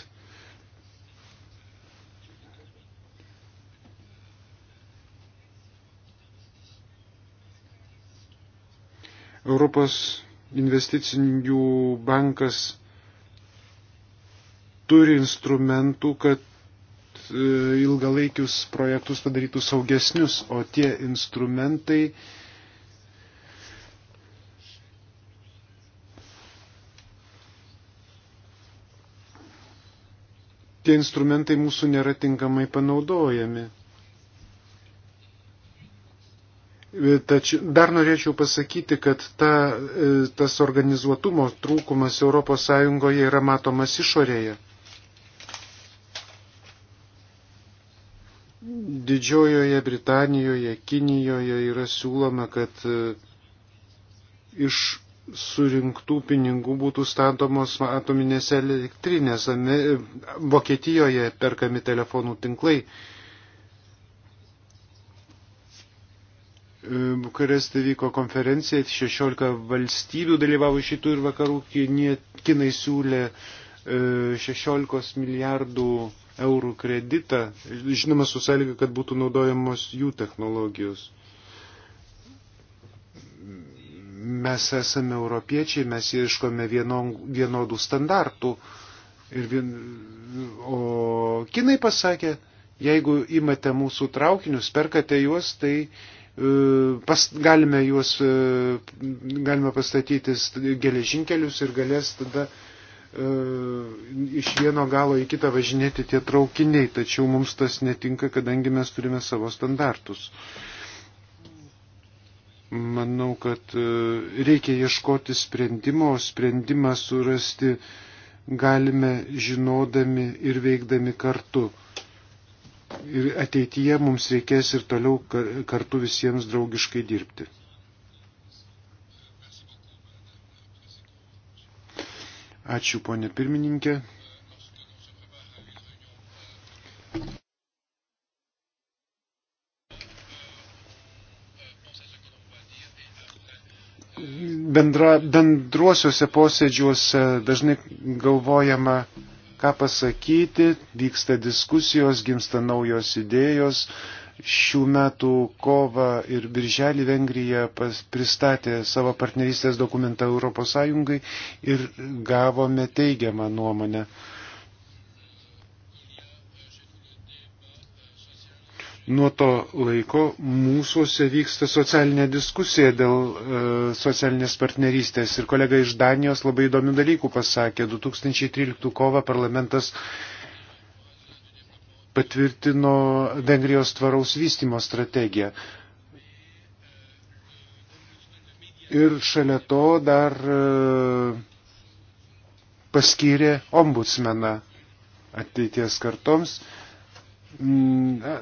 Europos investicinių bankas turi instrumentų, kad e, ilgalaikius projektus padarytų saugesnius, o tie instrumentai tie instrumentai mūsų nėra tinkamai panaudojami. Tačiau dar norėčiau pasakyti, kad ta, e, tas organizuotumo trūkumas ES yra matomas išorėje. Didžiojoje Britanijoje, Kinijoje yra siūloma, kad e, iš surinktų pinigų būtų statomos atominės elektrinės. Vokietijoje perkami telefonų tinklai. E, Bukareste vyko konferencija, 16 valstybių dalyvavo šitų ir vakarų kinai siūlė 16 e, milijardų eurų kreditą, žinoma, su sąlyga, kad būtų naudojamos jų technologijos. Mes esame europiečiai, mes ieškome vienodų standartų. Ir vien, o kinai pasakė, jeigu imate mūsų traukinius, perkate juos, tai uh, E, pas, galime juos, e, galime pastatyti geležinkelius ir galės tada e, iš vieno galo į kitą važinėti tie traukiniai, tačiau mums tas netinka, kadangi mes turime savo standartus. Manau, kad reikia ieškoti sprendimo, o sprendimą surasti galime žinodami ir veikdami kartu ir ateityje mums reikės ir toliau kartu visiems draugiškai dirbti. Ačiū, ponė pirmininkė. Bendra, bendruosiuose posėdžiuose dažnai galvojama ką pasakyti, vyksta diskusijos, gimsta naujos idėjos. Šių metų kovą ir birželį Vengrija pas, pristatė savo partnerystės dokumentą ES ir gavome teigiamą nuomonę. Nuo to laiko mūsųse vyksta socialinė diskusija dėl e, socialinės partnerystės ir kolega iš Danijos labai įdomių dalykų pasakė. 2013 kovą parlamentas patvirtino Vengrijos tvaraus vystimo strategiją. Ir šalia to dar e, paskyrė ombudsmeną ateities kartoms. Mm, na,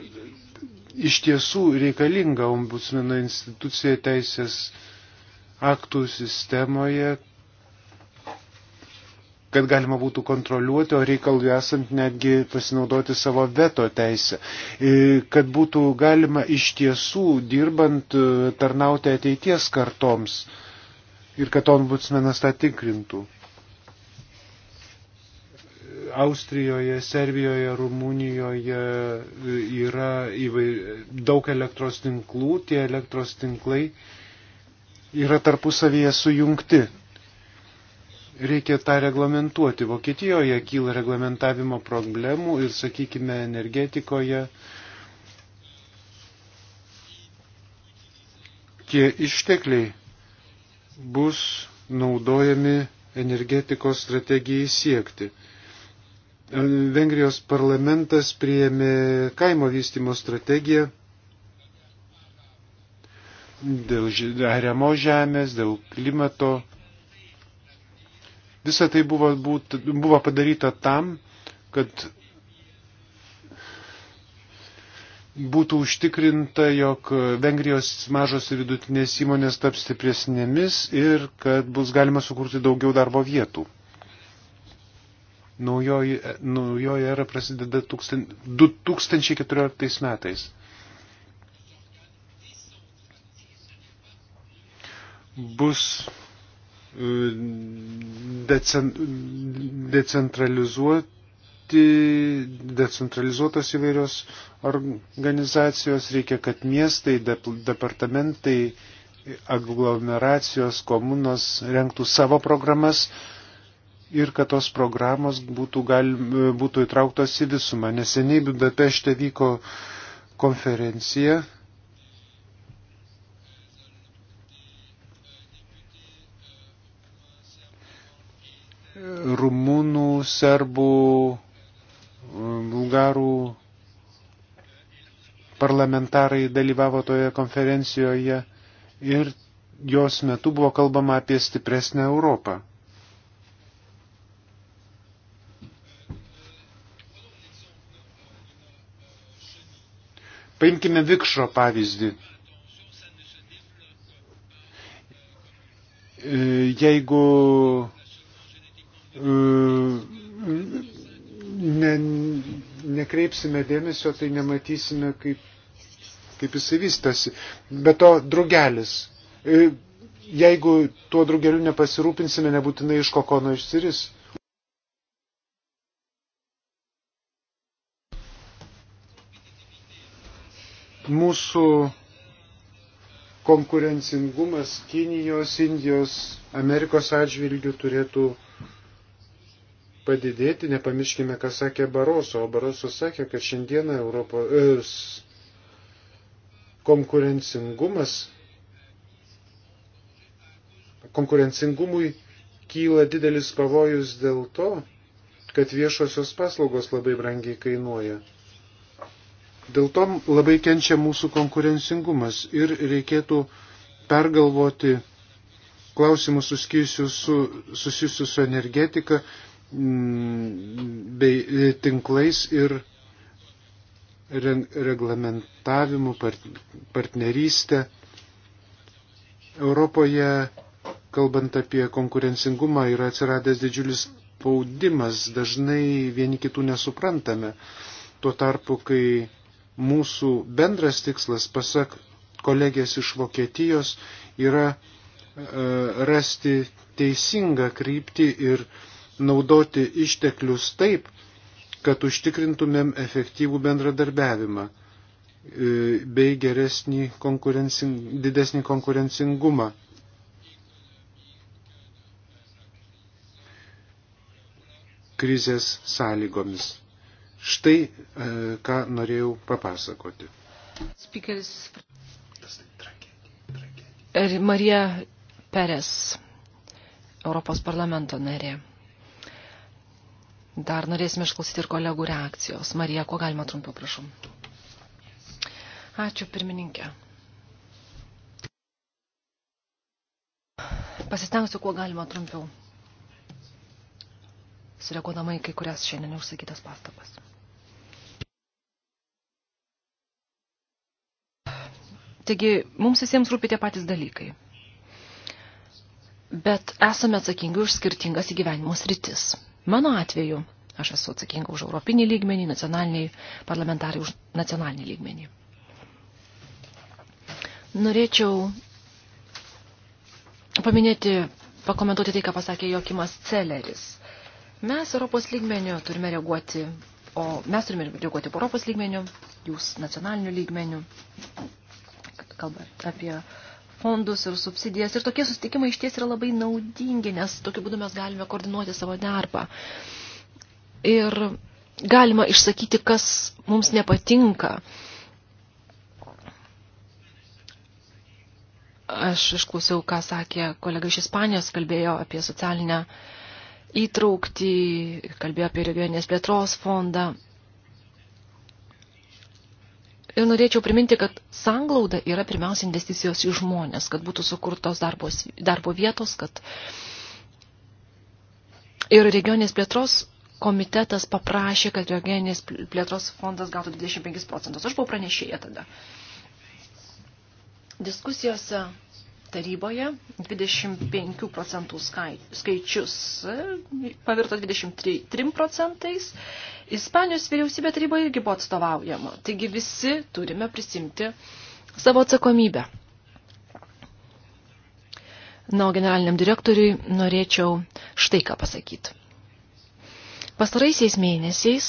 iš tiesų reikalinga ombudsmeno institucija teisės aktų sistemoje, kad galima būtų kontroliuoti, o reikalui esant netgi pasinaudoti savo veto teisę, e, kad būtų galima iš tiesų dirbant e, tarnauti ateities kartoms ir kad ombudsmenas tą tikrintų. Austrijoje, Serbijoje, Rumunijoje e, yra įvair, daug elektros tinklų, tie elektros tinklai yra tarpusavyje sujungti. Reikia tą reglamentuoti. Vokietijoje kyla reglamentavimo problemų ir, sakykime, energetikoje tie ištekliai bus naudojami energetikos strategijai siekti. Vengrijos parlamentas priėmė kaimo vystimo strategiją dėl ariamo žemės, dėl klimato. Visa tai buvo, būt, buvo padaryta tam, kad būtų užtikrinta, jog Vengrijos mažos ir vidutinės įmonės taps stipresnėmis ir kad bus galima sukurti daugiau darbo vietų. Naujoji, e, naujoji era prasideda 2014 metais. Bus e, decentralizuoti, decentralizuotos įvairios organizacijos, reikia, kad miestai, departamentai, aglomeracijos, komunos renktų savo programas, ir kad tos programos būtų, gal, būtų įtrauktos į visumą. Neseniai Budapešte vyko konferencija. Rumunų, serbų, bulgarų parlamentarai dalyvavo toje konferencijoje ir jos metu buvo kalbama apie stipresnę Europą. Paimkime Vikšro pavyzdį. E, jeigu e, ne, nekreipsime dėmesio, tai nematysime, kaip, kaip jisai vystasi. Be to, drugelis. E, jeigu tuo drugeliu nepasirūpinsime, nebūtinai iš kokono išsiris. Mūsų konkurencingumas Kinijos, Indijos, Amerikos atžvilgių turėtų padidėti. Nepamirškime, ką sakė Baroso. O Baroso sakė, kad šiandieną Europos e, konkurencingumas konkurencingumui kyla didelis pavojus dėl to, kad viešosios paslaugos labai brangiai kainuoja. Dėl to labai kenčia mūsų konkurencingumas ir reikėtų pergalvoti klausimus susijusius su, susijusius su energetika mm, bei e, tinklais ir reglamentavimu, partnerystę. Europoje, kalbant apie konkurencingumą, yra atsiradęs didžiulis spaudimas, dažnai vieni kitų nesuprantame. Tuo tarpu, kai mūsų bendras tikslas, pasak kolegės iš Vokietijos, yra e, rasti teisingą kryptį ir naudoti išteklius taip, kad užtikrintumėm efektyvų bendradarbiavimą e, bei geresnį konkurencing, didesnį konkurencingumą. krizės sąlygomis. Štai e, ką norėjau papasakoti. Speakers. Ir tai Marija Peres, Europos parlamento narė. Dar norėsime išklausyti ir kolegų reakcijos. Marija, ko galima trumpiau, prašom. Ačiū, pirmininkė. Pasistengsiu, kuo galima trumpiau, sureaguodama į kai kurias šiandien užsakytas pastabas. Taigi, mums visiems rūpi tie patys dalykai. Bet esame atsakingi už skirtingas įgyvenimo sritis. Mano atveju, aš esu atsakinga už europinį lygmenį, nacionaliniai parlamentarai už nacionalinį lygmenį. Norėčiau paminėti, pakomentuoti tai, ką pasakė Jokimas Celeris. Mes Europos lygmenio turime reaguoti, o mes turime reaguoti po Europos lygmenio, jūs nacionaliniu lygmeniu kalbant apie fondus ir subsidijas. Ir tokie susitikimai iš ties yra labai naudingi, nes tokiu būdu mes galime koordinuoti savo darbą. Ir galima išsakyti, kas mums nepatinka. Aš išklausiau, ką sakė kolega iš Ispanijos, kalbėjo apie socialinę įtraukti, kalbėjo apie regioninės plėtros fondą. Ir norėčiau priminti, kad sanglauda yra pirmiausia investicijos į žmonės, kad būtų sukurtos darbos, darbo vietos, kad ir regionės plėtros komitetas paprašė, kad regionės plėtros fondas gautų 25 procentus. Aš buvau pranešėję tada. Diskusijose taryboje 25 procentų skaičius pavirto 23 procentais. Ispanijos vyriausybė taryboje irgi buvo atstovaujama. Taigi visi turime prisimti savo atsakomybę. Na, o generaliniam direktoriui norėčiau štai ką pasakyti. Pastaraisiais mėnesiais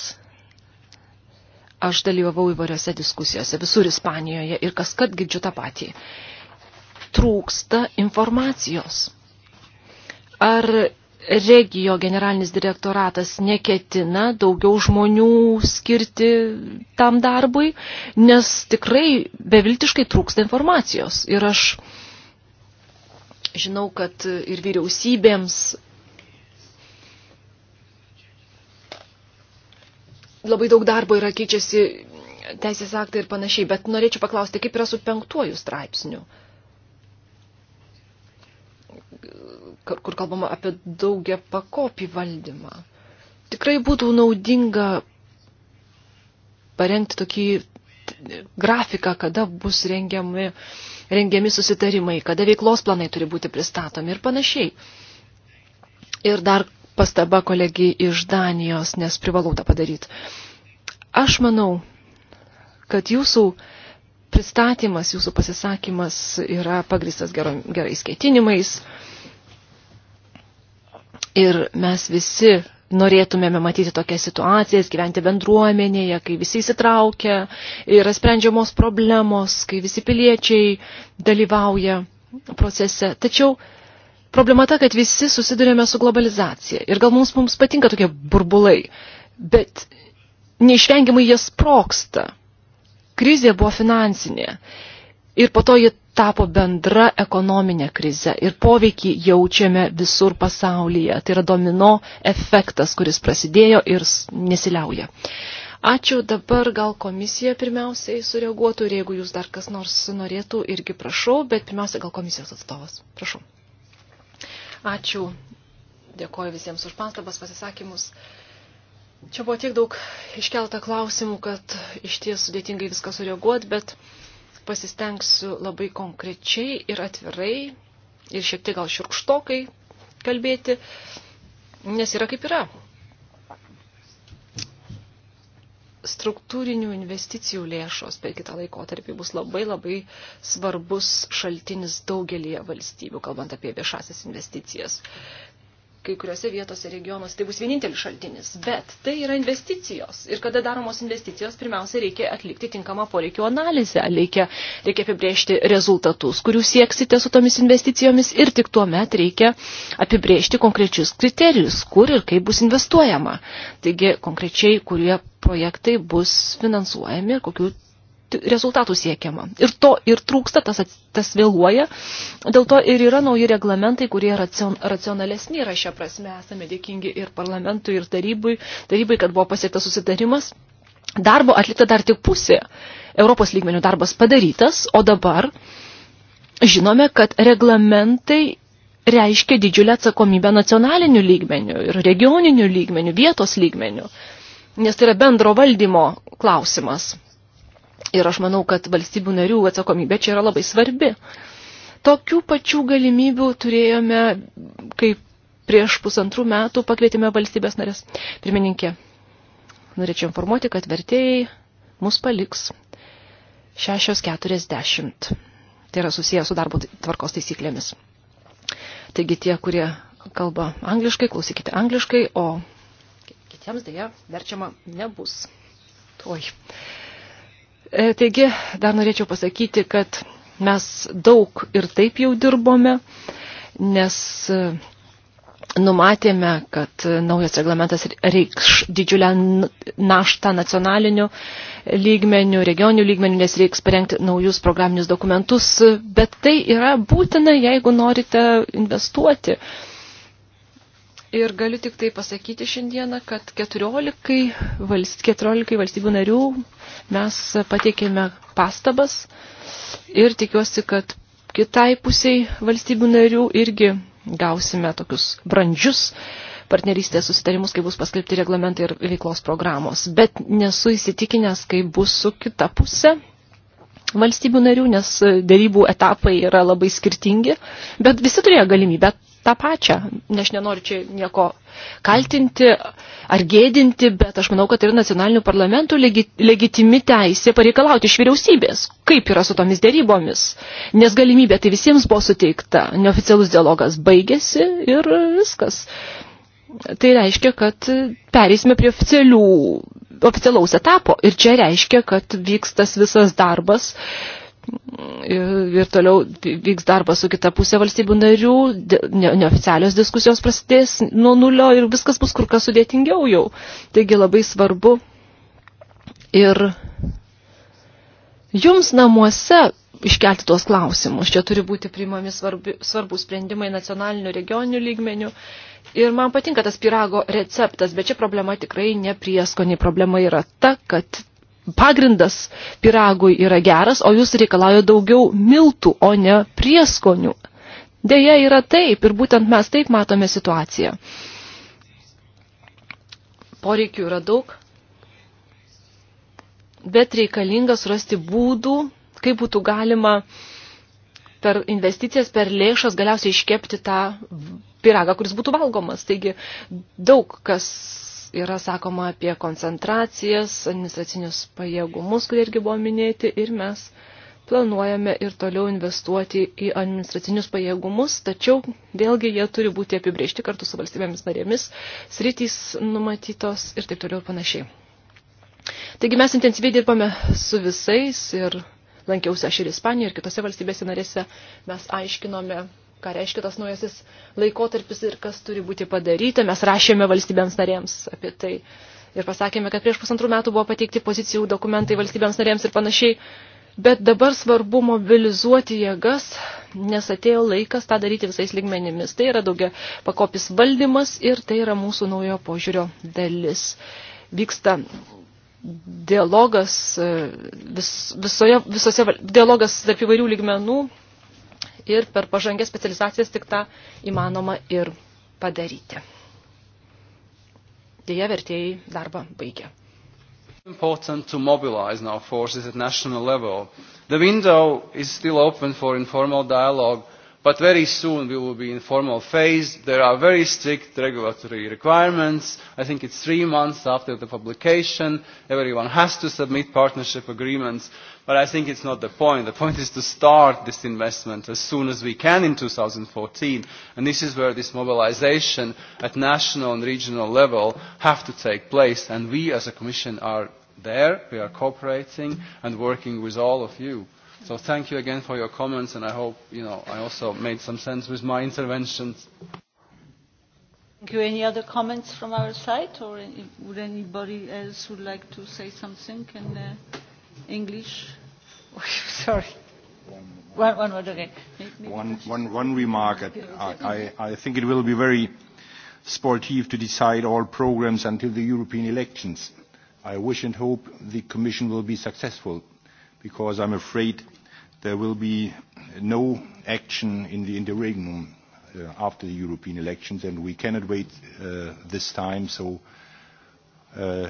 aš dalyvavau įvairiose diskusijose visur Ispanijoje ir kas kart girdžiu tą patį trūksta informacijos. Ar regijo generalinis direktoratas neketina daugiau žmonių skirti tam darbui, nes tikrai beviltiškai trūksta informacijos. Ir aš žinau, kad ir vyriausybėms labai daug darbo yra keičiasi teisės aktai ir panašiai, bet norėčiau paklausti, kaip yra su penktuoju straipsniu kur kalbama apie daugia pakopį valdymą. Tikrai būtų naudinga parengti tokį grafiką, kada bus rengiami, rengiami susitarimai, kada veiklos planai turi būti pristatomi ir panašiai. Ir dar pastaba kolegijai iš Danijos, nes privalau tą padaryti. Aš manau, kad jūsų uh, pristatymas, jūsų pasisakymas yra pagristas gerais ketinimais. Ir mes visi norėtumėme matyti tokias situacijas, gyventi bendruomenėje, kai visi įsitraukia, yra sprendžiamos problemos, kai visi piliečiai dalyvauja procese. Tačiau problema ta, kad visi susidurėme su globalizacija. Ir gal mums, mums patinka tokie burbulai, bet neišvengiamai jie sproksta krizė buvo finansinė. Ir po to ji tapo bendra ekonominė krize ir poveikį jaučiame visur pasaulyje. Tai yra domino efektas, kuris prasidėjo ir nesiliauja. Ačiū dabar gal komisija pirmiausiai sureaguotų ir jeigu jūs dar kas nors norėtų, irgi prašau, bet pirmiausia gal komisijos atstovas. Prašau. Ačiū. Dėkoju visiems už pastabas, pasisakymus. Čia buvo tiek daug iškelta klausimų, kad iš ties sudėtingai viską sureaguoti, bet pasistengsiu labai konkrečiai ir atvirai ir šiek tiek gal širkštokai kalbėti, nes yra kaip yra. Struktūrinių investicijų lėšos per kitą laikotarpį bus labai labai svarbus šaltinis daugelie valstybių, kalbant apie viešasias investicijas kai kuriuose vietose regionuose tai bus vienintelis šaltinis, bet tai yra investicijos. Ir kada daromos investicijos, pirmiausia, reikia atlikti tinkamą poreikio analizę, reikia, reikia apibrėžti rezultatus, kurių sieksite su tomis investicijomis ir tik tuo met reikia apibrėžti konkrečius kriterijus, kur ir kaip bus investuojama. Taigi konkrečiai, kurie projektai bus finansuojami ir kokiu rezultatų siekiama. Ir to ir trūksta, tas, tas vėluoja. Dėl to ir yra nauji reglamentai, kurie racion, racionalesni yra šią prasme. Esame dėkingi ir parlamentui, ir tarybai, tarybai kad buvo pasiektas susitarimas. Darbo atlikta dar tik pusė. Europos lygmenių darbas padarytas, o dabar žinome, kad reglamentai reiškia didžiulę atsakomybę nacionalinių lygmenių ir regioninių lygmenių, vietos lygmenių, nes tai yra bendro valdymo klausimas. Ir aš manau, kad valstybių narių atsakomybė čia yra labai svarbi. Tokių pačių galimybių turėjome, kai prieš pusantrų metų pakvietėme valstybės narės. Pirmininkė, norėčiau informuoti, kad vertėjai mus paliks 6.40. Tai yra susijęs su darbo tvarkos taisyklėmis. Taigi tie, kurie kalba angliškai, klausykite angliškai, o kitiems dėja verčiama nebus. Oi. E, taigi, dar norėčiau pasakyti, kad mes daug ir taip jau dirbome, nes e, numatėme, kad e, naujas reglamentas reikš didžiulę naštą nacionaliniu lygmeniu, regioniniu lygmeniu, nes reiks parengti naujus programinius dokumentus, bet tai yra būtina, jeigu norite investuoti. Uh, Ir galiu tik tai pasakyti šiandieną, kad 14, valst, 14 valstybių narių mes pateikėme pastabas ir tikiuosi, kad kitai pusiai valstybių narių irgi gausime tokius brandžius partnerystės susitarimus, kai bus paskelbti reglamentai ir veiklos programos. Bet nesu įsitikinęs, kai bus su kita pusė valstybių narių, nes dėrybų etapai yra labai skirtingi, bet visi turėjo galimybę tą pačią. Aš nenoriu čia nieko kaltinti ar gėdinti, bet aš manau, kad ir tai nacionalinių parlamentų legi, legitimi teisė pareikalauti iš vyriausybės, kaip yra su tomis dėrybomis. Nes galimybė tai visiems buvo suteikta, neoficialus dialogas baigėsi ir viskas. Tai reiškia, kad pereisime prie oficialių, oficialaus etapo ir čia reiškia, kad vykstas visas darbas ir toliau vyks darbas su kita pusė valstybių narių, neoficialios diskusijos prasidės nuo nulio ir viskas bus kur kas sudėtingiau jau. Taigi labai svarbu ir jums namuose iškelti tuos klausimus. Čia turi būti priimami svarbi, svarbus sprendimai nacionalinių, regioninių lygmenių. Ir man patinka tas pirago receptas, bet čia problema tikrai ne prieskoniai. Problema yra ta, kad pagrindas piragui yra geras, o jūs reikalauja daugiau miltų, o ne prieskonių. Deja, yra taip ir būtent mes taip matome situaciją. Poreikių yra daug, bet reikalinga surasti būdų, kaip būtų galima per investicijas, per lėšas galiausiai iškepti tą piragą, kuris būtų valgomas. Taigi daug kas yra sakoma apie koncentracijas, administracinius pajėgumus, kurie irgi buvo minėti, ir mes planuojame ir toliau investuoti į administracinius pajėgumus, tačiau vėlgi jie turi būti apibriežti kartu su valstybėmis narėmis, sritys numatytos ir taip toliau ir panašiai. Taigi mes intensyviai dirbame su visais ir lankiausi aš ir Ispanijoje ir kitose valstybėse narėse mes aiškinome ką reiškia tas naujasis laikotarpis ir kas turi būti padaryta. Mes rašėme valstybėms narėms apie tai ir pasakėme, kad prieš pusantrų metų buvo pateikti pozicijų dokumentai valstybėms narėms ir panašiai. Bet dabar svarbu mobilizuoti jėgas, nes atėjo laikas tą daryti visais lygmenimis. Tai yra daugia pakopis valdymas ir tai yra mūsų naujo požiūrio dalis. Vyksta dialogas e, vis, visoje, visose, dialogas tarp įvairių lygmenų, ir per pažangę specializacijas tik tą įmanoma ir padaryti. Dėja, vertėjai darbą baigė. Important to mobilize now forces at national level. The window is still open for informal dialogue, but very soon we will be in formal phase. There are very strict regulatory requirements. I think it's three months after the publication. Everyone has to submit partnership agreements. But I think it's not the point. The point is to start this investment as soon as we can in 2014. And this is where this mobilization at national and regional level have to take place. And we as a Commission are there, we are cooperating and working with all of you. So thank you again for your comments and I hope, you know, I also made some sense with my interventions. Thank you. Any other comments from our side or any, would anybody else would like to say something? And, uh English? <laughs> Oh, sorry. One, one, one, okay. one, one, one remark. At, I, uh, I, I think it will be very sportive to decide all programs until the European elections. I wish and hope the Commission will be successful because I'm afraid there will be no action in the interregnum uh, after the European elections and we cannot wait uh, this time. So uh,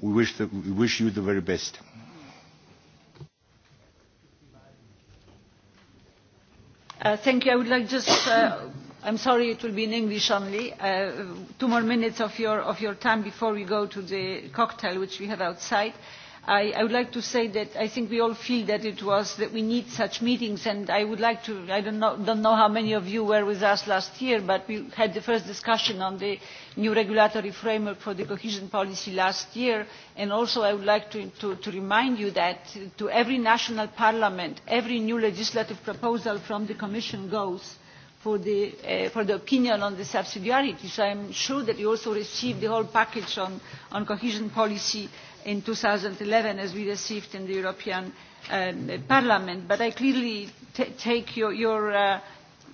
we wish, the, we wish you the very best. Uh, thank you. I would like just, uh, I'm sorry it will be in English only, uh, two more minutes of your, of your time before we go to the cocktail which we have outside. Uh, I, I would like to say that I think we all feel that it was that we need such meetings and I would like to, I don't know, don't know how many of you were with us last year, but we had the first discussion on the new regulatory framework for the cohesion policy last year and also I would like to, to, to remind you that to every national parliament, every new legislative proposal from the Commission goes for the, uh, for the opinion on the subsidiarity. So I'm sure that you also received the whole package on, on cohesion policy uh, in 2011 as we received in the European um, Parliament. But I clearly t take your, your uh, uh,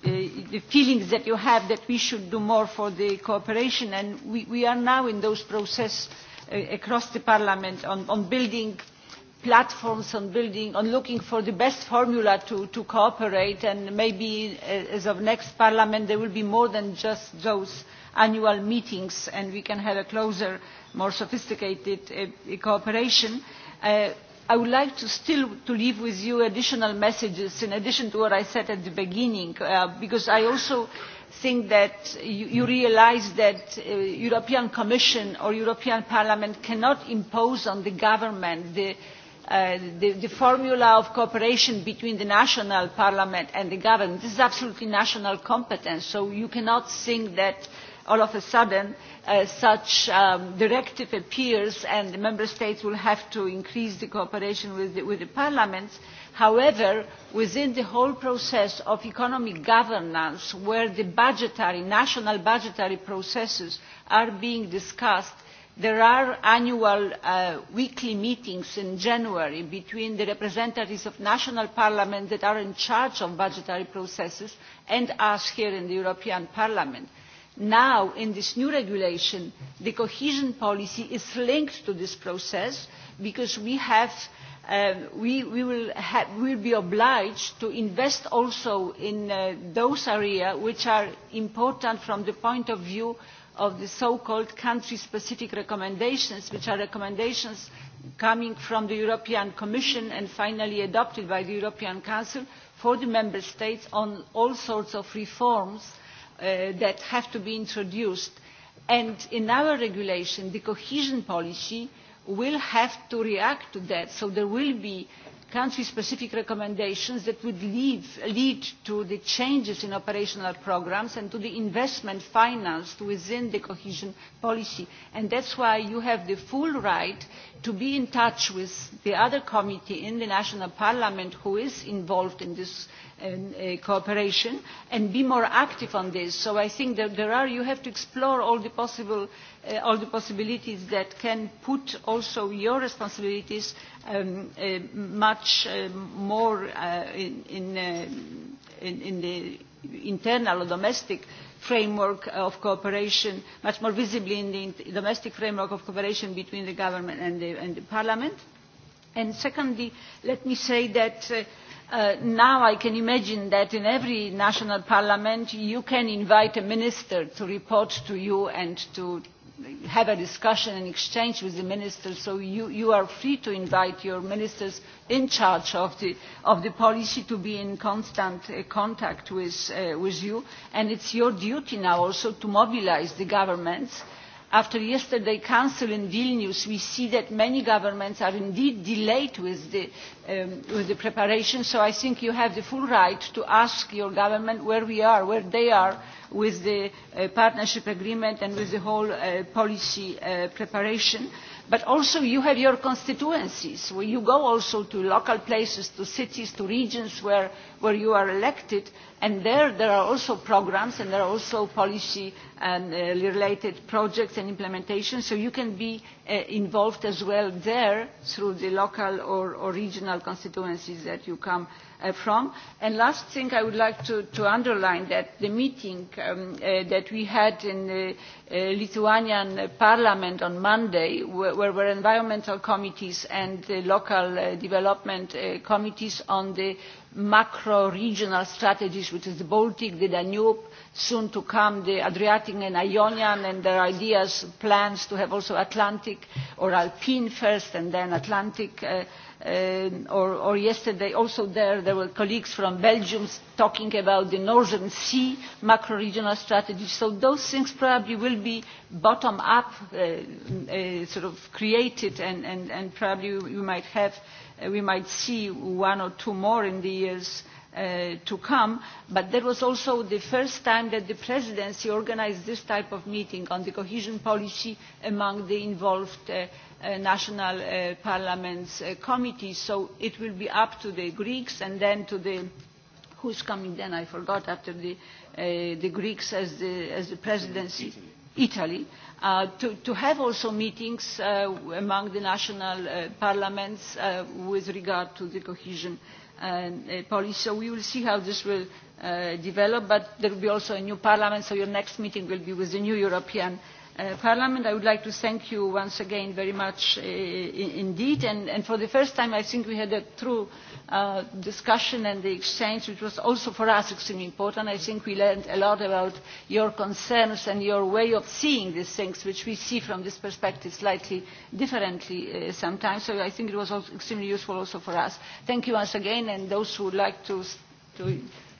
the feelings that you have that we should do more for the cooperation and we, we are now in those process uh, across the Parliament on, on building platforms on building on looking for the best formula to, to cooperate and maybe uh, as of next parliament there will be more than just those annual meetings and we can have a closer more sophisticated uh, cooperation. Uh, i would like to still to leave with you additional messages in addition to what i said at the beginning uh, because i also think that you, you realise that the uh, european commission or european parliament cannot impose on the government the uh, the, the formula of cooperation between the national parliament and the government. This is absolutely national competence, so you cannot think that all of a sudden uh, such a um, directive appears and the member states will have to increase the cooperation with the, with the parliaments. However, within the whole process of economic governance where the budgetary, national budgetary processes are being discussed, uh, There are annual uh, weekly meetings in January between the representatives of national parliaments that are in charge of budgetary processes and us here in the European Parliament. Now, in this new regulation, the cohesion policy is linked to this process because we have Um, we, we will, have, will be obliged to invest also in uh, those areas which are important from the point of view of the so called country specific recommendations which are recommendations coming from the european commission and finally adopted by the european council for the member states on all sorts of reforms uh, that have to be introduced and in our regulation the cohesion policy will have to react to that so there will be country specific recommendations that would lead, lead to the changes in operational programmes and to the investment financed within the cohesion policy. that is why you have the full right to be in touch with the other committee in the national parliament which is involved in this and, uh, cooperation and be more active on this. So I think that there are, you have to explore all the, possible, uh, all the possibilities that can put also your responsibilities um, uh, much uh, more uh, in, in, uh, in, in the internal or domestic framework of cooperation, much more visibly in the domestic framework of cooperation between the government and the, and the parliament. And secondly, let me say that uh, Uh, now i can imagine that in every national parliament you can invite a minister to report to you and to have a discussion and exchange with the minister so you, you are free to invite your ministers in charge of the, of the policy to be in constant uh, contact with, uh, with you and it's your duty now also to mobilise the governments uh, after yesterday's council in vilnius we see that many governments are indeed delayed with the, um, with the preparation so i think you have the full right to ask your government where we are where they are with the uh, partnership agreement and with the whole uh, policy uh, preparation. Uh, but also you have your constituencies where you go also to local places to cities to regions where, where you are elected and there there are also programs and there are also policy and uh, related projects and implementation so you can be uh, involved as well there through the local or, or regional constituencies that you come uh, uh, from. And last thing I would like to, to underline that the meeting um, uh, that we had in the uh, uh, Lithuanian parliament on Monday, where, where were environmental committees and uh, local uh, development uh, committees on the macro-regional strategies, which is the Baltic, the Danube, soon to come the Adriatic and Ionian, and there are ideas, plans to have also Atlantic or Alpine first and then Atlantic uh, Uh, or, or yesterday also there, there were colleagues from Belgium talking about the Northern Sea macro-regional strategy. So those things probably will be bottom-up, uh, uh, sort of created, and, and, and probably we might have, uh, we might see one or two more in the years uh, uh, to come, but that was also the first time that the presidency organized this type of meeting on the cohesion policy among the involved uh, uh, national uh, parliaments uh, committees. So it will be up to the Greeks and then to the who's coming then, I forgot, after the, uh, the Greeks as the, as the presidency. Italy, uh, to, to have also meetings uh, among the national uh, parliaments uh, with regard to the cohesion uh, uh, policy. So we will see how this will uh, develop, but there will be also a new parliament, so your next meeting will be with the new European uh, Uh, parliament i would like to thank you once again very much uh, indeed and, and for the first time i think we had a true uh, discussion and exchange which was also for us extremely important. i think we learned a lot about your concerns and your way of seeing these things which we see from this perspective slightly differently uh, sometimes so i think it was extremely useful also for us. thank you once again and those who would like to, to